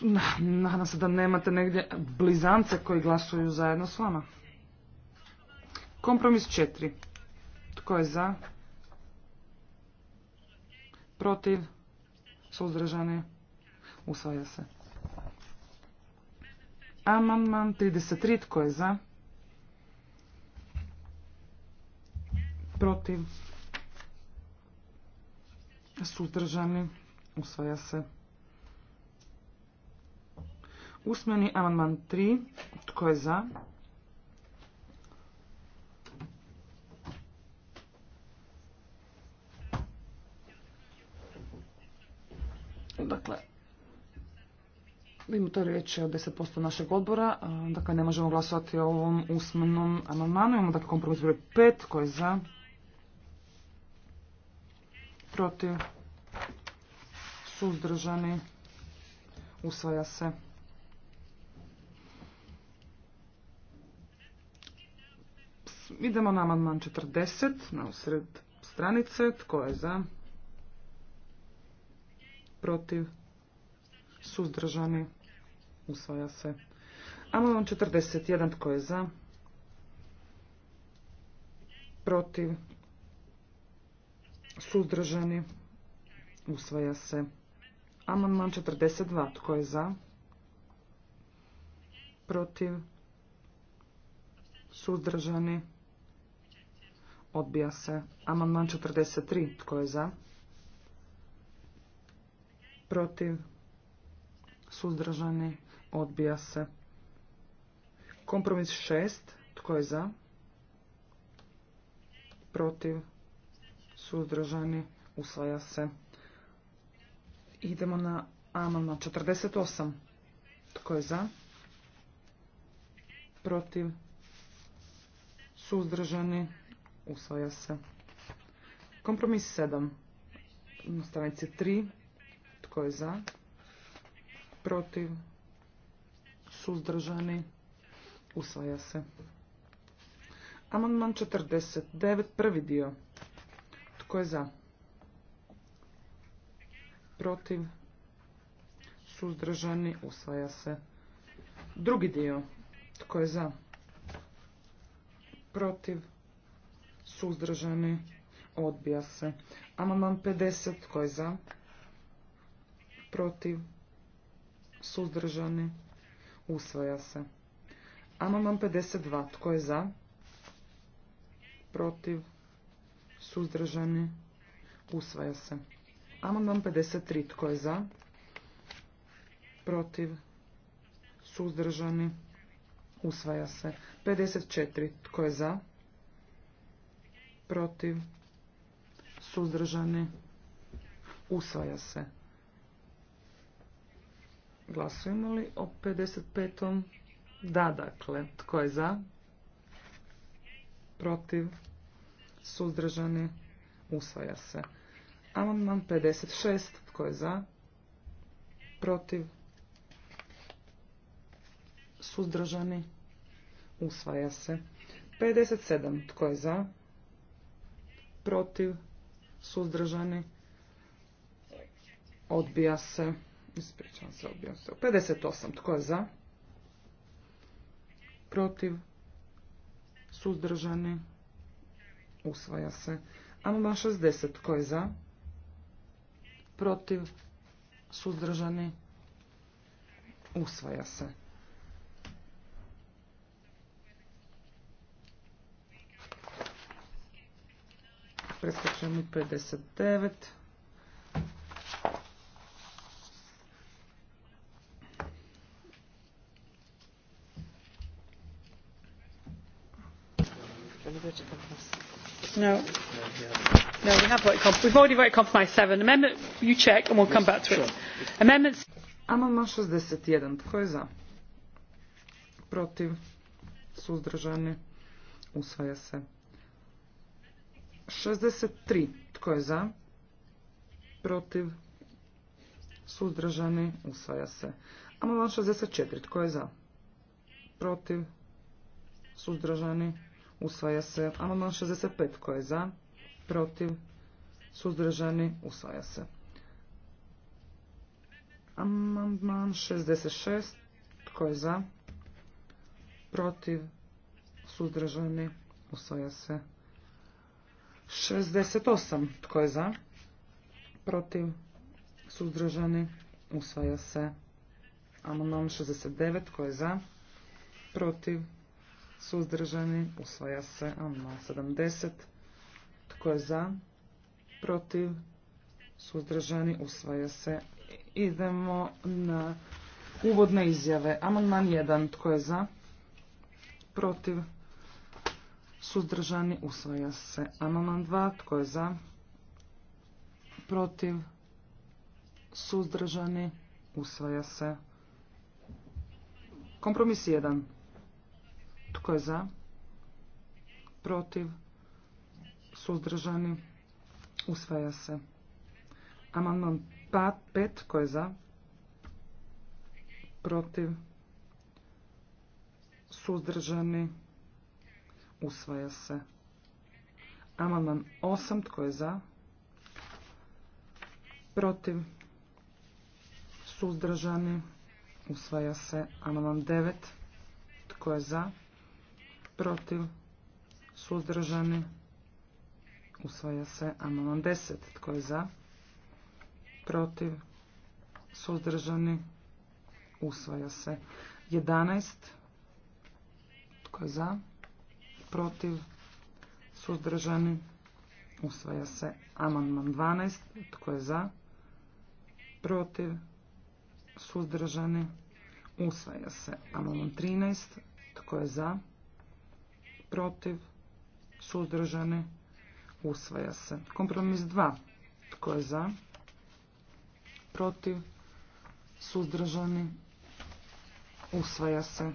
Nadam se da nemate negdje blizance koji glasuju zajedno s vama. Kompromis četiri. Tko je za? Protiv? Suzdržani? Usvaja se. Amandman 33. Tko je za? Protiv? Suzdržani? Usvaja se. Usmeni amandman 3. Tko je za? Dakle, Vidimo to riječ od 10% našeg odbora, dakle ne možemo glasovati o ovom usmenom amandmanu. Imamo dakle kompromis broj 5, koji je za, protiv, suzdržani, usvaja se. Idemo na amandman 40, na usred stranice. Tko je za? Protiv? Suzdržani? Usvaja se. Amandman 41, tko je za? Protiv? Suzdržani? Usvaja se. Amandman 42, tko je za? Protiv? Suzdržani? Odbija se. Amandman 43. Tko je za? Protiv? Suzdržani? Odbija se. Kompromis 6. Tko je za? Protiv? Suzdržani? Usvaja se. Idemo na amandman 48. Tko je za? Protiv? Suzdržani? usvaja se. Kompromis 7 na stranici 3. Tko je za? Protiv? Suzdržani? Usvaja se. Amandman 49, prvi dio. Tko je za? Protiv? Suzdržani? Usvaja se. Drugi dio. Tko je za? Protiv? suzdržani, odbija se. Amandman 50, tko je za? Protiv, suzdržani, usvaja se. Amandman 52, tko je za? Protiv, suzdržani, usvaja se. Amandman 53, tko je za? Protiv, suzdržani, usvaja se. 54, tko je za? protiv, suzdržani, usvaja se. Glasujemo li o 55. Da, dakle, tko je za, protiv, suzdržani, usvaja se. Amandman 56. Tko je za? Protiv? Suzdržani? Usvaja se. 57. Tko je za? protiv, suzdržani, odbija se, ispričavam se, odbija se, 58, tko je za, protiv, suzdržani, usvaja se, amandman 60, tko je za, protiv, suzdržani, usvaja se. u 59. No. No, we have voted compromise. We've already voted compromise 7. Amendment, you check and we'll come back to it. Amendments. Amendment 61. Tko je za? Protiv? Suzdržani? Usvaja se. 63. Tko je za? Protiv? Suzdržani? Usvaja se. Amandman 64. Tko je za? Protiv? Suzdržani? Usvaja se. Amandman 65. Tko je za? Protiv? Suzdržani? Usvaja se. Amandman 66. Tko je za? Protiv? Suzdržani? Usvaja se. 68. Tko je za? Protiv? Suzdržani? Usvaja se. Amandman 69. Tko je za? Protiv? Suzdržani? Usvaja se. Amandman 70. Tko je za? Protiv? Suzdržani? Usvaja se. Idemo na uvodne izjave. Amandman 1. Tko je za? Protiv? suzdržani, usvaja se. Amandman 2, tko je za, protiv, suzdržani, usvaja se. Kompromis 1, tko je za, protiv, suzdržani, usvaja se. Amandman 5, pa, tko je za, protiv, suzdržani, usvaja se. Amandman 8, tko je za? Protiv? Suzdržani? Usvaja se. Amandman 9, tko je za? Protiv? Suzdržani? Usvaja se. Amandman 10, tko je za? Protiv? Suzdržani? Usvaja se. 11, tko je za? protiv, suzdržani, usvaja se amandman 12, tko je za, protiv, suzdržani, usvaja se amandman 13, tko je za, protiv, suzdržani, usvaja se. Kompromis 2, tko je za, protiv, suzdržani, usvaja se.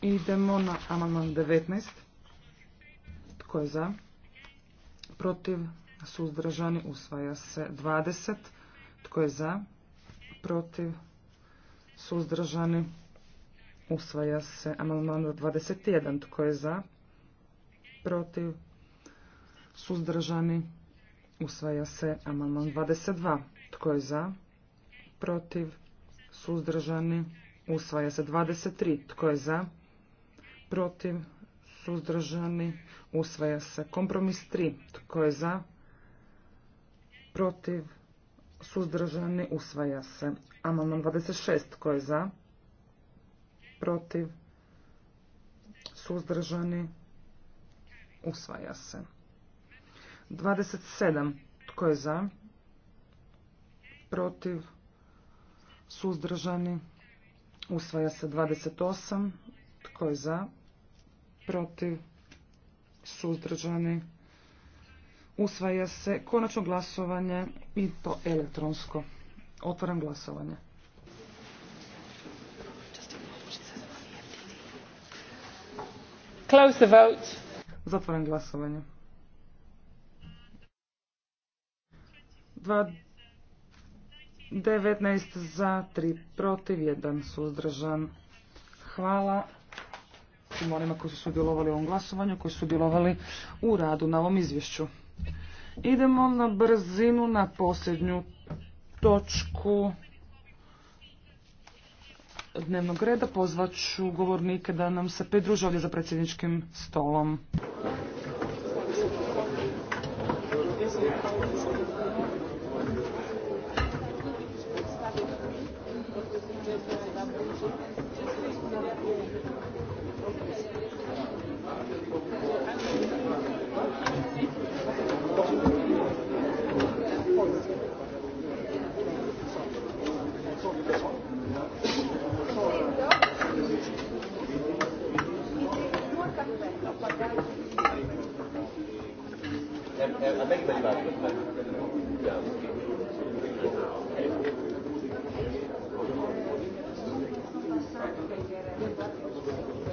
Idemo na amandman 19. Tko je za? Protiv? Suzdržani? Usvaja se 20. Tko je za? Protiv? Suzdržani? Usvaja se amandman 21. Tko je za? Protiv? Suzdržani? Usvaja se amandman 22. Tko je za? Protiv? Suzdržani? Usvaja se 23. Tko je za? protiv, suzdržani, usvaja se. Kompromis 3, tko je za, protiv, suzdržani, usvaja se. Amandman 26, tko je za, protiv, suzdržani, usvaja se. 27, tko je za, protiv, suzdržani, usvaja se. 28, tko je za, protiv, suzdržani. Usvaja se konačno glasovanje i to elektronsko. Otvaram glasovanje. Close the vote. Zatvaram glasovanje. 19 za, 3 protiv, jedan, suzdržan. Hvala svima onima koji su sudjelovali u ovom glasovanju, koji su sudjelovali u radu na ovom izvješću. Idemo na brzinu na posljednju točku dnevnog reda. Pozvat ću govornike da nam se pridruže ovdje za predsjedničkim stolom. Eh, a meni me Thank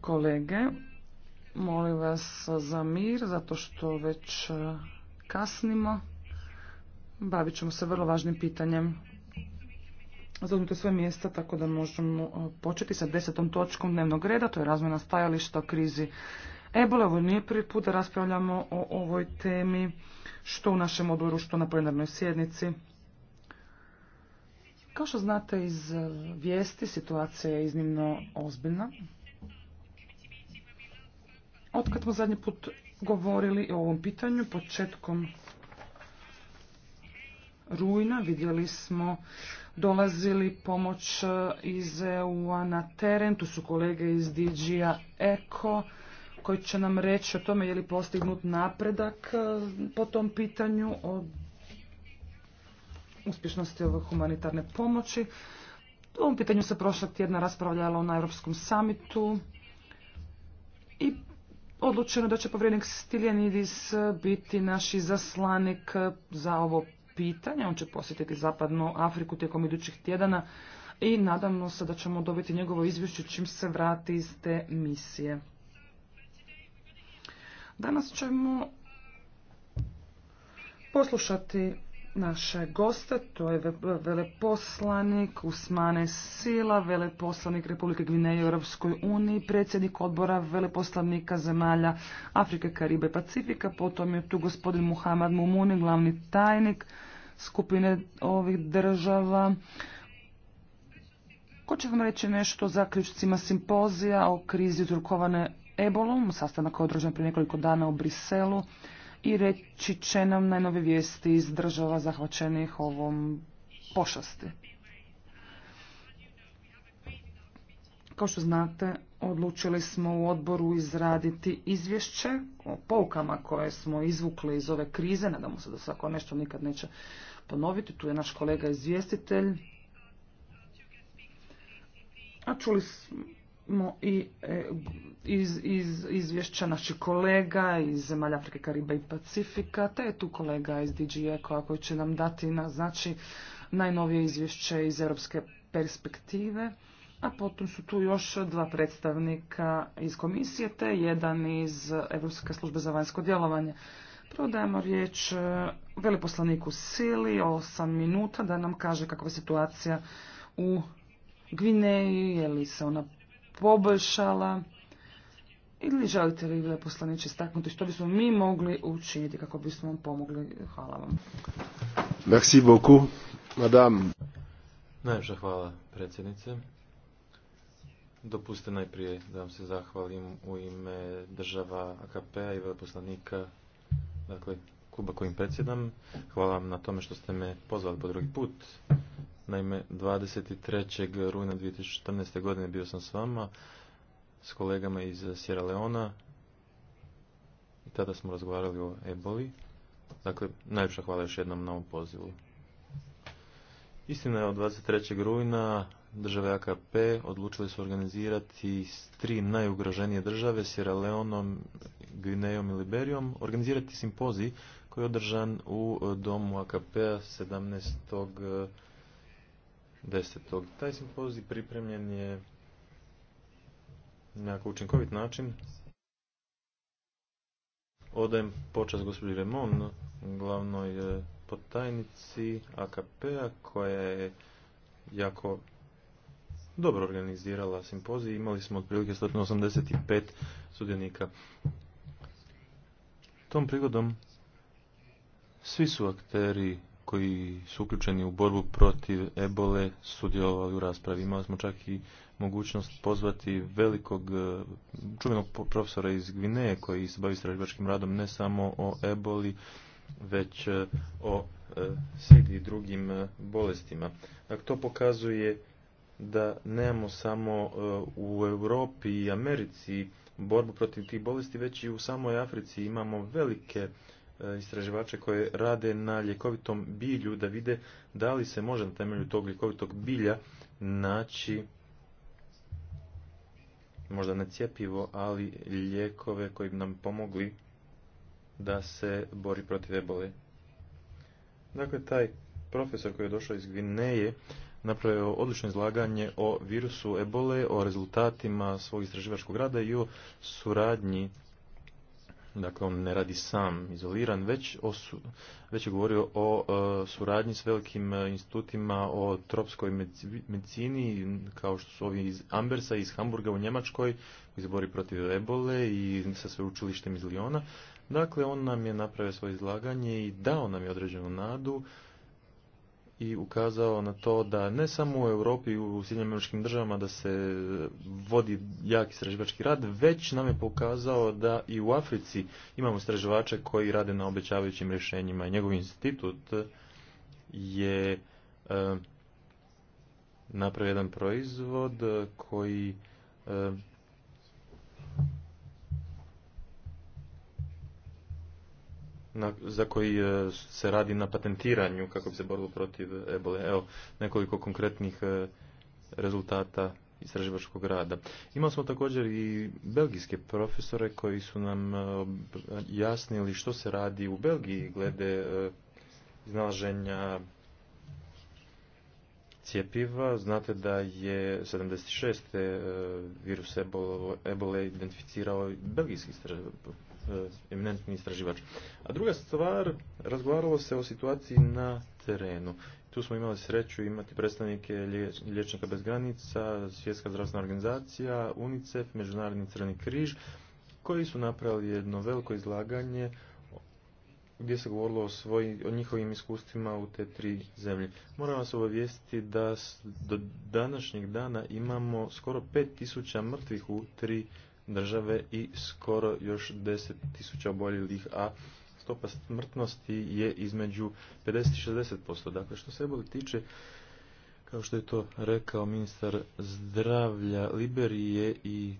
Kolege, molim vas za mir, zato što već e, kasnimo. Bavit ćemo se vrlo važnim pitanjem. Zauzmite svoje mjesta tako da možemo e, početi sa desetom točkom dnevnog reda, to je razmjena stajališta o krizi Ebola. Ovo nije prvi put da raspravljamo o ovoj temi, što u našem odboru, što na plenarnoj sjednici. Kao što znate iz vijesti, situacija je iznimno ozbiljna. kad smo zadnji put govorili o ovom pitanju, početkom rujna vidjeli smo dolazili pomoć iz EU-a na teren, tu su kolege iz DG-a Eko koji će nam reći o tome je li postignut napredak po tom pitanju od uspješnosti ove humanitarne pomoći. U ovom pitanju se prošla tjedna raspravljalo na Europskom samitu i odlučeno da će povrednik Stiljanidis biti naš izaslanik za ovo pitanje. On će posjetiti Zapadnu Afriku tijekom idućih tjedana i nadamo se da ćemo dobiti njegovo izvješće čim se vrati iz te misije. Danas ćemo poslušati naše gosta, to je veleposlanik Usmane Sila, veleposlanik Republike Gvineje i Europskoj uniji, predsjednik odbora veleposlanika zemalja Afrike, Karibe i Pacifika, potom je tu gospodin muhammad Mumuni, glavni tajnik skupine ovih država. Ko će vam reći nešto o zaključcima simpozija o krizi uzrokovane ebolom, sastanak je održan prije nekoliko dana u Briselu i reći će nam najnove vijesti iz država zahvaćenih ovom pošasti. Kao što znate, odlučili smo u odboru izraditi izvješće o poukama koje smo izvukli iz ove krize. Nadamo se da se nešto nikad neće ponoviti. Tu je naš kolega izvjestitelj. A čuli smo i e, iz, iz izvješća naših kolega iz zemalja Afrike, Kariba i Pacifika, te je tu kolega iz DG koji će nam dati na, znači, najnovije izvješće iz europske perspektive, a potom su tu još dva predstavnika iz komisije, te jedan iz Europske službe za vanjsko djelovanje. dajemo riječ e, veliposlaniku Sili, osam minuta, da nam kaže kakva je situacija u Gvineji, je li se ona poboljšala ili želite li veleposlaniče istaknuti što bismo mi mogli učiniti kako bismo vam pomogli? Hvala vam. Merci beaucoup, madame. Najviše hvala, predsjednice. Dopustite najprije da vam se zahvalim u ime država akp p-a i veleposlanika dakle, kluba kojim predsjedam. Hvala vam na tome što ste me pozvali po drugi put Naime, 23. rujna 2014. godine bio sam s vama, s kolegama iz Sierra Leona i tada smo razgovarali o eboli. Dakle, najljepša hvala još jednom na ovom pozivu. Istina je, od 23. rujna države AKP odlučili su organizirati tri najugroženije države, Sierra Leonom, Gvinejom i Liberijom, organizirati simpozij koji je održan u domu AKP-a 17. 10. Taj simpozij pripremljen je na učinkovit način. Odajem počas gospođi Remon, glavnoj e, potajnici AKP-a, koja je jako dobro organizirala simpozij. Imali smo otprilike 185 sudionika. Tom prigodom svi su akteri koji su uključeni u borbu protiv ebole sudjelovali u raspravi. Imali smo čak i mogućnost pozvati velikog e, čuvenog profesora iz Gvineje koji se bavi istraživačkim radom ne samo o eboli, već e, o e, sidi i drugim bolestima. Dakle, to pokazuje da nemamo samo u Europi i Americi borbu protiv tih bolesti, već i u samoj Africi imamo velike E, istraživače koje rade na ljekovitom bilju da vide da li se može na temelju tog ljekovitog bilja naći možda ne cjepivo, ali ljekove koji bi nam pomogli da se bori protiv ebole. Dakle, taj profesor koji je došao iz Gvineje napravio odlično izlaganje o virusu ebole, o rezultatima svog istraživačkog rada i o suradnji Dakle, on ne radi sam, izoliran, već, o, već je govorio o e, suradnji s velikim e, institutima, o tropskoj medicini, kao što su ovi iz Ambersa, iz Hamburga u Njemačkoj, koji se bori protiv ebole i sa sveučilištem iz Liona. Dakle, on nam je napravio svoje izlaganje i dao nam je određenu nadu i ukazao na to da ne samo u Europi i u Sjedinjim američkim državama da se vodi jak istraživački rad, već nam je pokazao da i u Africi imamo istraživače koji rade na obećavajućim rješenjima. Njegov institut je e, napravio jedan proizvod koji e, na, za koji e, se radi na patentiranju kako bi se borilo protiv ebole. Evo nekoliko konkretnih e, rezultata istraživačkog rada. Imali smo također i belgijske profesore koji su nam e, jasnili što se radi u Belgiji glede iznalaženja cijepiva. Znate da je 76. virus ebole, ebole identificirao belgijski E, eminentni istraživač. A druga stvar, razgovaralo se o situaciji na terenu. Tu smo imali sreću imati predstavnike Liječnika bez granica, Svjetska zdravstvena organizacija, UNICEF, Međunarodni crveni križ, koji su napravili jedno veliko izlaganje gdje se govorilo o, svoj, o njihovim iskustvima u te tri zemlje. Moram vas obavijestiti da do današnjeg dana imamo skoro 5000 mrtvih u tri države i skoro još 10.000 oboljelih, a stopa smrtnosti je između 50 i 60%. Dakle, što se boli tiče, kao što je to rekao ministar zdravlja Liberije i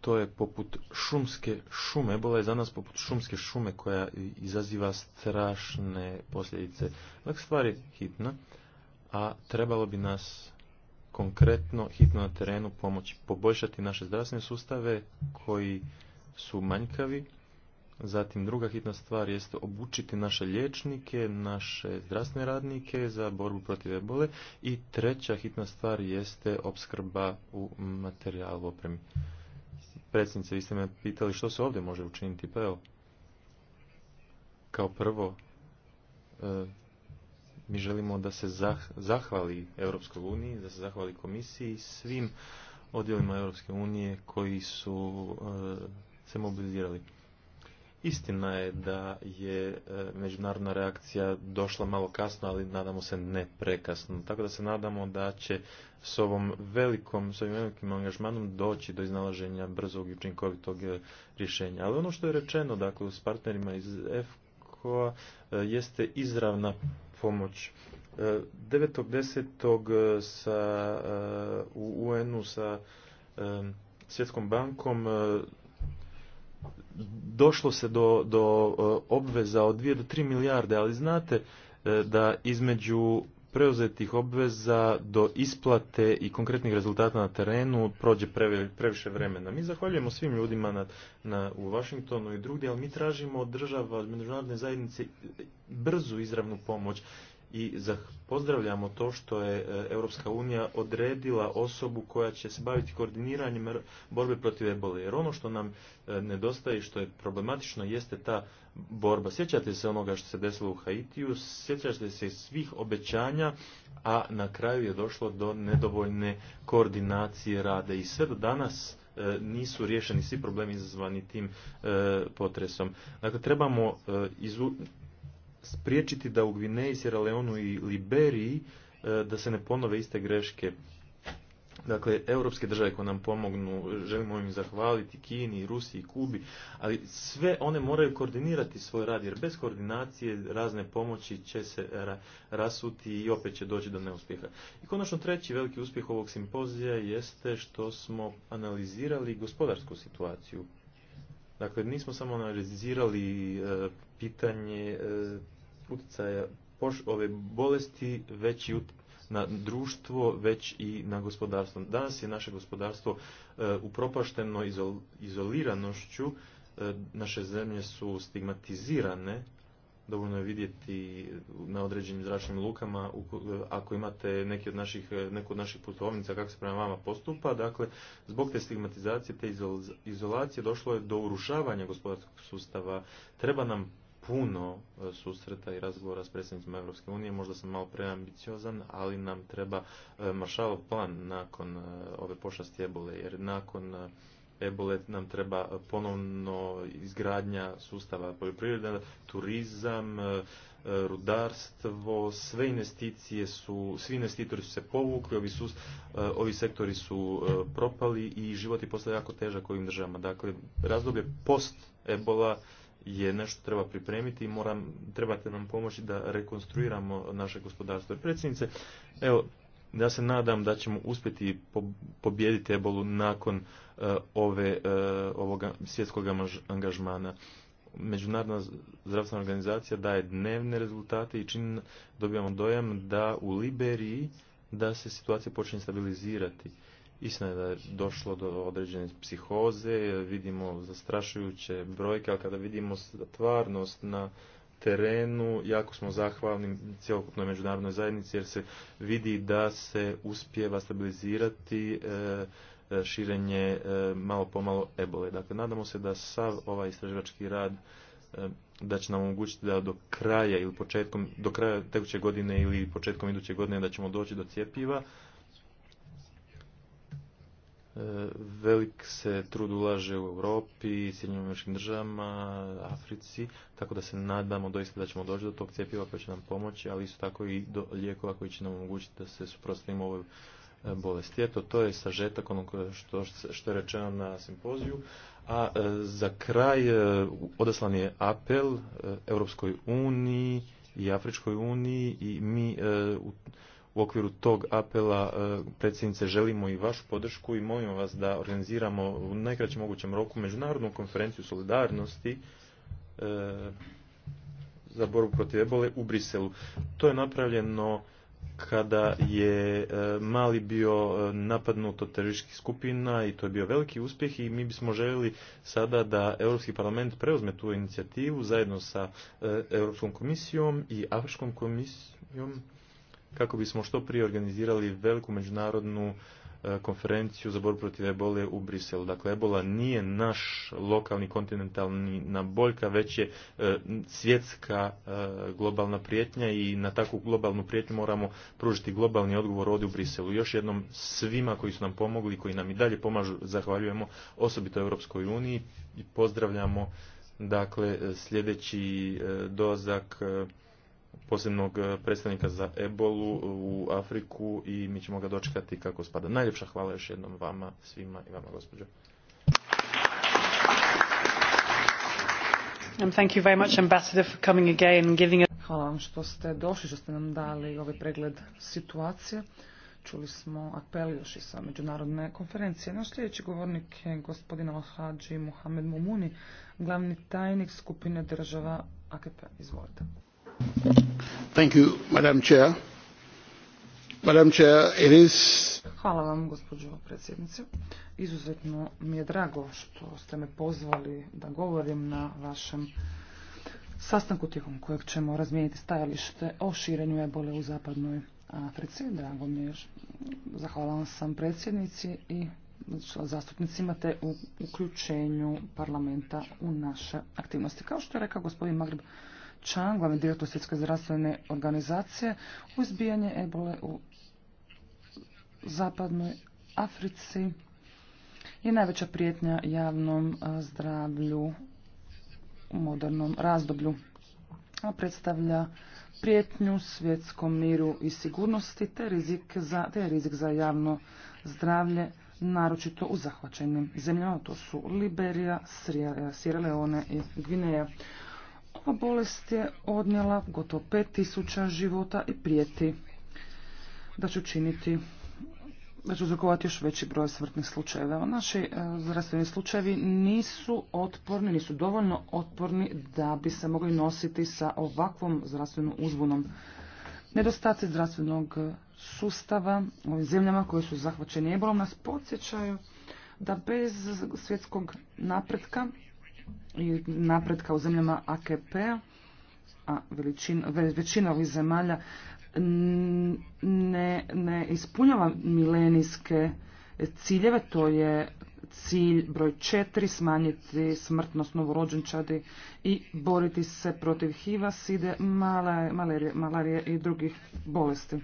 to je poput šumske šume. Ebola je za nas poput šumske šume koja izaziva strašne posljedice. Dakle, stvar je hitna, a trebalo bi nas konkretno, hitno na terenu pomoći, poboljšati naše zdravstvene sustave koji su manjkavi. Zatim druga hitna stvar jeste obučiti naše liječnike, naše zdravstvene radnike za borbu protiv ebole i treća hitna stvar jeste opskrba u materijalu opremi. Predsjednice, vi ste me pitali što se ovdje može učiniti, pa evo, kao prvo, e, mi želimo da se zahvali Europskoj uniji, da se zahvali komisiji i svim odjelima Europske unije koji su e, se mobilizirali. Istina je da je e, međunarodna reakcija došla malo kasno, ali nadamo se ne prekasno. Tako da se nadamo da će s ovom velikom, s ovim velikim angažmanom doći do iznalaženja brzog i učinkovitog e, rješenja. Ali ono što je rečeno, dakle, s partnerima iz EFKO jeste izravna pomoć. 9.10. E, e, sa e, u UN-u sa Svjetskom bankom došlo se do, do obveza od 2 do 3 milijarde, ali znate da između preuzetih obveza do isplate i konkretnih rezultata na terenu prođe previše vremena. Mi zahvaljujemo svim ljudima na, na, u Washingtonu i drugdje, ali mi tražimo od država, od međunarodne zajednice brzu izravnu pomoć i pozdravljamo to što je e, Europska unija odredila osobu koja će se baviti koordiniranjem borbe protiv ebole. Jer ono što nam e, nedostaje i što je problematično jeste ta borba. Sjećate se onoga što se desilo u Haitiju, sjećate se svih obećanja, a na kraju je došlo do nedovoljne koordinacije rade. I sve do danas e, nisu riješeni svi problemi izazvani tim potresom. Dakle, trebamo spriječiti da u Gvineji, Sierra Leonu i Liberiji e, da se ne ponove iste greške. Dakle, europske države koje nam pomognu, želimo im zahvaliti, Kini, Rusiji, Kubi, ali sve one moraju koordinirati svoj rad, jer bez koordinacije razne pomoći će se rasuti i opet će doći do neuspjeha. I konačno treći veliki uspjeh ovog simpozija jeste što smo analizirali gospodarsku situaciju. Dakle, nismo samo analizirali e, pitanje e, utjecaja ove bolesti već i na društvo, već i na gospodarstvo. Danas je naše gospodarstvo e, upropašteno izoliranošću, e, naše zemlje su stigmatizirane, dovoljno je vidjeti na određenim zračnim lukama e, ako imate neki od naših, neku od naših putovnica kako se prema vama postupa. Dakle, zbog te stigmatizacije, te izolacije došlo je do urušavanja gospodarskog sustava. Treba nam puno e, susreta i razgovora s predsjednicima Europske unije. Možda sam malo preambiciozan, ali nam treba e, maršalov plan nakon e, ove pošasti ebole, jer nakon ebole nam treba ponovno izgradnja sustava poljoprivreda, turizam, rudarstvo, sve investicije su, svi investitori su se povukli, ovi, ovi sektori su propali i život je postao jako težak ovim državama. Dakle, razdoblje post ebola je nešto treba pripremiti i moram, trebate nam pomoći da rekonstruiramo naše gospodarstvo. Predsjednice, evo, ja se nadam da ćemo uspjeti pobijediti ebolu nakon e, ove, e, ovoga svjetskog angažmana. Međunarodna zdravstvena organizacija daje dnevne rezultate i čin, dobijamo dojam da u Liberiji da se situacija počne stabilizirati. Istina je da je došlo do određene psihoze, vidimo zastrašujuće brojke, ali kada vidimo stvarnost na terenu, jako smo zahvalni cjelokupnoj međunarodnoj zajednici jer se vidi da se uspjeva stabilizirati e, e, širenje e, malo pomalo ebole. Dakle, nadamo se da sav ovaj istraživački rad da će nam omogućiti da do kraja ili početkom, do kraja tekuće godine ili početkom iduće godine da ćemo doći do cijepiva, velik se trud ulaže u Europi, Sjedinjenim američkim državama, Africi, tako da se nadamo doista da ćemo doći do tog cjepiva koje će nam pomoći, ali isto tako i do lijekova koji će nam omogućiti da se suprotstavimo ovoj e, bolesti. Eto, to je sažetak onog što, što je rečeno na simpoziju. A e, za kraj e, odaslan je apel e, Europskoj uniji i Afričkoj uniji i mi u u okviru tog apela e, predsjednice želimo i vašu podršku i molimo vas da organiziramo u najkraćem mogućem roku međunarodnu konferenciju solidarnosti e, za borbu protiv ebole u Briselu. To je napravljeno kada je e, mali bio napadnut od terorističkih skupina i to je bio veliki uspjeh i mi bismo željeli sada da Europski parlament preuzme tu inicijativu zajedno sa Europskom komisijom i Afričkom komisijom kako bismo što prije organizirali veliku međunarodnu e, konferenciju za borbu protiv ebole u Briselu. Dakle, ebola nije naš lokalni kontinentalni naboljka, već je e, svjetska e, globalna prijetnja i na takvu globalnu prijetnju moramo pružiti globalni odgovor ovdje u Briselu. Još jednom svima koji su nam pomogli, koji nam i dalje pomažu, zahvaljujemo osobito Europskoj uniji i pozdravljamo dakle sljedeći dozak posebnog e, predstavnika za ebolu u Afriku i mi ćemo ga dočekati kako spada. Najljepša hvala još jednom vama svima i vama gospođo. Hvala vam što ste došli, što ste nam dali ovaj pregled situacije. Čuli smo apel još i sa međunarodne konferencije. Naš sljedeći govornik je gospodin Alhađi Mohamed Mumuni, glavni tajnik skupine država AKP. Izvolite. Hvala vam, gospođo predsjednice. Izuzetno mi je drago što ste me pozvali da govorim na vašem sastanku tijekom kojeg ćemo razmijeniti stajalište o širenju ebole u zapadnoj Africi. Drago mi je, zahvalan sam predsjednici i zastupnicima te u uključenju parlamenta u naše aktivnosti. Kao što je rekao gospodin Magreb, Chan, glavni direktor Svjetske zdravstvene organizacije, u izbijanje ebole u zapadnoj Africi je najveća prijetnja javnom zdravlju u modernom razdoblju. A predstavlja prijetnju svjetskom miru i sigurnosti te rizik za, te rizik za javno zdravlje naročito u zahvaćenim zemljama, to su Liberija, Sierra Leone i Gvineja a bolest je odnijela gotovo 5000 života i prijeti da će učiniti da će uzrokovati još veći broj smrtnih slučajeva. Naši e, zdravstveni slučajevi nisu otporni, nisu dovoljno otporni da bi se mogli nositi sa ovakvom zdravstvenom uzbunom. Nedostaci zdravstvenog sustava u ovim zemljama koje su zahvaćeni ebolom nas podsjećaju da bez svjetskog napretka i napretka u zemljama AKP-a, a p-a, većina ovih zemalja ne, ispunjava milenijske ciljeve, to je cilj broj četiri, smanjiti smrtnost novorođenčadi i boriti se protiv HIV-a, side, malarije i drugih bolesti.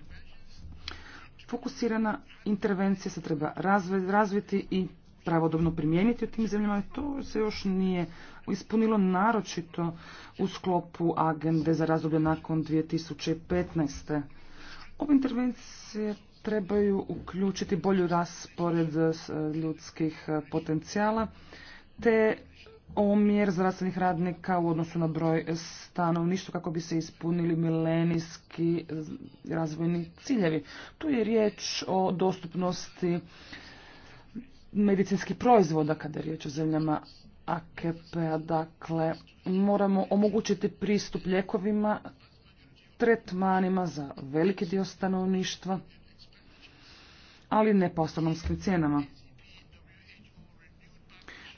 Fokusirana intervencija se treba razviti i pravodobno primijeniti u tim zemljama. To se još nije ispunilo naročito u sklopu agende za razdoblje nakon 2015. Ove intervencije trebaju uključiti bolju raspored e, ljudskih e, potencijala te omjer zdravstvenih radnika u odnosu na broj stanovništva kako bi se ispunili milenijski e, razvojni ciljevi. Tu je riječ o dostupnosti medicinskih proizvoda kada je riječ o zemljama akp Dakle, moramo omogućiti pristup ljekovima, tretmanima za veliki dio stanovništva, ali ne po astronomskim cijenama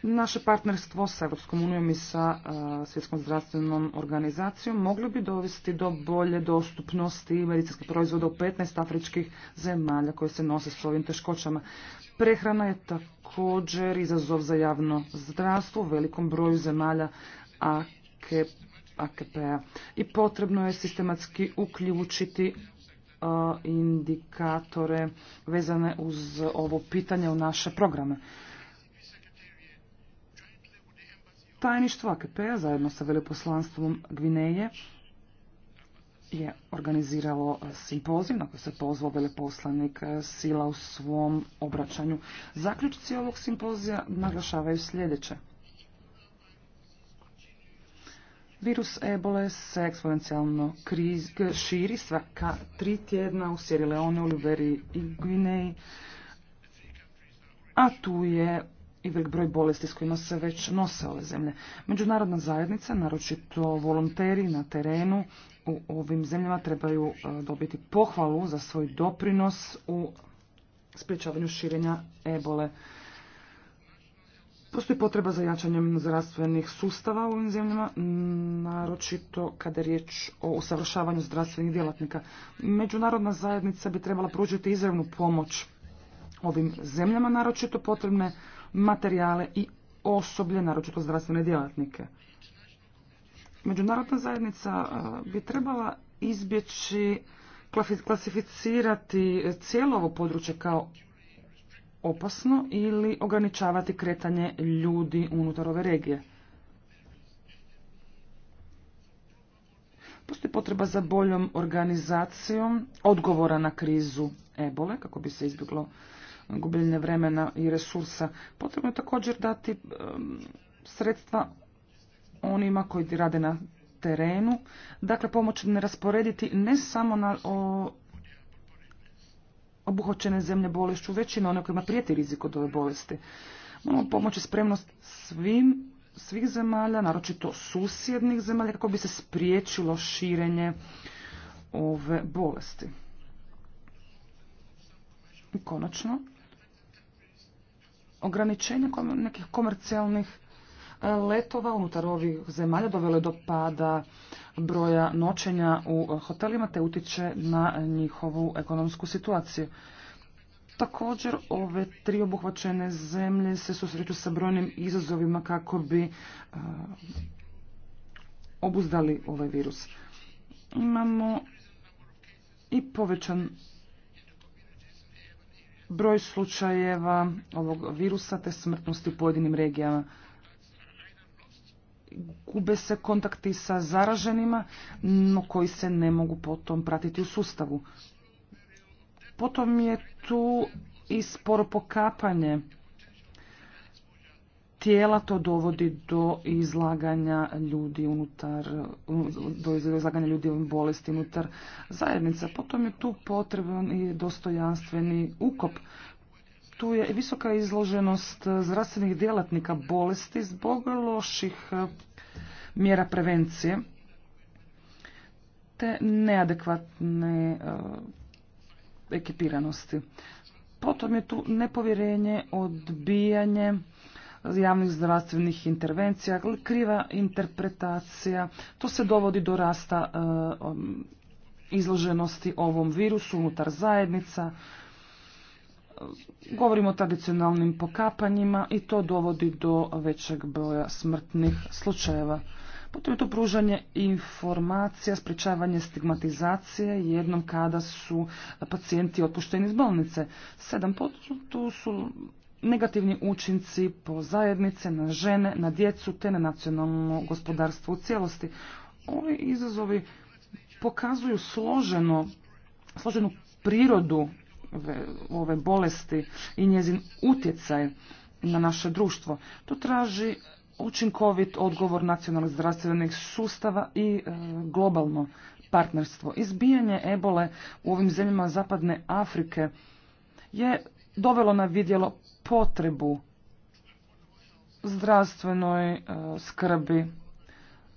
naše partnerstvo sa Europskom unijom i sa e, Svjetskom zdravstvenom organizacijom mogli bi dovesti do bolje dostupnosti medicinskih proizvoda u 15 afričkih zemalja koje se nose s ovim teškoćama. Prehrana je također izazov za javno zdravstvo u velikom broju zemalja AKP-a i potrebno je sistematski uključiti e, indikatore vezane uz ovo pitanje u naše programe. Tajništvo akp p-a zajedno sa veleposlanstvom Gvineje je organiziralo e, simpozij na koji se pozvao veleposlanik e, Sila u svom obraćanju. Zaključci ovog simpozija naglašavaju sljedeće. Virus ebole se eksponencijalno širi svaka tri tjedna u Sjeri Leone, Oliveri i Gvineji, a tu je i velik broj bolesti s kojima se već nose ove zemlje. Međunarodna zajednica, naročito volonteri na terenu u ovim zemljama trebaju e, dobiti pohvalu za svoj doprinos u spriječavanju širenja ebole. Postoji potreba za jačanjem zdravstvenih sustava u ovim zemljama, naročito kada je riječ o usavršavanju zdravstvenih djelatnika. Međunarodna zajednica bi trebala pružiti izravnu pomoć ovim zemljama, naročito potrebne materijale i osoblje, naročito zdravstvene djelatnike. Međunarodna zajednica e, bi trebala izbjeći klasificirati cijelo ovo područje kao opasno ili ograničavati kretanje ljudi unutar ove regije. Postoji potreba za boljom organizacijom odgovora na krizu ebole, kako bi se izbjeglo gubljenje vremena i resursa. Potrebno je također dati sredstva onima koji rade na terenu. Dakle, pomoć ne rasporediti ne samo na obuhoćene zemlje bolešću, već i na one kojima prijeti rizik od ove bolesti. Moramo pomoći spremnost svim, svih zemalja, naročito susjednih zemalja, kako bi se spriječilo širenje ove bolesti. I konačno, ograničenja nekih komercijalnih e, letova unutar ovih zemalja dovele do pada broja noćenja u hotelima te utječe na njihovu ekonomsku situaciju. Također, ove tri obuhvaćene zemlje se susreću sa brojnim izazovima kako bi e, obuzdali ovaj virus. Imamo i povećan broj slučajeva ovog virusa te smrtnosti u pojedinim regijama. Gube se kontakti sa zaraženima, no koji se ne mogu potom pratiti u sustavu. Potom je tu i sporo pokapanje tijela, to dovodi do izlaganja ljudi unutar, do izlaganja ljudi bolesti unutar zajednica. Potom je tu potreban i dostojanstveni ukop. Tu je visoka izloženost zdravstvenih djelatnika bolesti zbog loših e, mjera prevencije te neadekvatne e, ekipiranosti. Potom je tu nepovjerenje, odbijanje javnih zdravstvenih intervencija, kriva interpretacija. To se dovodi do rasta e, um, izloženosti ovom virusu unutar zajednica. Govorimo o tradicionalnim pokapanjima i to dovodi do većeg broja smrtnih slučajeva. Potom je to pružanje informacija, spričavanje stigmatizacije jednom kada su pacijenti otpušteni iz bolnice. 7% su negativni učinci po zajednice, na žene, na djecu te na nacionalno gospodarstvo u cijelosti. Ovi izazovi pokazuju složeno, složenu prirodu ove bolesti i njezin utjecaj na naše društvo. To traži učinkovit odgovor nacionalnih zdravstvenih sustava i e, globalno partnerstvo. Izbijanje ebole u ovim zemljama zapadne Afrike je dovelo na vidjelo potrebu zdravstvenoj e, skrbi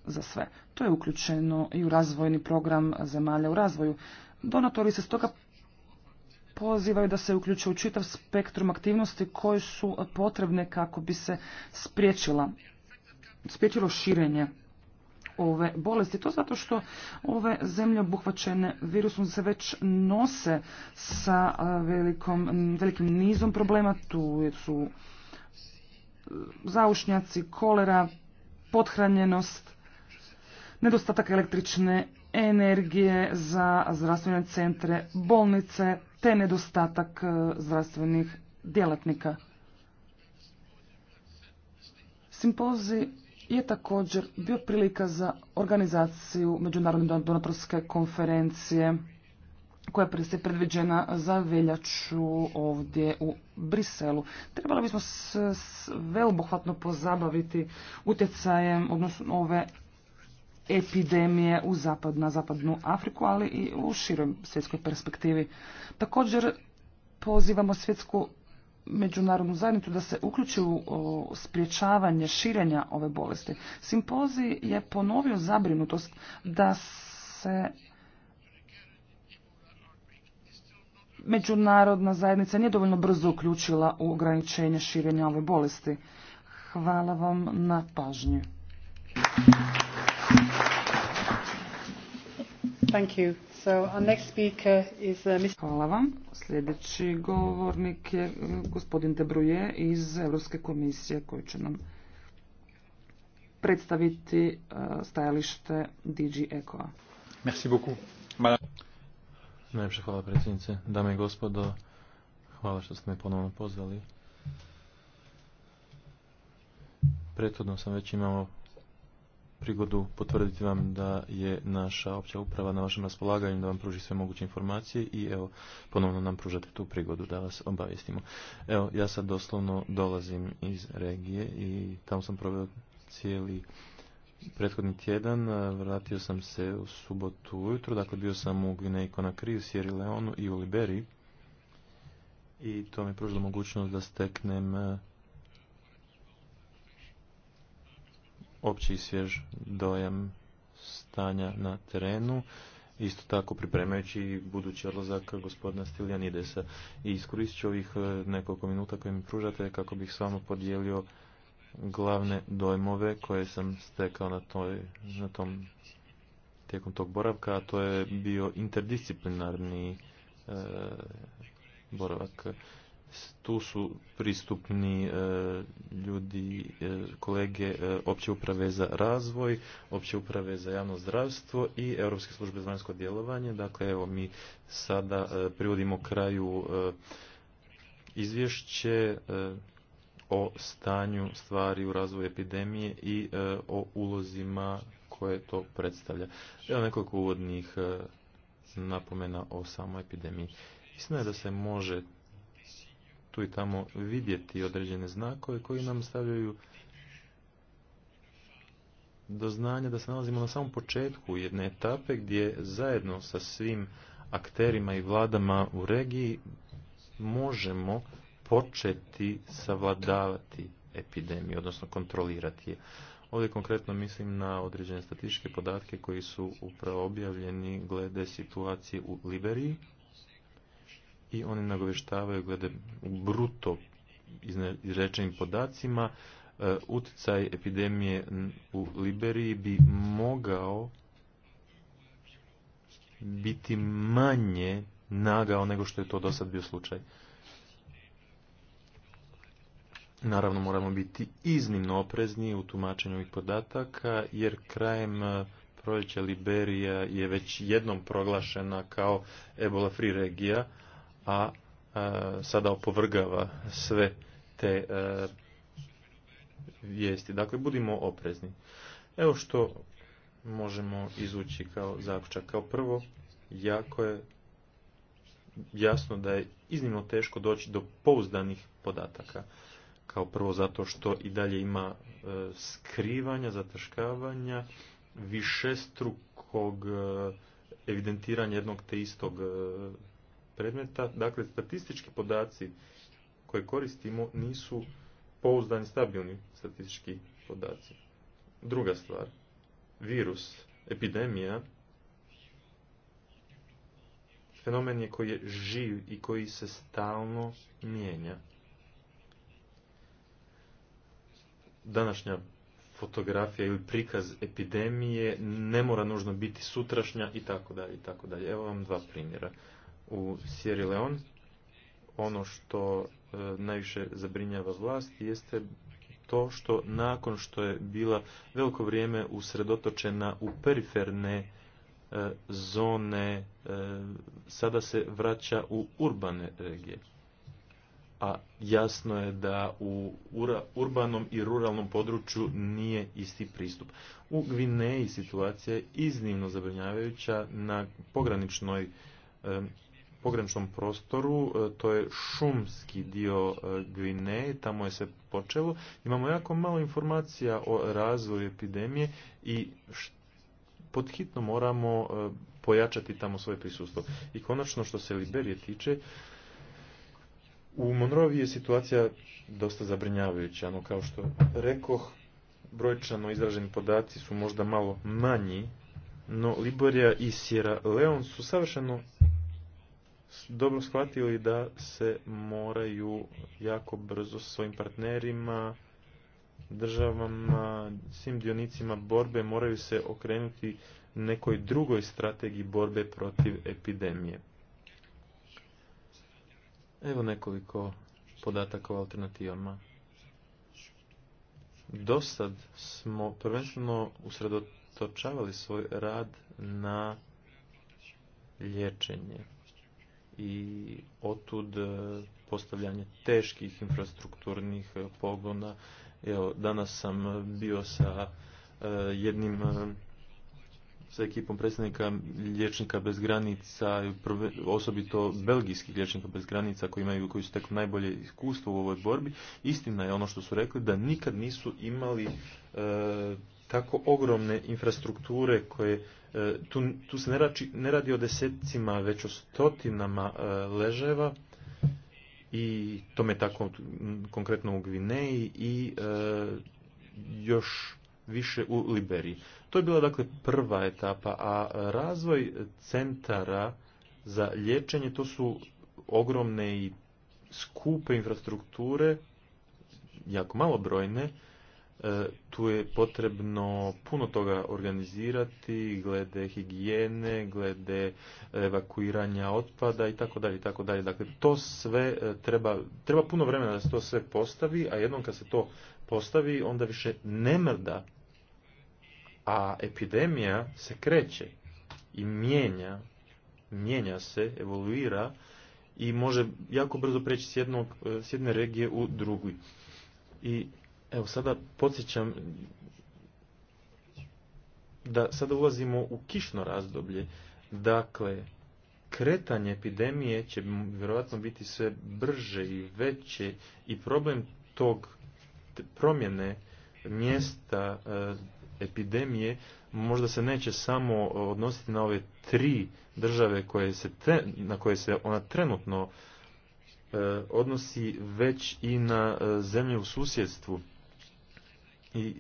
za sve. To je uključeno i u razvojni program zemalja u razvoju. Donatori se stoga pozivaju da se uključe u čitav spektrum aktivnosti koje su potrebne kako bi se spriječilo širenje ove bolesti. To zato što ove zemlje obuhvaćene virusom se već nose sa velikom, velikim nizom problema. Tu su e, zaušnjaci, kolera, pothranjenost, nedostatak električne energije za zdravstvene centre, bolnice, te nedostatak e, zdravstvenih djelatnika. Simpozij je također bio prilika za organizaciju Međunarodne donatorske konferencije koja je predviđena za veljaču ovdje u Briselu. Trebali bismo se veobuhvatno pozabaviti utjecajem odnosno ove epidemije u zapad, na zapadnu Afriku, ali i u široj svjetskoj perspektivi. Također pozivamo svjetsku međunarodnu zajednicu da se uključi u spriječavanje širenja ove bolesti. Simpozij je ponovio zabrinutost da se međunarodna zajednica nije dovoljno brzo uključila u ograničenje širenja ove bolesti. Hvala vam na pažnji. Thank you. Uh, hvala vam. Sljedeći govornik je uh, gospodin bruje iz Europske komisije koji će nam predstaviti uh, stajalište DG Ecoa. Merci beaucoup. hvala predsjednice. Dame i gospodo, hvala što ste me ponovno pozvali. Prethodno sam već imao prigodu potvrditi vam da je naša opća uprava na vašem raspolaganju da vam pruži sve moguće informacije i evo ponovno nam pružate tu prigodu da vas obavijestimo. Evo ja sad doslovno dolazim iz regije i tamo sam proveo cijeli prethodni tjedan, vratio sam se u subotu ujutro, dakle bio sam u Gvineji Konakri, u Sjeri Leonu i u Liberiji i to mi je pružilo mogućnost da steknem opći i svjež dojam stanja na terenu, isto tako pripremajući budući odlazak gospodina Stiljanidesa. I iskoristit ću ovih e, nekoliko minuta koje mi pružate kako bih s vama podijelio glavne dojmove koje sam stekao na, toj, na tom tijekom tog boravka, a to je bio interdisciplinarni e, boravak tu su pristupni e, ljudi, e, kolege e, opće uprave za razvoj, opće uprave za javno zdravstvo i Europske službe za vanjsko djelovanje. Dakle, evo mi sada privodimo kraju izvješće o stanju stvari u razvoju epidemije i o ulozima koje to predstavlja. Evo nekoliko uvodnih napomena o samoj epidemiji. Istina je da se može tu i tamo vidjeti određene znakove koji nam stavljaju do znanja da se nalazimo na samom početku jedne etape gdje zajedno sa svim akterima i vladama u regiji možemo početi savladavati epidemiju, odnosno kontrolirati je. Ovdje konkretno mislim na određene statističke podatke koji su upravo objavljeni glede situacije u Liberiji, i oni nagoveštavaju glede bruto izrečenim podacima e, utjecaj epidemije u Liberiji bi mogao biti manje nagao nego što je to do sad bio slučaj. Naravno moramo biti iznimno oprezni u tumačenju ovih podataka jer krajem e, proljeća Liberija je već jednom proglašena kao Ebola free regija a e, sada opovrgava sve te e, vijesti. Dakle, budimo oprezni. Evo što možemo izvući kao zaključak. Kao prvo, jako je jasno da je iznimno teško doći do pouzdanih podataka. Kao prvo zato što i dalje ima e, skrivanja, zataškavanja, višestrukog evidentiranja jednog te istog predmeta. Dakle, statistički podaci koje koristimo nisu pouzdani, stabilni statistički podaci. Druga stvar, virus, epidemija, fenomen je koji je živ i koji se stalno mijenja. Današnja fotografija ili prikaz epidemije ne mora nužno biti sutrašnja i tako dalje i tako dalje. Evo vam dva primjera u Sierra Leone. Ono što e, najviše zabrinjava vlast jeste to što nakon što je bila veliko vrijeme usredotočena u periferne e, zone, e, sada se vraća u urbane regije. A jasno je da u urbanom i ruralnom području nije isti pristup. U Gvineji situacija je iznimno zabrinjavajuća na pograničnoj pograničnom prostoru, e, to je šumski dio e, Gvineje, tamo je se počelo. Imamo jako malo informacija o razvoju epidemije i podhitno moramo e, pojačati tamo svoje prisustvo. I konačno što se Liberije tiče, u Monrovi je situacija dosta zabrinjavajuća, no kao što rekoh, brojčano izraženi podaci su možda malo manji, no Liberija i Sierra Leone su savršeno dobro shvatili da se moraju jako brzo s svojim partnerima, državama, svim dionicima borbe moraju se okrenuti nekoj drugoj strategiji borbe protiv epidemije. Evo nekoliko podataka o alternativama. Dosad smo prvenstveno usredotočavali svoj rad na liječenje i otud e, postavljanje teških infrastrukturnih e, pogona. Evo, danas sam bio sa e, jednim sa ekipom predstavnika liječnika bez granica, osobito belgijskih liječnika bez granica koji, imaju, koji su tek najbolje iskustvo u ovoj borbi. Istina je ono što su rekli da nikad nisu imali tako ogromne infrastrukture koje E, tu, tu se ne, ne radi o desetcima, već o stotinama e, leževa i tome tako konkretno u Gvineji i e, još više u Liberiji. To je bila dakle prva etapa, a razvoj centara za liječenje to su ogromne i skupe infrastrukture, jako malo brojne, E, tu je potrebno puno toga organizirati glede higijene, glede evakuiranja otpada i tako dalje i tako dalje. Dakle to sve e, treba treba puno vremena da se to sve postavi, a jednom kad se to postavi onda više ne mrda. A epidemija se kreće i mijenja, mijenja se, evoluira i može jako brzo preći s, jednog, e, s jedne regije u drugu. I Evo sada podsjećam da sada ulazimo u kišno razdoblje. Dakle, kretanje epidemije će vjerojatno biti sve brže i veće i problem tog promjene mjesta e, epidemije možda se neće samo odnositi na ove tri države koje se na koje se ona trenutno e, odnosi već i na e, zemlje u susjedstvu i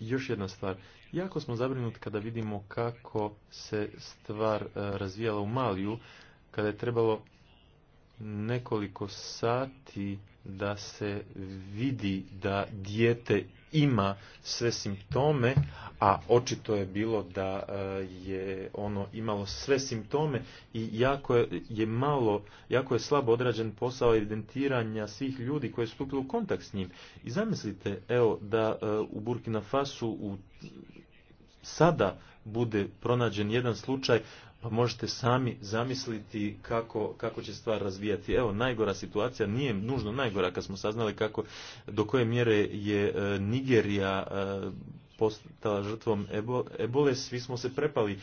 još jedna stvar. Jako smo zabrinuti kada vidimo kako se stvar e, razvijala u Maliju, kada je trebalo nekoliko sati da se vidi da dijete ima sve simptome, a očito je bilo da eh, je ono imalo sve simptome i jako je, malo, jako je slabo odrađen posao evidentiranja svih ljudi koji su stupili u kontakt s njim. I zamislite, evo, da eh, u Burkina Fasu u, sada bude pronađen jedan slučaj, pa možete sami zamisliti kako, kako će stvar razvijati. Evo, najgora situacija, nije nužno najgora kad smo saznali kako, do koje mjere je e, Nigerija e, postala žrtvom ebole, svi smo se prepali.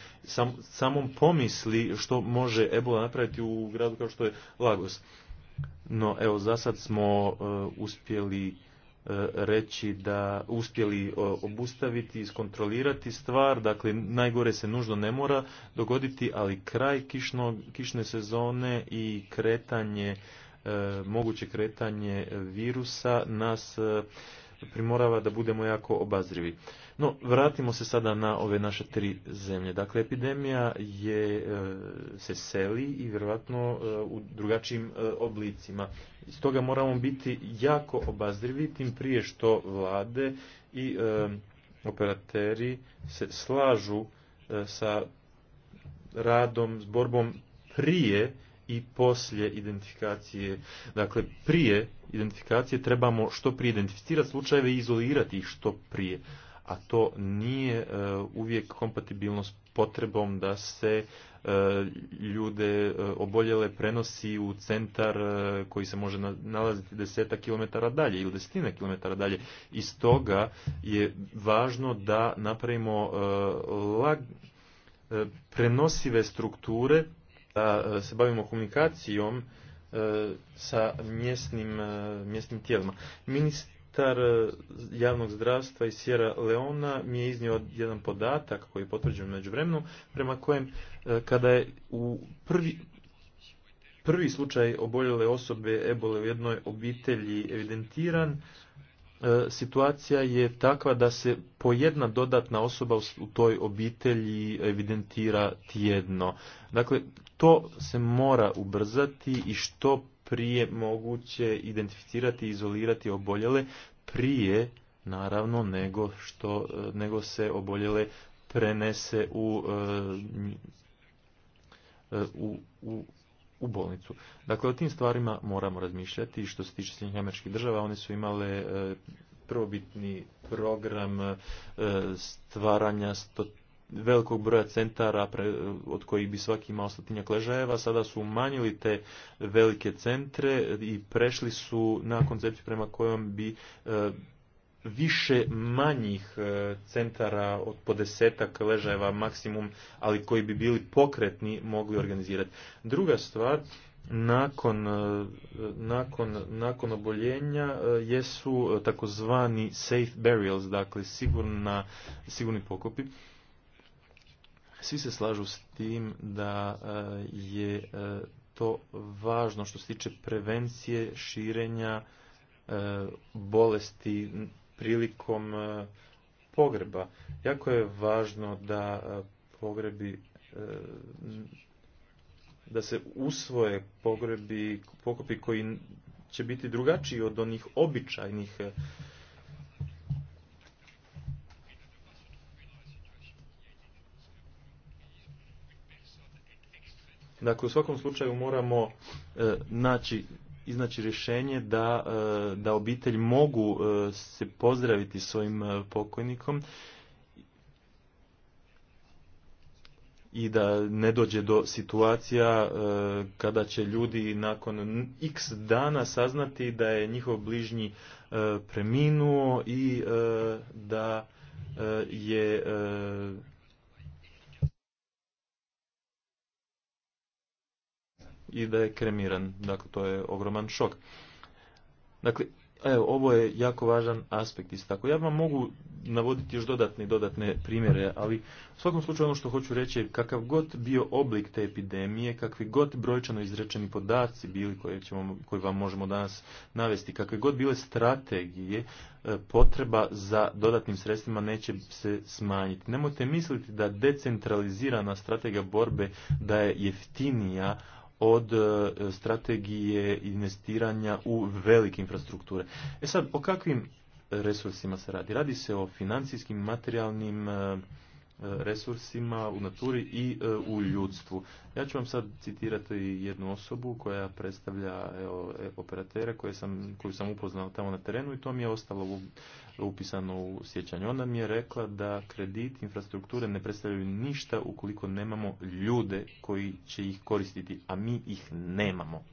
samom pomisli što može ebola napraviti u gradu kao što je Lagos. No, evo, za sad smo e, uspjeli E, reći da uspjeli e, obustaviti, iskontrolirati stvar, dakle najgore se nužno ne mora dogoditi, ali kraj kišne sezone i kretanje, e, moguće kretanje virusa nas primorava da budemo jako obazrivi. No, vratimo se sada na ove naše tri zemlje. Dakle, epidemija je, se seli i vjerojatno u drugačijim oblicima. Stoga moramo biti jako obazrivi, tim prije što vlade i e, operateri se slažu e, sa radom, s borbom prije i poslije identifikacije. Dakle, prije identifikacije trebamo što prije identificirati slučajeve i izolirati ih što prije. A to nije e, uvijek kompatibilno s potrebom da se E, ljude e, oboljele prenosi u centar e, koji se može nalaziti deseta kilometara dalje ili desetine kilometara dalje. I stoga je važno da napravimo lag, prenosive strukture, da se bavimo komunikacijom sa mjesnim, mjesnim tijelima. Ministar ministar e, javnog zdravstva iz Sierra Leona mi je iznio jedan podatak koji je potvrđen među prema kojem e, kada je u prvi, prvi slučaj oboljele osobe ebole u jednoj obitelji evidentiran, e, situacija je takva da se po jedna dodatna osoba u toj obitelji evidentira tjedno. Dakle, to se mora ubrzati i što prije moguće identificirati i izolirati oboljele prije naravno nego što nego se oboljele prenese e, e, u, u, u bolnicu. Dakle, o tim stvarima moramo razmišljati. Što se tiče Sjedinjenih američkih država, one su imale e, probitni program stvaranja velikog broja centara pre, od kojih bi svaki imao stotinjak ležajeva, sada su umanjili te velike centre i prešli su na koncepciju prema kojom bi e, više manjih e, centara od po desetak ležajeva maksimum, ali koji bi bili pokretni mogli organizirati. Druga stvar, nakon, e, nakon, nakon oboljenja jesu takozvani safe burials, dakle sigurna, sigurni pokopi. Svi se slažu s tim da e, je e, to važno što se tiče prevencije, širenja e, bolesti prilikom pogreba. Jako je važno da pogrebi da se usvoje pogrebi pokopi koji će biti drugačiji od onih običajnih Dakle, u svakom slučaju moramo e, naći iznaći rješenje da, e, da obitelj mogu e, se pozdraviti svojim pokojnikom i da ne dođe do situacija kada će ljudi nakon x dana saznati da je njihov bližnji preminuo i da je i da je kremiran. Dakle, to je ogroman šok. Dakle, evo, ovo je jako važan aspekt isto tako. Ja vam mogu navoditi još dodatne dodatne primjere, ali u svakom slučaju ono što hoću reći je kakav god bio oblik te epidemije, kakvi god brojčano izrečeni podaci bili koje, ćemo, koje vam možemo danas navesti, kakve god bile strategije, e, potreba za dodatnim sredstvima neće se smanjiti. Nemojte misliti da decentralizirana strategija borbe da je jeftinija od e, strategije investiranja u velike infrastrukture. E sad, o kakvim resursima se radi? Radi se o financijskim, materijalnim e, e, resursima u naturi i u ljudstvu. Ja ću vam sad citirati jednu osobu koja predstavlja evo, operatere koje sam, koju sam upoznao tamo na terenu i to mi je ostalo u, upisano u sjećanju. Ona mi je rekla da kredit infrastrukture ne predstavljaju ništa ukoliko nemamo ljude koji će ih koristiti, a mi ih nemamo.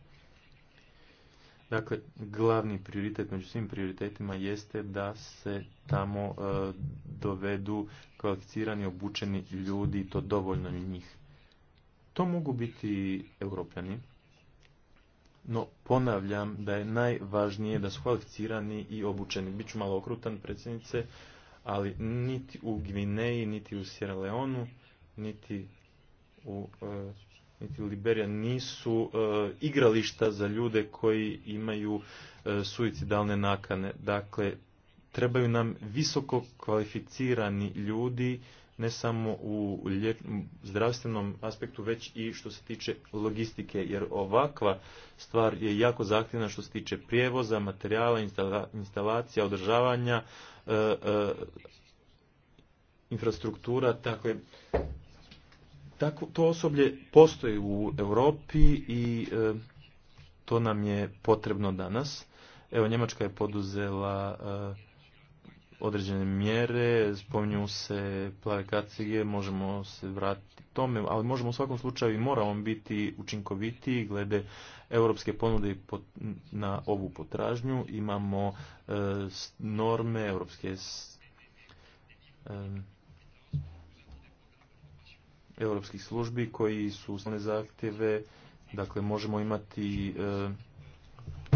Dakle, glavni prioritet među svim prioritetima jeste da se tamo e, dovedu kvalificirani, obučeni ljudi, to dovoljno njih. To mogu biti europljani, no ponavljam da je najvažnije da su kvalificirani i obučeni. Biću malo okrutan predsjednice, ali niti u Gvineji, niti u Sierra Leonu, niti u e, niti Liberija nisu e, igrališta za ljude koji imaju e, suicidalne nakane. Dakle, trebaju nam visoko kvalificirani ljudi ne samo u zdravstvenom aspektu, već i što se tiče logistike, jer ovakva stvar je jako zahtjevna što se tiče prijevoza, materijala, instalacija, održavanja, e, e, infrastruktura, tako je. Tako, to osoblje postoji u Europi i e, to nam je potrebno danas. Evo, Njemačka je poduzela određene mjere, spominju se plave možemo se vratiti tome, ali možemo u svakom slučaju i moramo biti učinkovitiji glede europske ponude na ovu potražnju. Imamo e, norme europske e, europskih službi koji su za zahtjeve, dakle možemo imati e,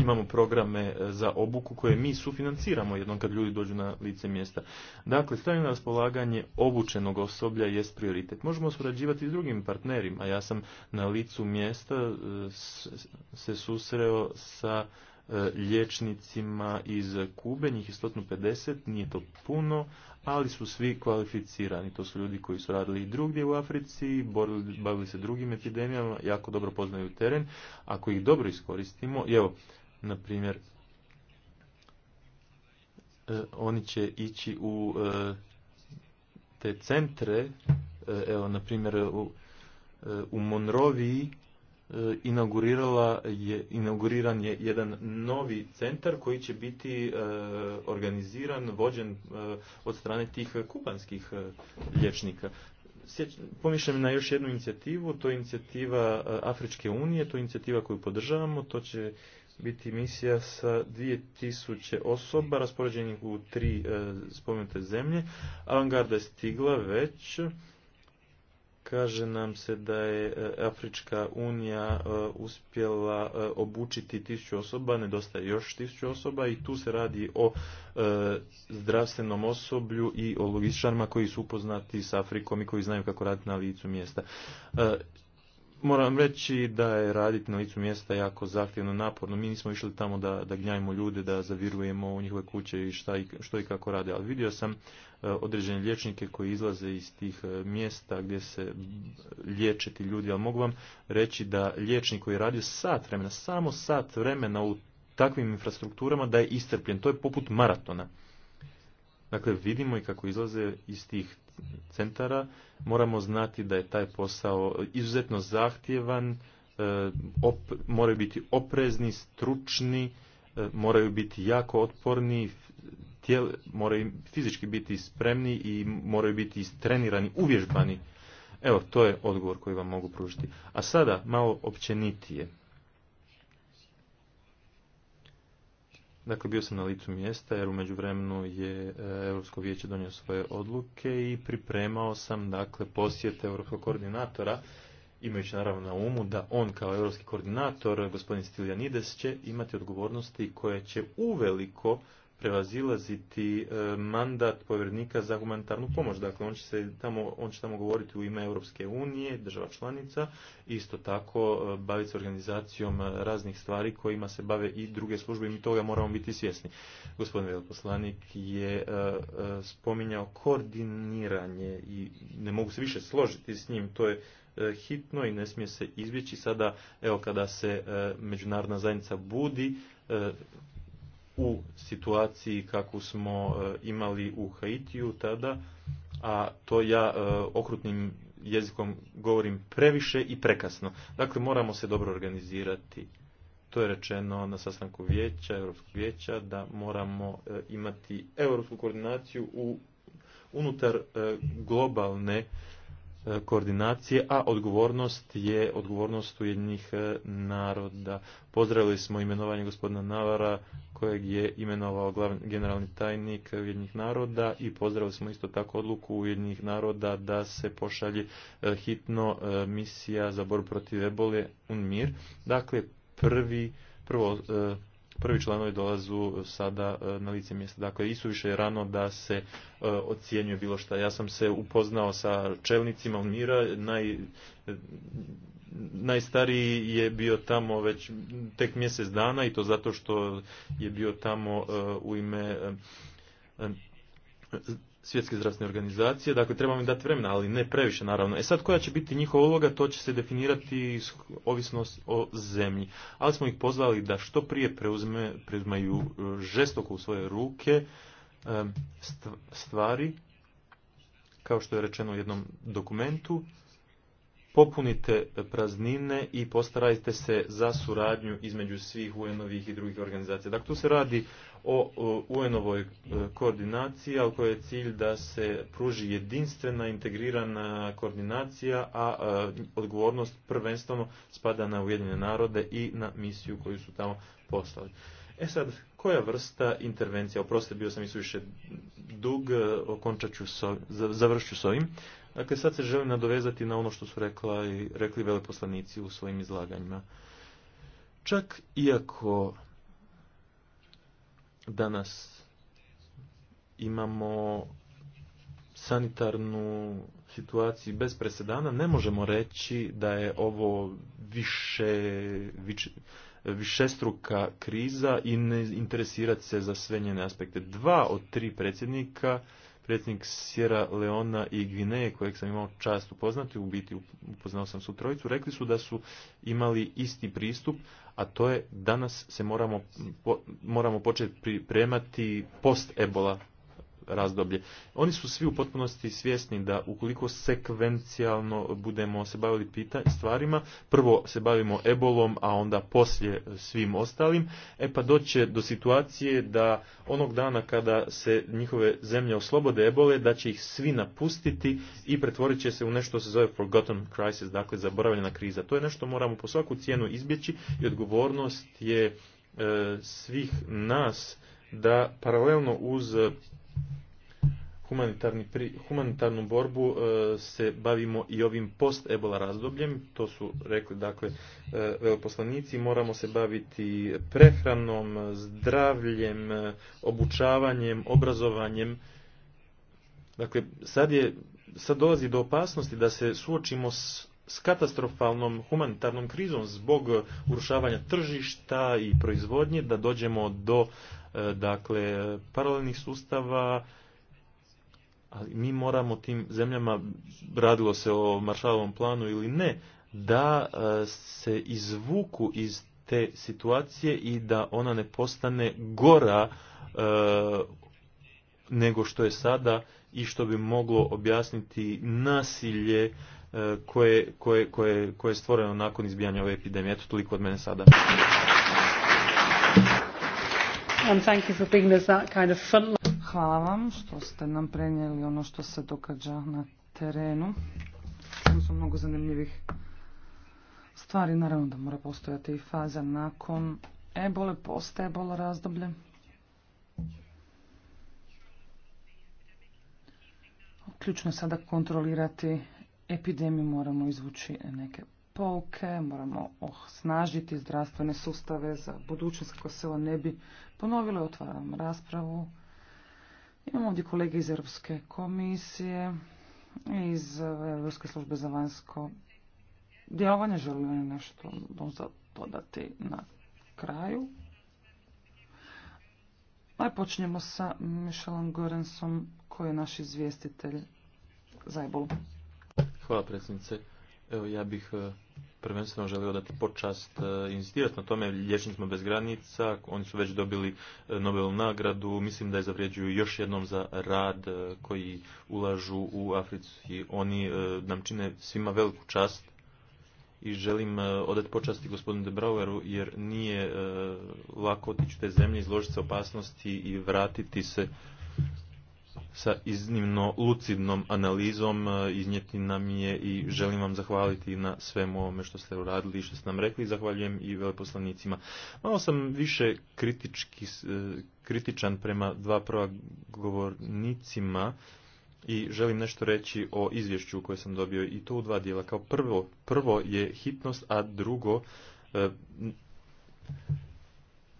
imamo programe e, za obuku koje mi sufinanciramo jednom kad ljudi dođu na lice mjesta. Dakle, stavljanje na raspolaganje obučenog osoblja jest prioritet. Možemo surađivati s drugim partnerima. Ja sam na licu mjesta e, se susreo sa e, liječnicima iz Kube, njih je 150, nije to puno, ali su svi kvalificirani. To su ljudi koji su radili i drugdje u Africi, borili, bavili se drugim epidemijama, jako dobro poznaju teren. Ako ih dobro iskoristimo, evo, na primjer, e, oni će ići u e, te centre, e, evo, na primjer, u, u Monroviji inaugurirala je, inauguriran je jedan novi centar koji će biti organiziran, vođen od strane tih kubanskih liječnika. Pomišljam na još jednu inicijativu, to je inicijativa Afričke unije, to je inicijativa koju podržavamo, to će biti misija sa 2000 osoba raspoređenih u tri e, spomenute zemlje. Avangarda je stigla već. Kaže nam se da je e, Afrička unija e, uspjela e, obučiti tisuću osoba, nedostaje još tisuću osoba i tu se radi o zdravstvenom osoblju i o logičarima koji su upoznati s Afrikom i koji znaju kako raditi na licu mjesta moram reći da je raditi na licu mjesta jako zahtjevno naporno. Mi nismo išli tamo da, da ljude, da zavirujemo u njihove kuće i šta i, što i kako rade. Ali vidio sam e, određene liječnike koji izlaze iz tih e, mjesta gdje se liječe ti ljudi. Ali mogu vam reći da liječnik koji je radio sat vremena, samo sat vremena u takvim infrastrukturama da je istrpljen. To je poput maratona. Dakle, vidimo i kako izlaze iz tih centara, moramo znati da je taj posao izuzetno zahtjevan, e, op, moraju biti oprezni, stručni, e, moraju biti jako otporni, tijel, moraju fizički biti spremni i moraju biti istrenirani, uvježbani. Evo, to je odgovor koji vam mogu pružiti. A sada, malo općenitije. Dakle, bio sam na licu mjesta jer u međuvremenu je e, Europsko vijeće donio svoje odluke i pripremao sam dakle posjet europskog koordinatora imajući naravno na umu da on kao europski koordinator, gospodin Stiljanides, će imati odgovornosti koje će uveliko prevazilaziti e, mandat povjerenika za humanitarnu pomoć. Dakle, on će, se tamo, on će tamo govoriti u ime Europske unije, država članica, isto tako e, baviti se organizacijom raznih stvari kojima se bave i druge službe i mi toga moramo biti svjesni. Gospodin veleposlanik je e, spominjao koordiniranje i ne mogu se više složiti s njim, to je hitno i ne smije se izbjeći sada, evo kada se međunarodna zajednica budi, u situaciji kakvu smo e, imali u Haitiju tada, a to ja e, okrutnim jezikom govorim previše i prekasno. Dakle, moramo se dobro organizirati. To je rečeno na sastanku vijeća, Europskog vijeća, da moramo e, imati europsku koordinaciju u unutar globalne koordinacije, a odgovornost je odgovornost Ujedinjenih e, naroda. Pozdravili smo imenovanje gospodina Navara kojeg je imenovao glavni, generalni tajnik Ujedinjenih naroda i pozdravili smo isto tako odluku Ujedinjenih naroda da se pošalje e, hitno e, misija za borbu protiv ebole mir. Dakle, prvi, prvo prvi članovi dolazu e, sada e, na lice mjesta. Dakle, su više rano da se e, ocjenjuje bilo šta. Ja sam se upoznao sa čelnicima Unira, naj, najstariji je bio tamo već tek mjesec dana i to zato što je bio tamo u ime svjetske zdravstvene organizacije, dakle trebamo im dati vremena, ali ne previše naravno. E sad koja će biti njihova uloga, to će se definirati ovisno o zemlji. Ali smo ih pozvali da što prije preuzme, preuzmaju e, žestoko u svoje ruke e, stvari, kao što je rečeno u jednom dokumentu, popunite praznine i postarajte se za suradnju između svih UN-ovih i drugih organizacija. Dakle, tu se radi o UN-ovoj e, koordinaciji, ali kojoj je cilj da se pruži jedinstvena, integrirana koordinacija, a e, odgovornost prvenstveno spada na Ujedinjene narode i na misiju koju su tamo poslali. E sad, koja vrsta intervencija, oprostite bio sam i više dug, okončat ću završću s ovim. Dakle, sad se želim nadovezati na ono što su rekla i rekli veleposlanici u svojim izlaganjima. Čak iako danas imamo sanitarnu situaciju bez presedana, ne možemo reći da je ovo više, više višestruka kriza i ne interesirati se za sve njene aspekte. Dva od tri predsjednika, predsjednik Sjera Leona i Gvineje, kojeg sam imao čast upoznati, u biti upoznao sam su trojicu, rekli su da su imali isti pristup, a to je danas se moramo, moramo početi pripremati post-ebola razdoblje. Oni su svi u potpunosti svjesni da ukoliko sekvencijalno budemo se bavili stvarima, prvo se bavimo ebolom, a onda poslije svim ostalim, e pa doće do situacije da onog dana kada se njihove zemlje oslobode ebole, da će ih svi napustiti i pretvorit će se u nešto se zove forgotten crisis, dakle zaboravljena kriza. To je nešto moramo po svaku cijenu izbjeći i odgovornost je e, svih nas da paralelno uz humanitarnu borbu e, se bavimo i ovim post-ebola razdobljem, to su rekli dakle e, veleposlanici, moramo se baviti prehranom, zdravljem, obučavanjem, obrazovanjem. Dakle, sad, je, sad dolazi do opasnosti da se suočimo s s katastrofalnom humanitarnom krizom zbog urušavanja tržišta i proizvodnje da dođemo do e, dakle paralelnih sustava ali mi moramo tim zemljama, radilo se o maršalovom planu ili ne, da e, se izvuku iz te situacije i da ona ne postane gora e, nego što je sada i što bi moglo objasniti nasilje e, koje, koje, koje, koje je stvoreno nakon izbijanja ove epidemije. Eto toliko od mene sada. And thank you for being that kind of front Hvala vam što ste nam prenijeli ono što se događa na terenu. Samo su mnogo zanimljivih stvari. Naravno da mora postojati i faza nakon ebole, post ebola razdoblje. Ključno je sada kontrolirati epidemiju, moramo izvući neke pouke, moramo osnažiti zdravstvene sustave za budućnost kako se ovo ne bi ponovilo. Otvaram raspravu. Imamo ovdje kolege iz Europske komisije, iz Europske službe za vanjsko djelovanje. Želim li nešto dodati na kraju? Aj počinjemo sa Michelom Gorensom koji je naš izvjestitelj za Hvala predsjednice. Evo ja bih eh, prvenstveno želio dati počast e, inzistirati na tome liječnicima bez granica, oni su već dobili e, Nobelu nagradu, mislim da je zavrijeđuju još jednom za rad e, koji ulažu u Africi. Oni nam čine svima veliku čast i želim odati počasti gospodinu De Braueru jer nije lako otići te zemlje, izložiti se opasnosti i vratiti se sa iznimno lucidnom analizom e, iznijeti nam je i želim vam zahvaliti na svemu ovome što ste uradili i što ste nam rekli. Zahvaljujem i veleposlanicima. Malo sam više kritički, e, kritičan prema dva prva govornicima i želim nešto reći o izvješću koje sam dobio i to u dva dijela. Kao prvo, prvo je hitnost, a drugo e,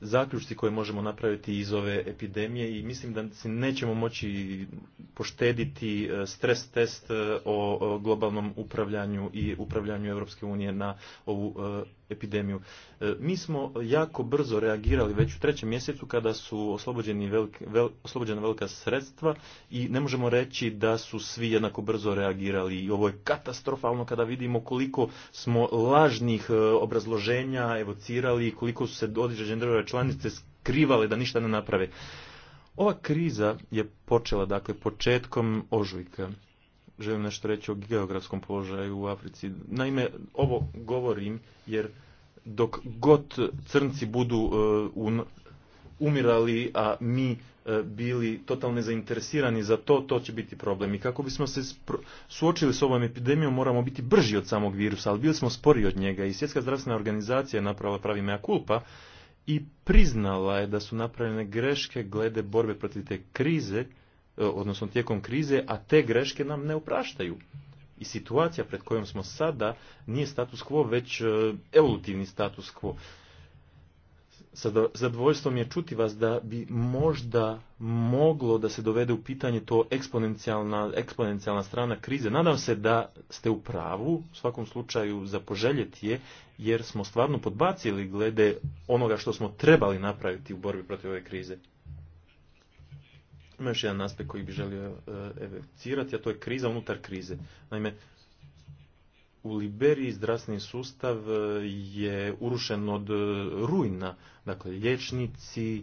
zaključci koje možemo napraviti iz ove epidemije i mislim da se nećemo moći poštediti e, stres test e, o globalnom upravljanju i upravljanju Europske unije na ovu e, epidemiju. Mi smo jako brzo reagirali već u trećem mjesecu kada su oslobođeni oslobođena velika sredstva i ne možemo reći da su svi jednako brzo reagirali i ovo je katastrofalno kada vidimo koliko smo lažnih obrazloženja evocirali, koliko su se određene države članice skrivale da ništa ne naprave. Ova kriza je počela dakle početkom ožujka. Želim nešto reći o geografskom položaju u Africi. Naime, ovo govorim jer dok god crnci budu e, umirali, a mi e, bili totalno zainteresirani za to, to će biti problem. I kako bismo se suočili s ovom epidemijom, moramo biti brži od samog virusa, ali bili smo spori od njega. I Svjetska zdravstvena organizacija je napravila pravi mea culpa, i priznala je da su napravljene greške glede borbe protiv te krize, e, odnosno tijekom krize, a te greške nam ne opraštaju. I situacija pred kojom smo sada nije status quo, već e, evolutivni status quo zadovoljstvo mi je čuti vas da bi možda moglo da se dovede u pitanje to eksponencijalna, eksponencijalna strana krize. Nadam se da ste u pravu, u svakom slučaju za poželjeti je, jer smo stvarno podbacili glede onoga što smo trebali napraviti u borbi protiv ove krize. Ima još jedan aspekt koji bi želio e, evocirati, a to je kriza unutar krize. Naime, u Liberiji zdravstveni sustav e, je urušen od e, rujna. Dakle, liječnici,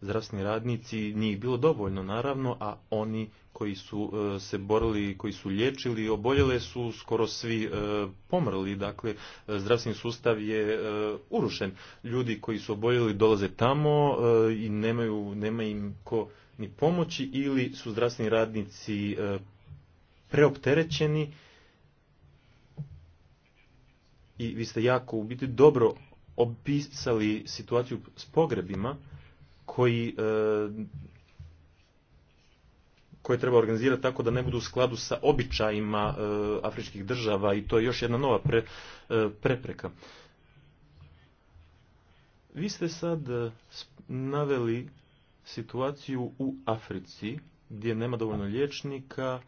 zdravstveni radnici, nije bilo dovoljno naravno, a oni koji su e, se borili, koji su liječili, oboljele su skoro svi pomrli. Dakle, zdravstveni sustav je urušen. Ljudi koji su oboljeli dolaze tamo i nemaju, nema im ko ni pomoći ili su zdravstveni radnici preopterećeni i vi ste jako u biti dobro opisali situaciju s pogrebima koji e, koje treba organizirati tako da ne budu u skladu sa običajima e, afričkih država i to je još jedna nova e, prepreka. Vi ste sad naveli situaciju u Africi gdje nema dovoljno liječnika,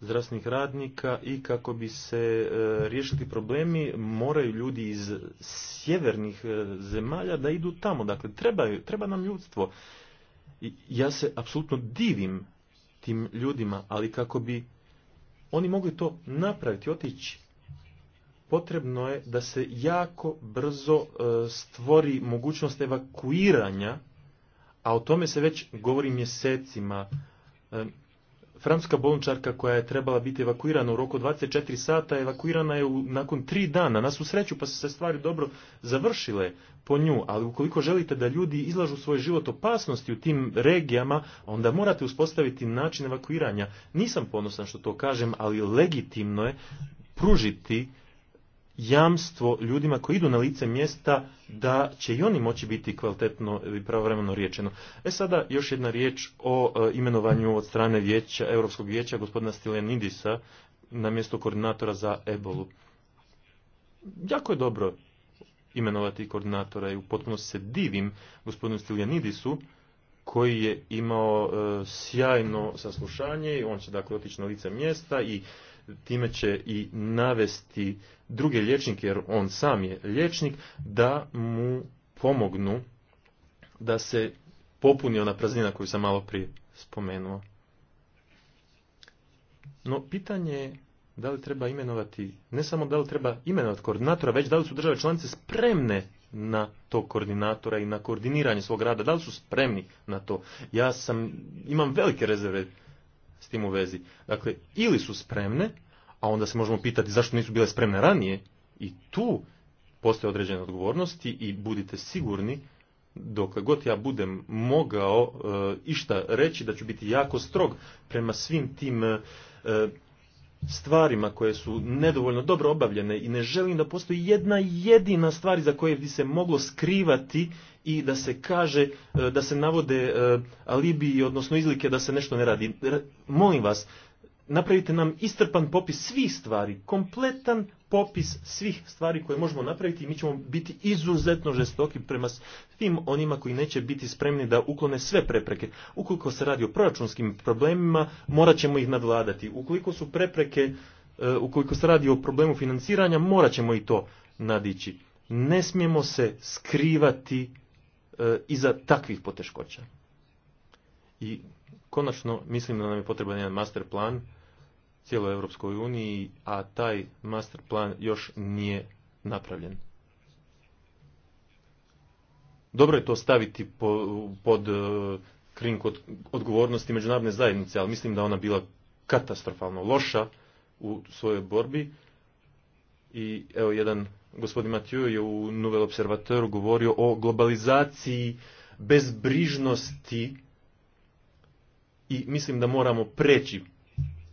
zdravstvenih radnika i kako bi se e, riješili problemi moraju ljudi iz sjevernih e, zemalja da idu tamo. Dakle, trebaju, treba nam ljudstvo. Ja se apsolutno divim tim ljudima, ali kako bi oni mogli to napraviti, otići, potrebno je da se jako brzo e, stvori mogućnost evakuiranja, a o tome se već govori mjesecima Francuska bolničarka koja je trebala biti evakuirana u roku 24 sata, evakuirana je u, nakon tri dana. Nas u sreću pa su se stvari dobro završile po nju, ali ukoliko želite da ljudi izlažu svoj život opasnosti u tim regijama, onda morate uspostaviti način evakuiranja. Nisam ponosan što to kažem, ali legitimno je pružiti jamstvo ljudima koji idu na lice mjesta da će i oni moći biti kvalitetno i pravovremeno riječeno. E sada još jedna riječ o e, imenovanju od strane vijeća, Europskog vijeća gospodina Stilenidisa na mjesto koordinatora za ebolu. Jako je dobro imenovati koordinatora i u potpunosti se divim gospodinu Stiljanidisu koji je imao e, sjajno saslušanje i on će dakle otići na lice mjesta i time će i navesti druge liječnike, jer on sam je liječnik, da mu pomognu da se popuni ona praznina koju sam malo prije spomenuo. No, pitanje je da li treba imenovati, ne samo da li treba imenovati koordinatora, već da li su države članice spremne na to koordinatora i na koordiniranje svog rada, da li su spremni na to. Ja sam, imam velike rezerve s tim u vezi. Dakle, ili su spremne, a onda se možemo pitati zašto nisu bile spremne ranije, i tu postoje određene odgovornosti i budite sigurni dok god ja budem mogao e, išta reći da ću biti jako strog prema svim tim e, stvarima koje su nedovoljno dobro obavljene i ne želim da postoji jedna jedina stvar za koje bi se moglo skrivati i da se kaže, e, da se navode e, alibi, odnosno izlike da se nešto ne radi. Molim vas, napravite nam istrpan popis svih stvari, kompletan popis svih stvari koje možemo napraviti i mi ćemo biti izuzetno žestoki prema svim onima koji neće biti spremni da uklone sve prepreke. Ukoliko se radi o proračunskim problemima, morat ćemo ih nadvladati. Ukoliko su prepreke, e, ukoliko se radi o problemu financiranja, morat ćemo i to nadići. Ne smijemo se skrivati e, iza takvih poteškoća. I konačno mislim da nam je potreban jedan master plan cijeloj Europskoj uniji, a taj master plan još nije napravljen. Dobro je to staviti pod eh, krinku odgovornosti međunarodne zajednice, ali mislim da ona bila katastrofalno loša u svojoj borbi. I evo jedan gospodin Mathieu je u Nouvelle Observatoru govorio o globalizaciji bezbrižnosti i mislim da moramo preći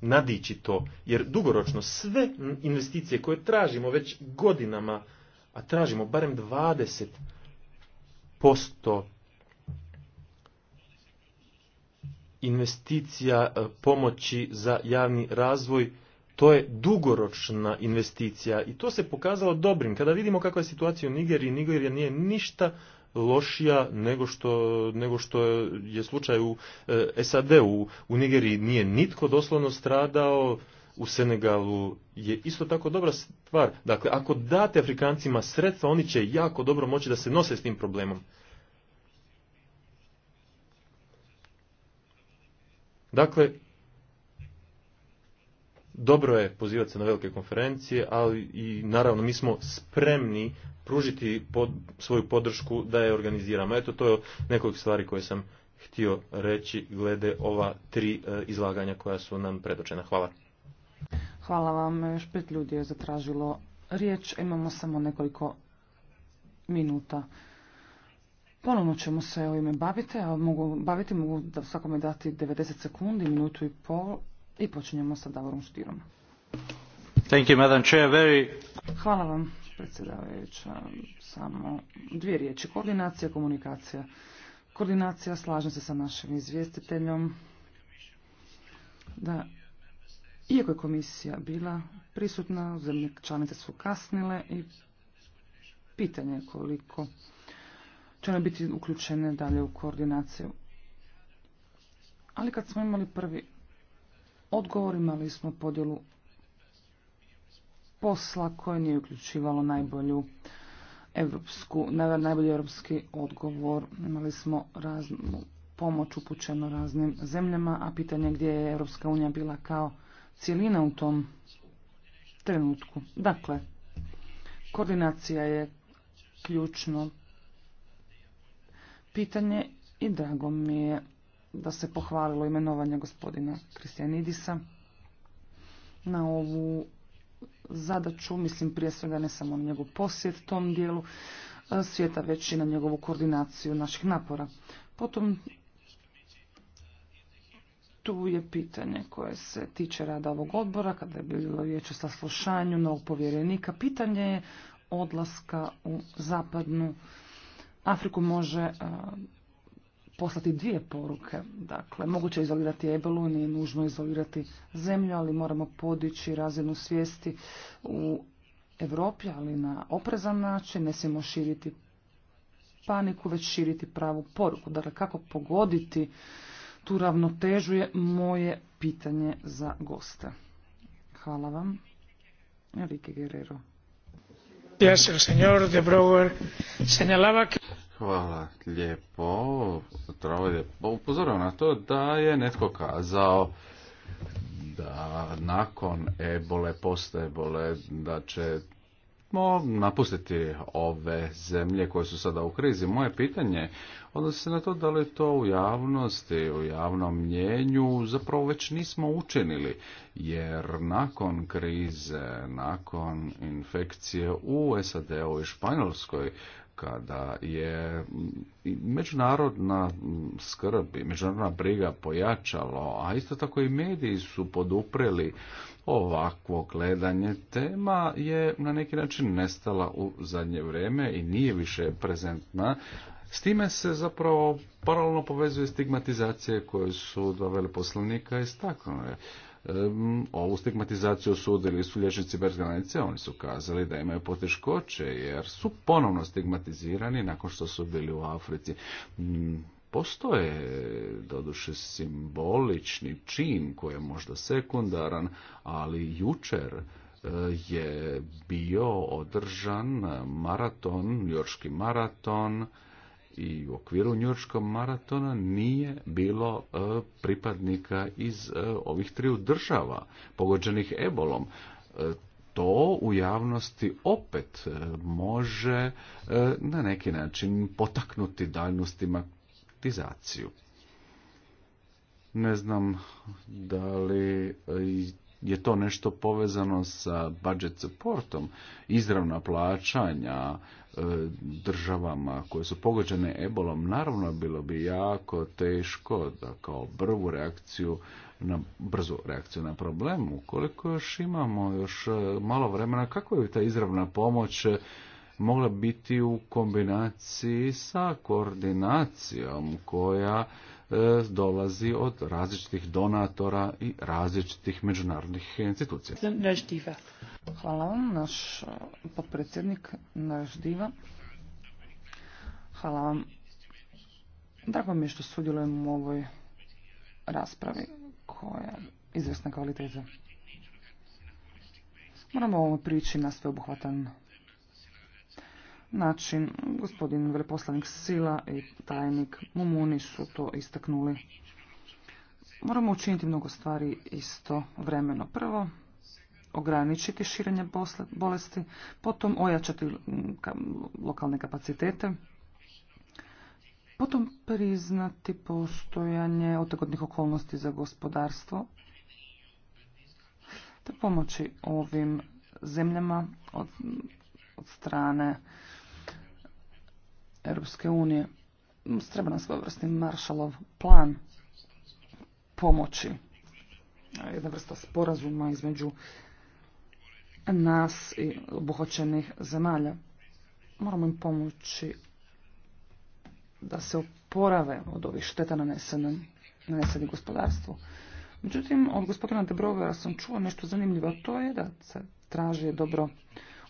nadići to, jer dugoročno sve investicije koje tražimo već godinama, a tražimo barem 20% investicija e, pomoći za javni razvoj, to je dugoročna investicija i to se pokazalo dobrim. Kada vidimo kakva je situacija u Nigeriji, Nigerija nije ništa lošija nego što, nego što je slučaj u e, SAD-u. U Nigeriji nije nitko doslovno stradao, u Senegalu je isto tako dobra stvar. Dakle, ako date Afrikancima sredstva, oni će jako dobro moći da se nose s tim problemom. Dakle, dobro je pozivati se na velike konferencije, ali i naravno mi smo spremni pružiti pod, svoju podršku da je organiziramo. Eto, to je nekoliko stvari koje sam htio reći glede ova tri e, izlaganja koja su nam predočena. Hvala. Hvala vam. Još pet ljudi je zatražilo riječ. Imamo samo nekoliko minuta. Ponovno ćemo se ovime baviti. Mogu, baviti mogu da svakome dati 90 sekundi, minutu i pol. I počinjemo sa Davorom Štirom. Thank Hvala vam, predsjedavajuća. Samo dvije riječi. Koordinacija, komunikacija. Koordinacija, slažem se sa našim izvjestiteljom. Da, iako je komisija bila prisutna, zemlje članice su kasnile i pitanje je koliko će ona biti uključene dalje u koordinaciju. Ali kad smo imali prvi odgovor, imali smo podjelu posla koje nije uključivalo najbolju evropsku, najbolji europski odgovor. Imali smo raznu pomoć upućenu raznim zemljama, a pitanje gdje je Europska unija bila kao cijelina u tom trenutku. Dakle, koordinacija je ključno pitanje i drago mi je da se pohvalilo imenovanje gospodina Kristijanidisa na ovu zadaću, mislim prije svega ne samo na njegov posjet tom dijelu svijeta, već i na njegovu koordinaciju naših napora. Potom tu je pitanje koje se tiče rada ovog odbora, kada je bilo riječ o saslušanju novog povjerenika. Pitanje je odlaska u zapadnu Afriku može poslati dvije poruke. Dakle, moguće je izolirati ebolu, nije nužno izolirati zemlju, ali moramo podići razinu svijesti u Europi, ali na oprezan način. Ne smijemo širiti paniku, već širiti pravu poruku. Dakle, kako pogoditi tu ravnotežu je moje pitanje za goste. Hvala vam. Enrique Guerrero. señor de Brouwer señalaba que... Hvala lijepo. Upozoravam na to da je netko kazao da nakon ebole, posta ebole, da će napustiti ove zemlje koje su sada u krizi. Moje pitanje odnosi se na to da li to u javnosti, u javnom mnjenju zapravo već nismo učinili, jer nakon krize, nakon infekcije u SAD-u i Španjolskoj, kada je mm, međunarodna mm, skrb i međunarodna briga pojačalo, a isto tako i mediji su podupreli ovakvo gledanje, tema je na neki način nestala u zadnje vrijeme i nije više prezentna. S time se zapravo paralelno povezuje stigmatizacije koje su dva veleposlanika istaknule ovu stigmatizaciju osudili su liječnici bez granice, oni su kazali da imaju poteškoće jer su ponovno stigmatizirani nakon što su bili u Africi. Mm, postoje doduše simbolični čin koji je možda sekundaran, ali jučer e, je bio održan maraton, njorski maraton, i u okviru njurčkog maratona nije bilo e, pripadnika iz e, ovih triju država pogođenih ebolom. E, to u javnosti opet može na neki način potaknuti daljnu stigmatizaciju. Ne znam da li je to nešto povezano sa budget supportom, izravna plaćanja, državama koje su pogođene ebolom, naravno bilo bi jako teško da kao brvu reakciju na brzu reakciju na problem. Ukoliko još imamo još e, malo vremena, kako bi ta izravna pomoć e, mogla biti u kombinaciji sa koordinacijom koja E, dolazi od različitih donatora i različitih međunarodnih institucija. Hvala vam, naš e, potpredsjednik diva. Hvala vam. Drago mi je što sudjelujem u ovoj raspravi koja je izvjesna kvaliteta. Moramo ovome prići na sveobuhvatan način. Gospodin veleposlanik Sila i tajnik Mumuni su to istaknuli. Moramo učiniti mnogo stvari isto vremeno. Prvo, ograničiti širenje bolesti, potom ojačati lokalne kapacitete, potom priznati postojanje otegodnih okolnosti za gospodarstvo, te pomoći ovim zemljama od strane Europske unije. Treba nam svojvrstni maršalov plan pomoći. Jedna vrsta sporazuma između nas i obuhoćenih zemalja. Moramo im pomoći da se oporave od ovih šteta nanesenih gospodarstvu. Međutim, od gospodina Debrovera sam čuo nešto zanimljivo, to je da se traže dobro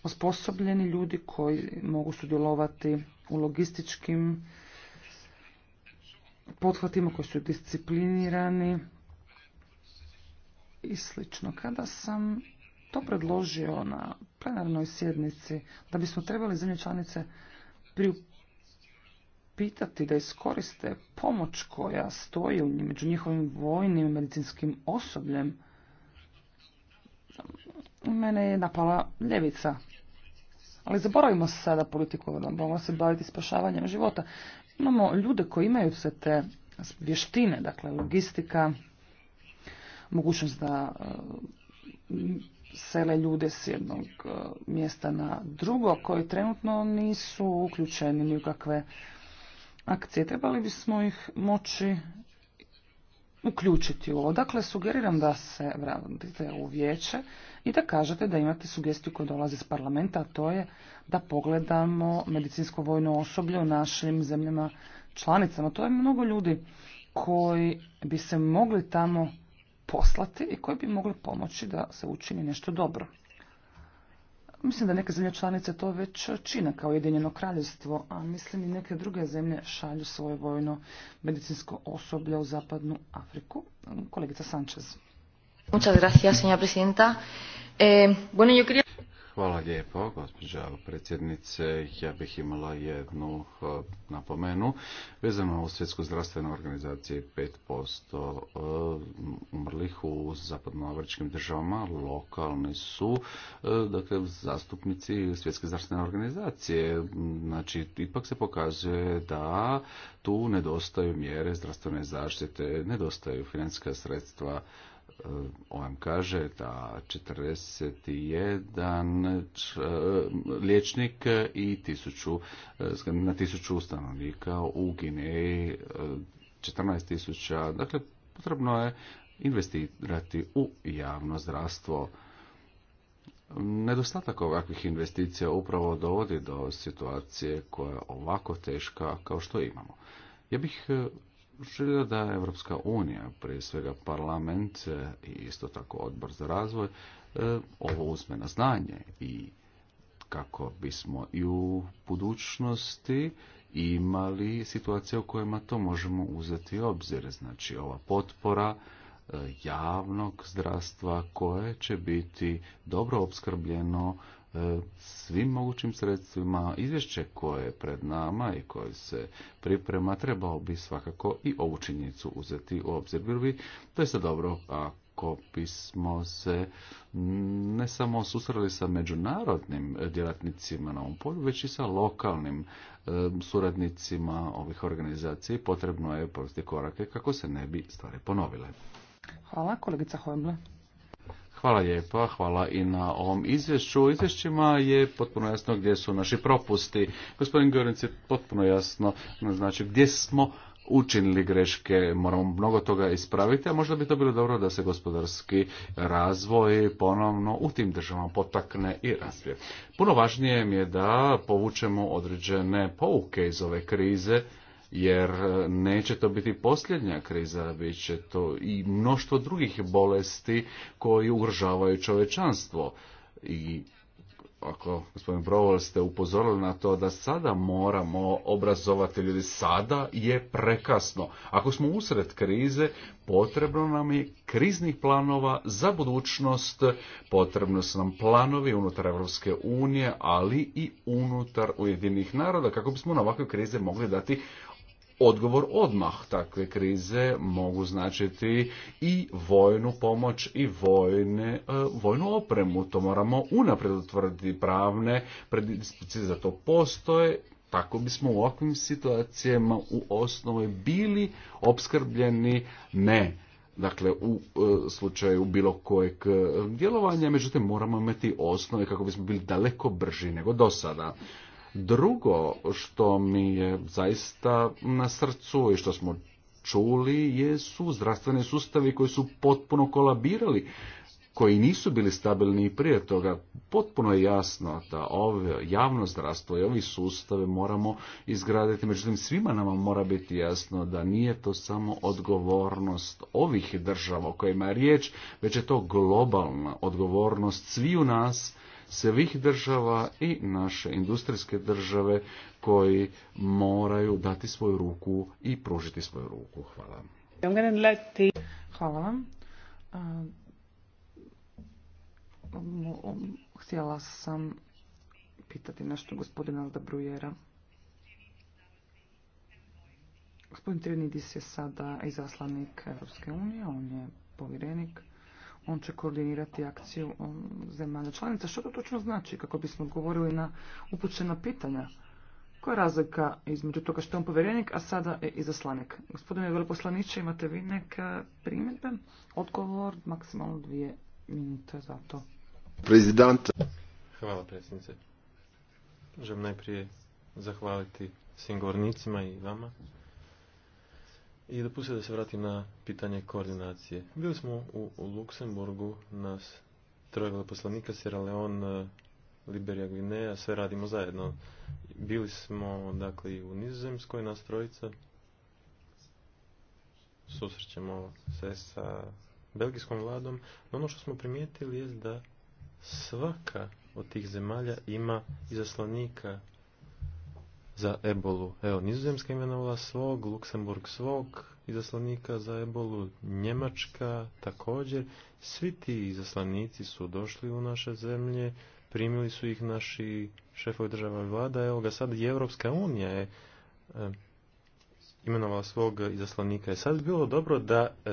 osposobljeni ljudi koji mogu sudjelovati u logističkim pothvatima koji su disciplinirani i slično. Kada sam to predložio na plenarnoj sjednici, da bismo trebali zemlje članice pitati da iskoriste pomoć koja stoji među njihovim vojnim i medicinskim osobljem, mene je napala ljevica. Ali zaboravimo sada politiku, moramo se baviti spašavanjem života. Imamo ljude koji imaju sve te vještine, dakle logistika, mogućnost da e, sele ljude s jednog e, mjesta na drugo, koji trenutno nisu uključeni ni u kakve akcije. Trebali bismo ih moći uključiti u ovo. Dakle, sugeriram da se vratite u vijeće i da kažete da imate sugestiju koja dolazi iz parlamenta, a to je da pogledamo medicinsko vojno osoblje u našim zemljama članicama. To je mnogo ljudi koji bi se mogli tamo poslati i koji bi mogli pomoći da se učini nešto dobro. Mislim da neke zemlje članice to već čine kao Jedinjeno kraljevstvo, a mislim i neke druge zemlje šalju svoje vojno medicinsko osoblje u zapadnu Afriku. Kolegica Sanchez. Muchas gracias, señora presidenta. Eh, bueno, yo Hvala lijepo, gospođa predsjednice. Ja bih imala jednu eh, napomenu. Vezano u Svjetsku zdravstvenu organizaciju 5% eh, umrlih u zapadnoavričkim državama lokalni su eh, dakle, zastupnici Svjetske zdravstvene organizacije. Znači, ipak se pokazuje da tu nedostaju mjere zdravstvene zaštite, nedostaju financijska sredstva E, on vam kaže da 41 e, liječnik i e, na tisuću stanovnika u Gineji 14 tisuća. Dakle, potrebno je investirati u javno zdravstvo. Nedostatak ovakvih investicija upravo dovodi do situacije koja je ovako teška kao što imamo. Ja bih želio da Evropska unija, prije svega parlament i isto tako odbor za razvoj, e, ovo uzme na znanje i kako bismo i u budućnosti imali situacije u kojima to možemo uzeti u obzir. Znači ova potpora e, javnog zdravstva koje će biti dobro opskrbljeno E, svim mogućim sredstvima. Izvješće koje je pred nama i koje se priprema trebao bi svakako i ovu činjenicu uzeti u obzir. to bi sad dobro ako bismo se ne samo susreli sa međunarodnim djelatnicima na ovom polju, već i sa lokalnim e, suradnicima ovih organizacija. Potrebno je provesti korake kako se ne bi stvari ponovile. Hvala, kolegica Hojmle. Hvala lijepa, hvala i na ovom izvješću. U izvješćima je potpuno jasno gdje su naši propusti. Gospodin Gorinc je potpuno jasno znači gdje smo učinili greške, moramo mnogo toga ispraviti, a možda bi to bilo dobro da se gospodarski razvoj ponovno u tim državama potakne i razvije. Puno važnije mi je da povučemo određene pouke iz ove krize, jer e, neće to biti posljednja kriza, bit će to i mnoštvo drugih bolesti koji ugrožavaju čovečanstvo. I ako gospodin Brovol ste upozorili na to da sada moramo obrazovati ljudi, sada je prekasno. Ako smo usred krize, potrebno nam je kriznih planova za budućnost, potrebno su nam planovi unutar Evropske unije, ali i unutar Ujedinih naroda, kako bismo na ovakve krize mogli dati odgovor odmah. Takve krize mogu značiti i vojnu pomoć i vojne, e, vojnu opremu. To moramo unaprijed utvrditi pravne, predispice za to postoje, tako bismo u ovakvim situacijama u osnovi bili opskrbljeni ne dakle u e, slučaju bilo kojeg e, djelovanja, međutim moramo imati osnove kako bismo bili daleko brži nego do sada. Drugo što mi je zaista na srcu i što smo čuli jesu zdravstveni sustavi koji su potpuno kolabirali koji nisu bili stabilni i prije toga, potpuno je jasno da ovo javno zdravstvo i ovi sustave moramo izgraditi. Međutim, svima nama mora biti jasno da nije to samo odgovornost ovih država o kojima je riječ, već je to globalna odgovornost sviju nas svih država i naše industrijske države koji moraju dati svoju ruku i pružiti svoju ruku. Hvala. Hvala vam. Htjela sam pitati nešto gospodina Brujera. Gospodin Trinidis je sada izaslanik Europske unije, on je povjerenik on će koordinirati akciju um, zemalja članica. Što to točno znači kako bismo odgovorili na upućena pitanja? Koja je razlika između toga što je on povjerenik, a sada je i zaslanik? Gospodine veleposlaniče, imate vi neke primjedbe? Odgovor, maksimalno dvije minute za to. Prezident. Hvala predsjednice. Želim najprije zahvaliti svim govornicima i vama i dopustite da se vratim na pitanje koordinacije. Bili smo u, Luksemburgu, nas troje veleposlanika, Sierra Leone, Liberija, Gvineja, sve radimo zajedno. Bili smo, dakle, i u Nizozemskoj nas trojica. Susrećemo se sa belgijskom vladom. No ono što smo primijetili je da svaka od tih zemalja ima izaslanika za ebolu. Evo, nizozemska imenovala svog, Luksemburg svog izaslanika za ebolu, Njemačka također. Svi ti izaslanici su došli u naše zemlje, primili su ih naši šefovi država i vlada. Evo ga sad i Evropska unija je e, imenovala svog izaslanika. I e, sad bi bilo dobro da e,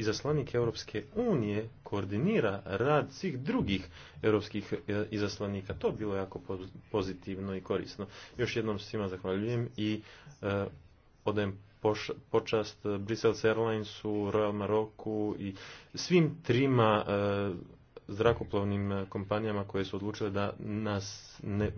izaslanik Europske unije koordinira rad svih drugih europskih e, izaslanika. To je bilo jako pozitivno i korisno. Još jednom svima zahvaljujem i uh, odajem poš, počast Brussels Airlinesu, Royal Maroku i svim trima e, zrakoplovnim kompanijama koje su odlučile da nas ne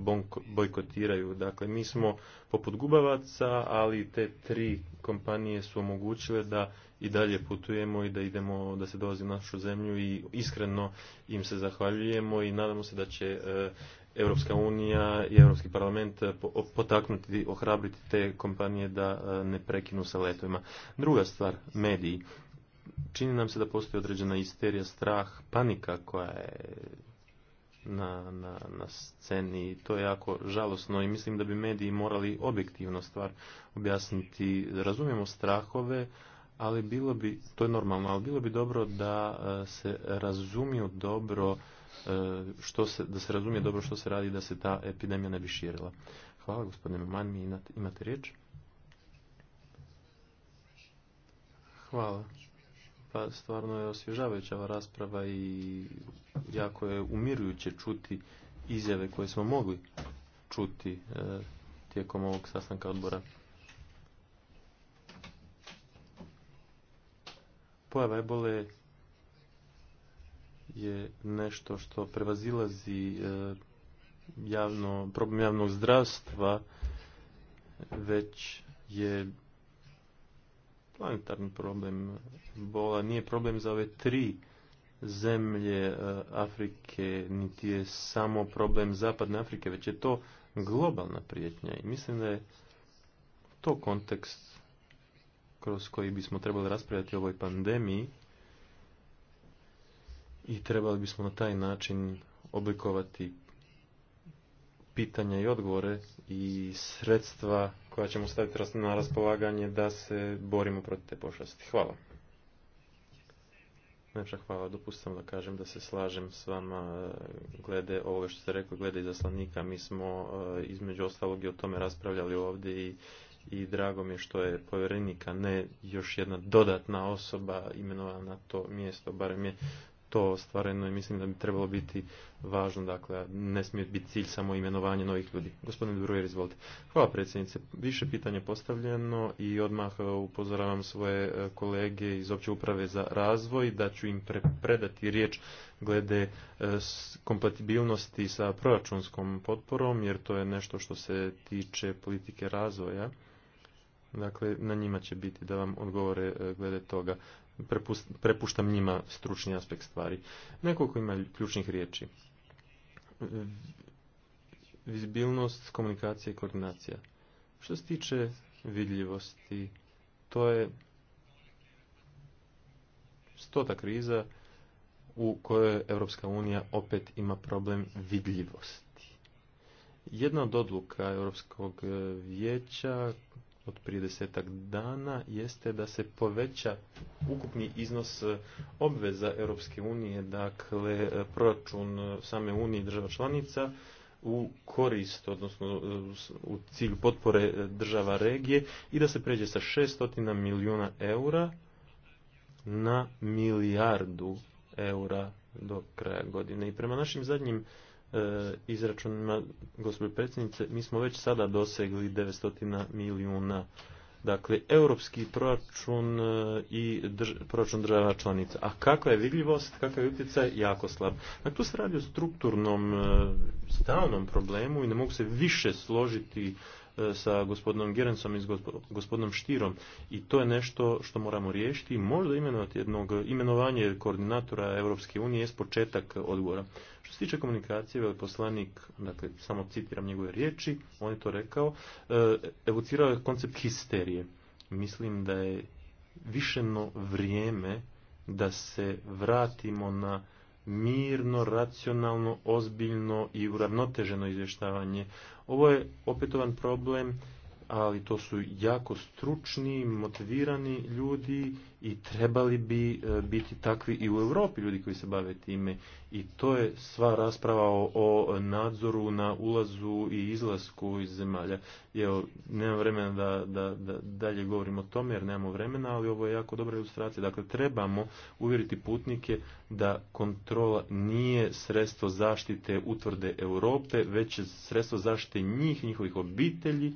bojkotiraju. Dakle, mi smo poput gubavaca, ali te tri kompanije su omogućile da i dalje putujemo i da idemo, da se dolazi u našu zemlju i iskreno im se zahvaljujemo i nadamo se da će eh, Europska unija i Europski parlament eh, potaknuti, ohrabriti te kompanije da eh, ne prekinu sa letovima. Druga stvar, mediji. Čini nam se da postoji određena isterija, strah, panika koja je na, na, na sceni i to je jako žalosno i mislim da bi mediji morali objektivno stvar objasniti. Razumijemo strahove, ali bilo bi, to je normalno, ali bilo bi dobro da e, se razumiju dobro e, što se, da se razumije dobro što se radi da se ta epidemija ne bi širila. Hvala gospodine mi imate riječ? Hvala. Pa stvarno je osvježavajuća ova rasprava i jako je umirujuće čuti izjave koje smo mogli čuti e, tijekom ovog sastanka odbora. pojava ebole je nešto što prevazilazi e, javno, problem javnog zdravstva, već je planetarni problem. Bola nije problem za ove tri zemlje e, Afrike, niti je samo problem Zapadne Afrike, već je to globalna prijetnja i mislim da je to kontekst kroz koji bismo trebali raspravljati o ovoj pandemiji i trebali bismo na taj način oblikovati pitanja i odgovore i sredstva koja ćemo staviti na raspolaganje da se borimo protiv te pošasti. Hvala. Najpša hvala, dopustam da kažem da se slažem s vama e, glede ovoga što ste rekli, glede izaslanika. Mi smo e, između ostalog i o tome raspravljali ovdje i i drago mi je što je povjerenika ne još jedna dodatna osoba imenovana na to mjesto, barem je to stvareno i mislim da bi trebalo biti važno, dakle, ne smije biti cilj samo imenovanje novih ljudi. Gospodin Brujer, izvolite. Hvala predsjednice. Više pitanja postavljeno i odmah e, upozoravam svoje e, kolege iz opće uprave za razvoj da ću im predati riječ glede e, kompatibilnosti sa proračunskom potporom, jer to je nešto što se tiče politike razvoja Dakle, na njima će biti da vam odgovore e, glede toga. Prepuštam njima stručni aspekt stvari. Nekoliko ima ključnih riječi. Vizibilnost, komunikacija i koordinacija. Što se tiče vidljivosti, to je stota kriza u kojoj Europska unija opet ima problem vidljivosti. Jedna od odluka Europskog e, vijeća od prije desetak dana jeste da se poveća ukupni iznos e, obveza Europske unije, dakle e, proračun e, same unije država članica u korist, odnosno u cilju potpore država regije i da se pređe sa 600 milijuna eura na milijardu eura do kraja godine. I prema našim zadnjim E, izračunima gospođe predsjednice, mi smo već sada dosegli 900 milijuna dakle europski proračun e, i drž proračun država članica. A kakva je vidljivost, kakav je utjecaj, jako slab. Dakle, tu se radi o strukturnom e, stalnom problemu i ne mogu se više složiti E, sa gospodinom Gerencom i s gospodinom Štirom i to je nešto što moramo riješiti. Možda imenovati jednog imenovanje koordinatora Europske unije je početak odgovora. Što se tiče komunikacije, veleposlanik, dakle, samo citiram njegove riječi, on je to rekao, e, evocirao je koncept histerije. Mislim da je višeno vrijeme da se vratimo na mirno, racionalno, ozbiljno i uravnoteženo izvještavanje ovo je opetovan problem ali to su jako stručni, motivirani ljudi i trebali bi e, biti takvi i u Europi ljudi koji se bave time. I to je sva rasprava o, nadzoru na ulazu i izlasku iz zemalja. Evo, nemam vremena da, da, dalje govorim o tome jer nemamo vremena, ali ovo je jako dobra ilustracija. Dakle, trebamo uvjeriti putnike da kontrola nije sredstvo zaštite utvrde Europe, već je sredstvo zaštite njih, njihovih obitelji,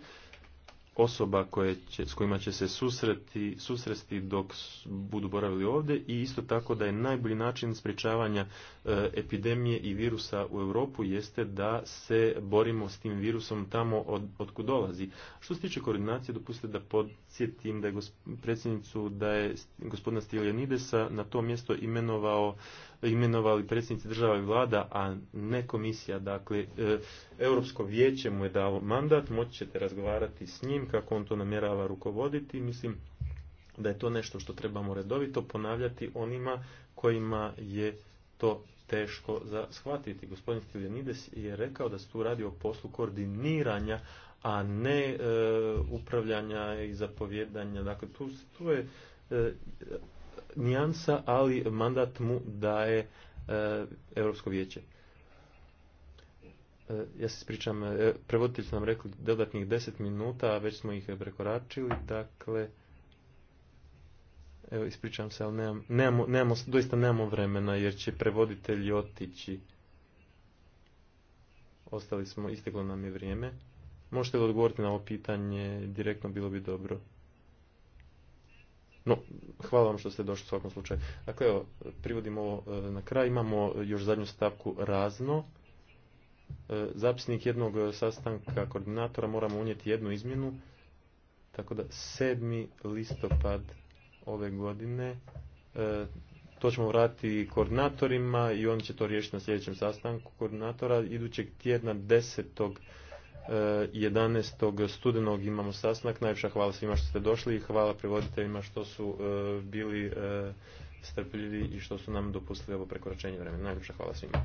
osoba koje će, s kojima će se susreti, susresti dok budu boravili ovdje i isto tako da je najbolji način sprječavanja e, epidemije i virusa u Europu jeste da se borimo s tim virusom tamo od, kud dolazi. Što se tiče koordinacije, dopustite da podsjetim da je predsjednicu da je gospodina Stiljanidesa na to mjesto imenovao imenovali predsjednici država i vlada, a ne komisija. Dakle, e, Europsko vijeće mu je dao mandat, moći ćete razgovarati s njim kako on to namjerava rukovoditi. Mislim da je to nešto što trebamo redovito ponavljati onima kojima je to teško za shvatiti. Gospodin Stiljanides je rekao da se tu radi o poslu koordiniranja, a ne e, upravljanja i zapovjedanja. Dakle, tu, tu je e, nijansa, ali mandat mu daje eh, Europsko vijeće. Eh, ja se ispričam, eh, prevoditelj su nam rekli dodatnih 10 minuta, a već smo ih prekoračili, dakle... Evo, ispričavam se, ali nemam, nemamo, doista nemamo vremena, jer će prevoditelji otići. Ostali smo, isteklo nam je vrijeme. Možete li odgovoriti na ovo pitanje, direktno bilo bi dobro. No, hvala vam što ste došli u svakom slučaju. Dakle, evo, privodimo ovo e, na kraj. Imamo još zadnju stavku razno. E, zapisnik jednog sastanka koordinatora moramo unijeti jednu izmjenu. Tako da 7. listopad ove godine e, to ćemo vratiti koordinatorima i oni će to riješiti na sljedećem sastanku koordinatora idućeg tjedna 10. 11. studenog imamo sasnak. Najviše hvala svima što ste došli i hvala prevoditeljima što su e, bili e, strpljivi i što su nam dopustili ovo prekoračenje vremena. Najljepša hvala svima.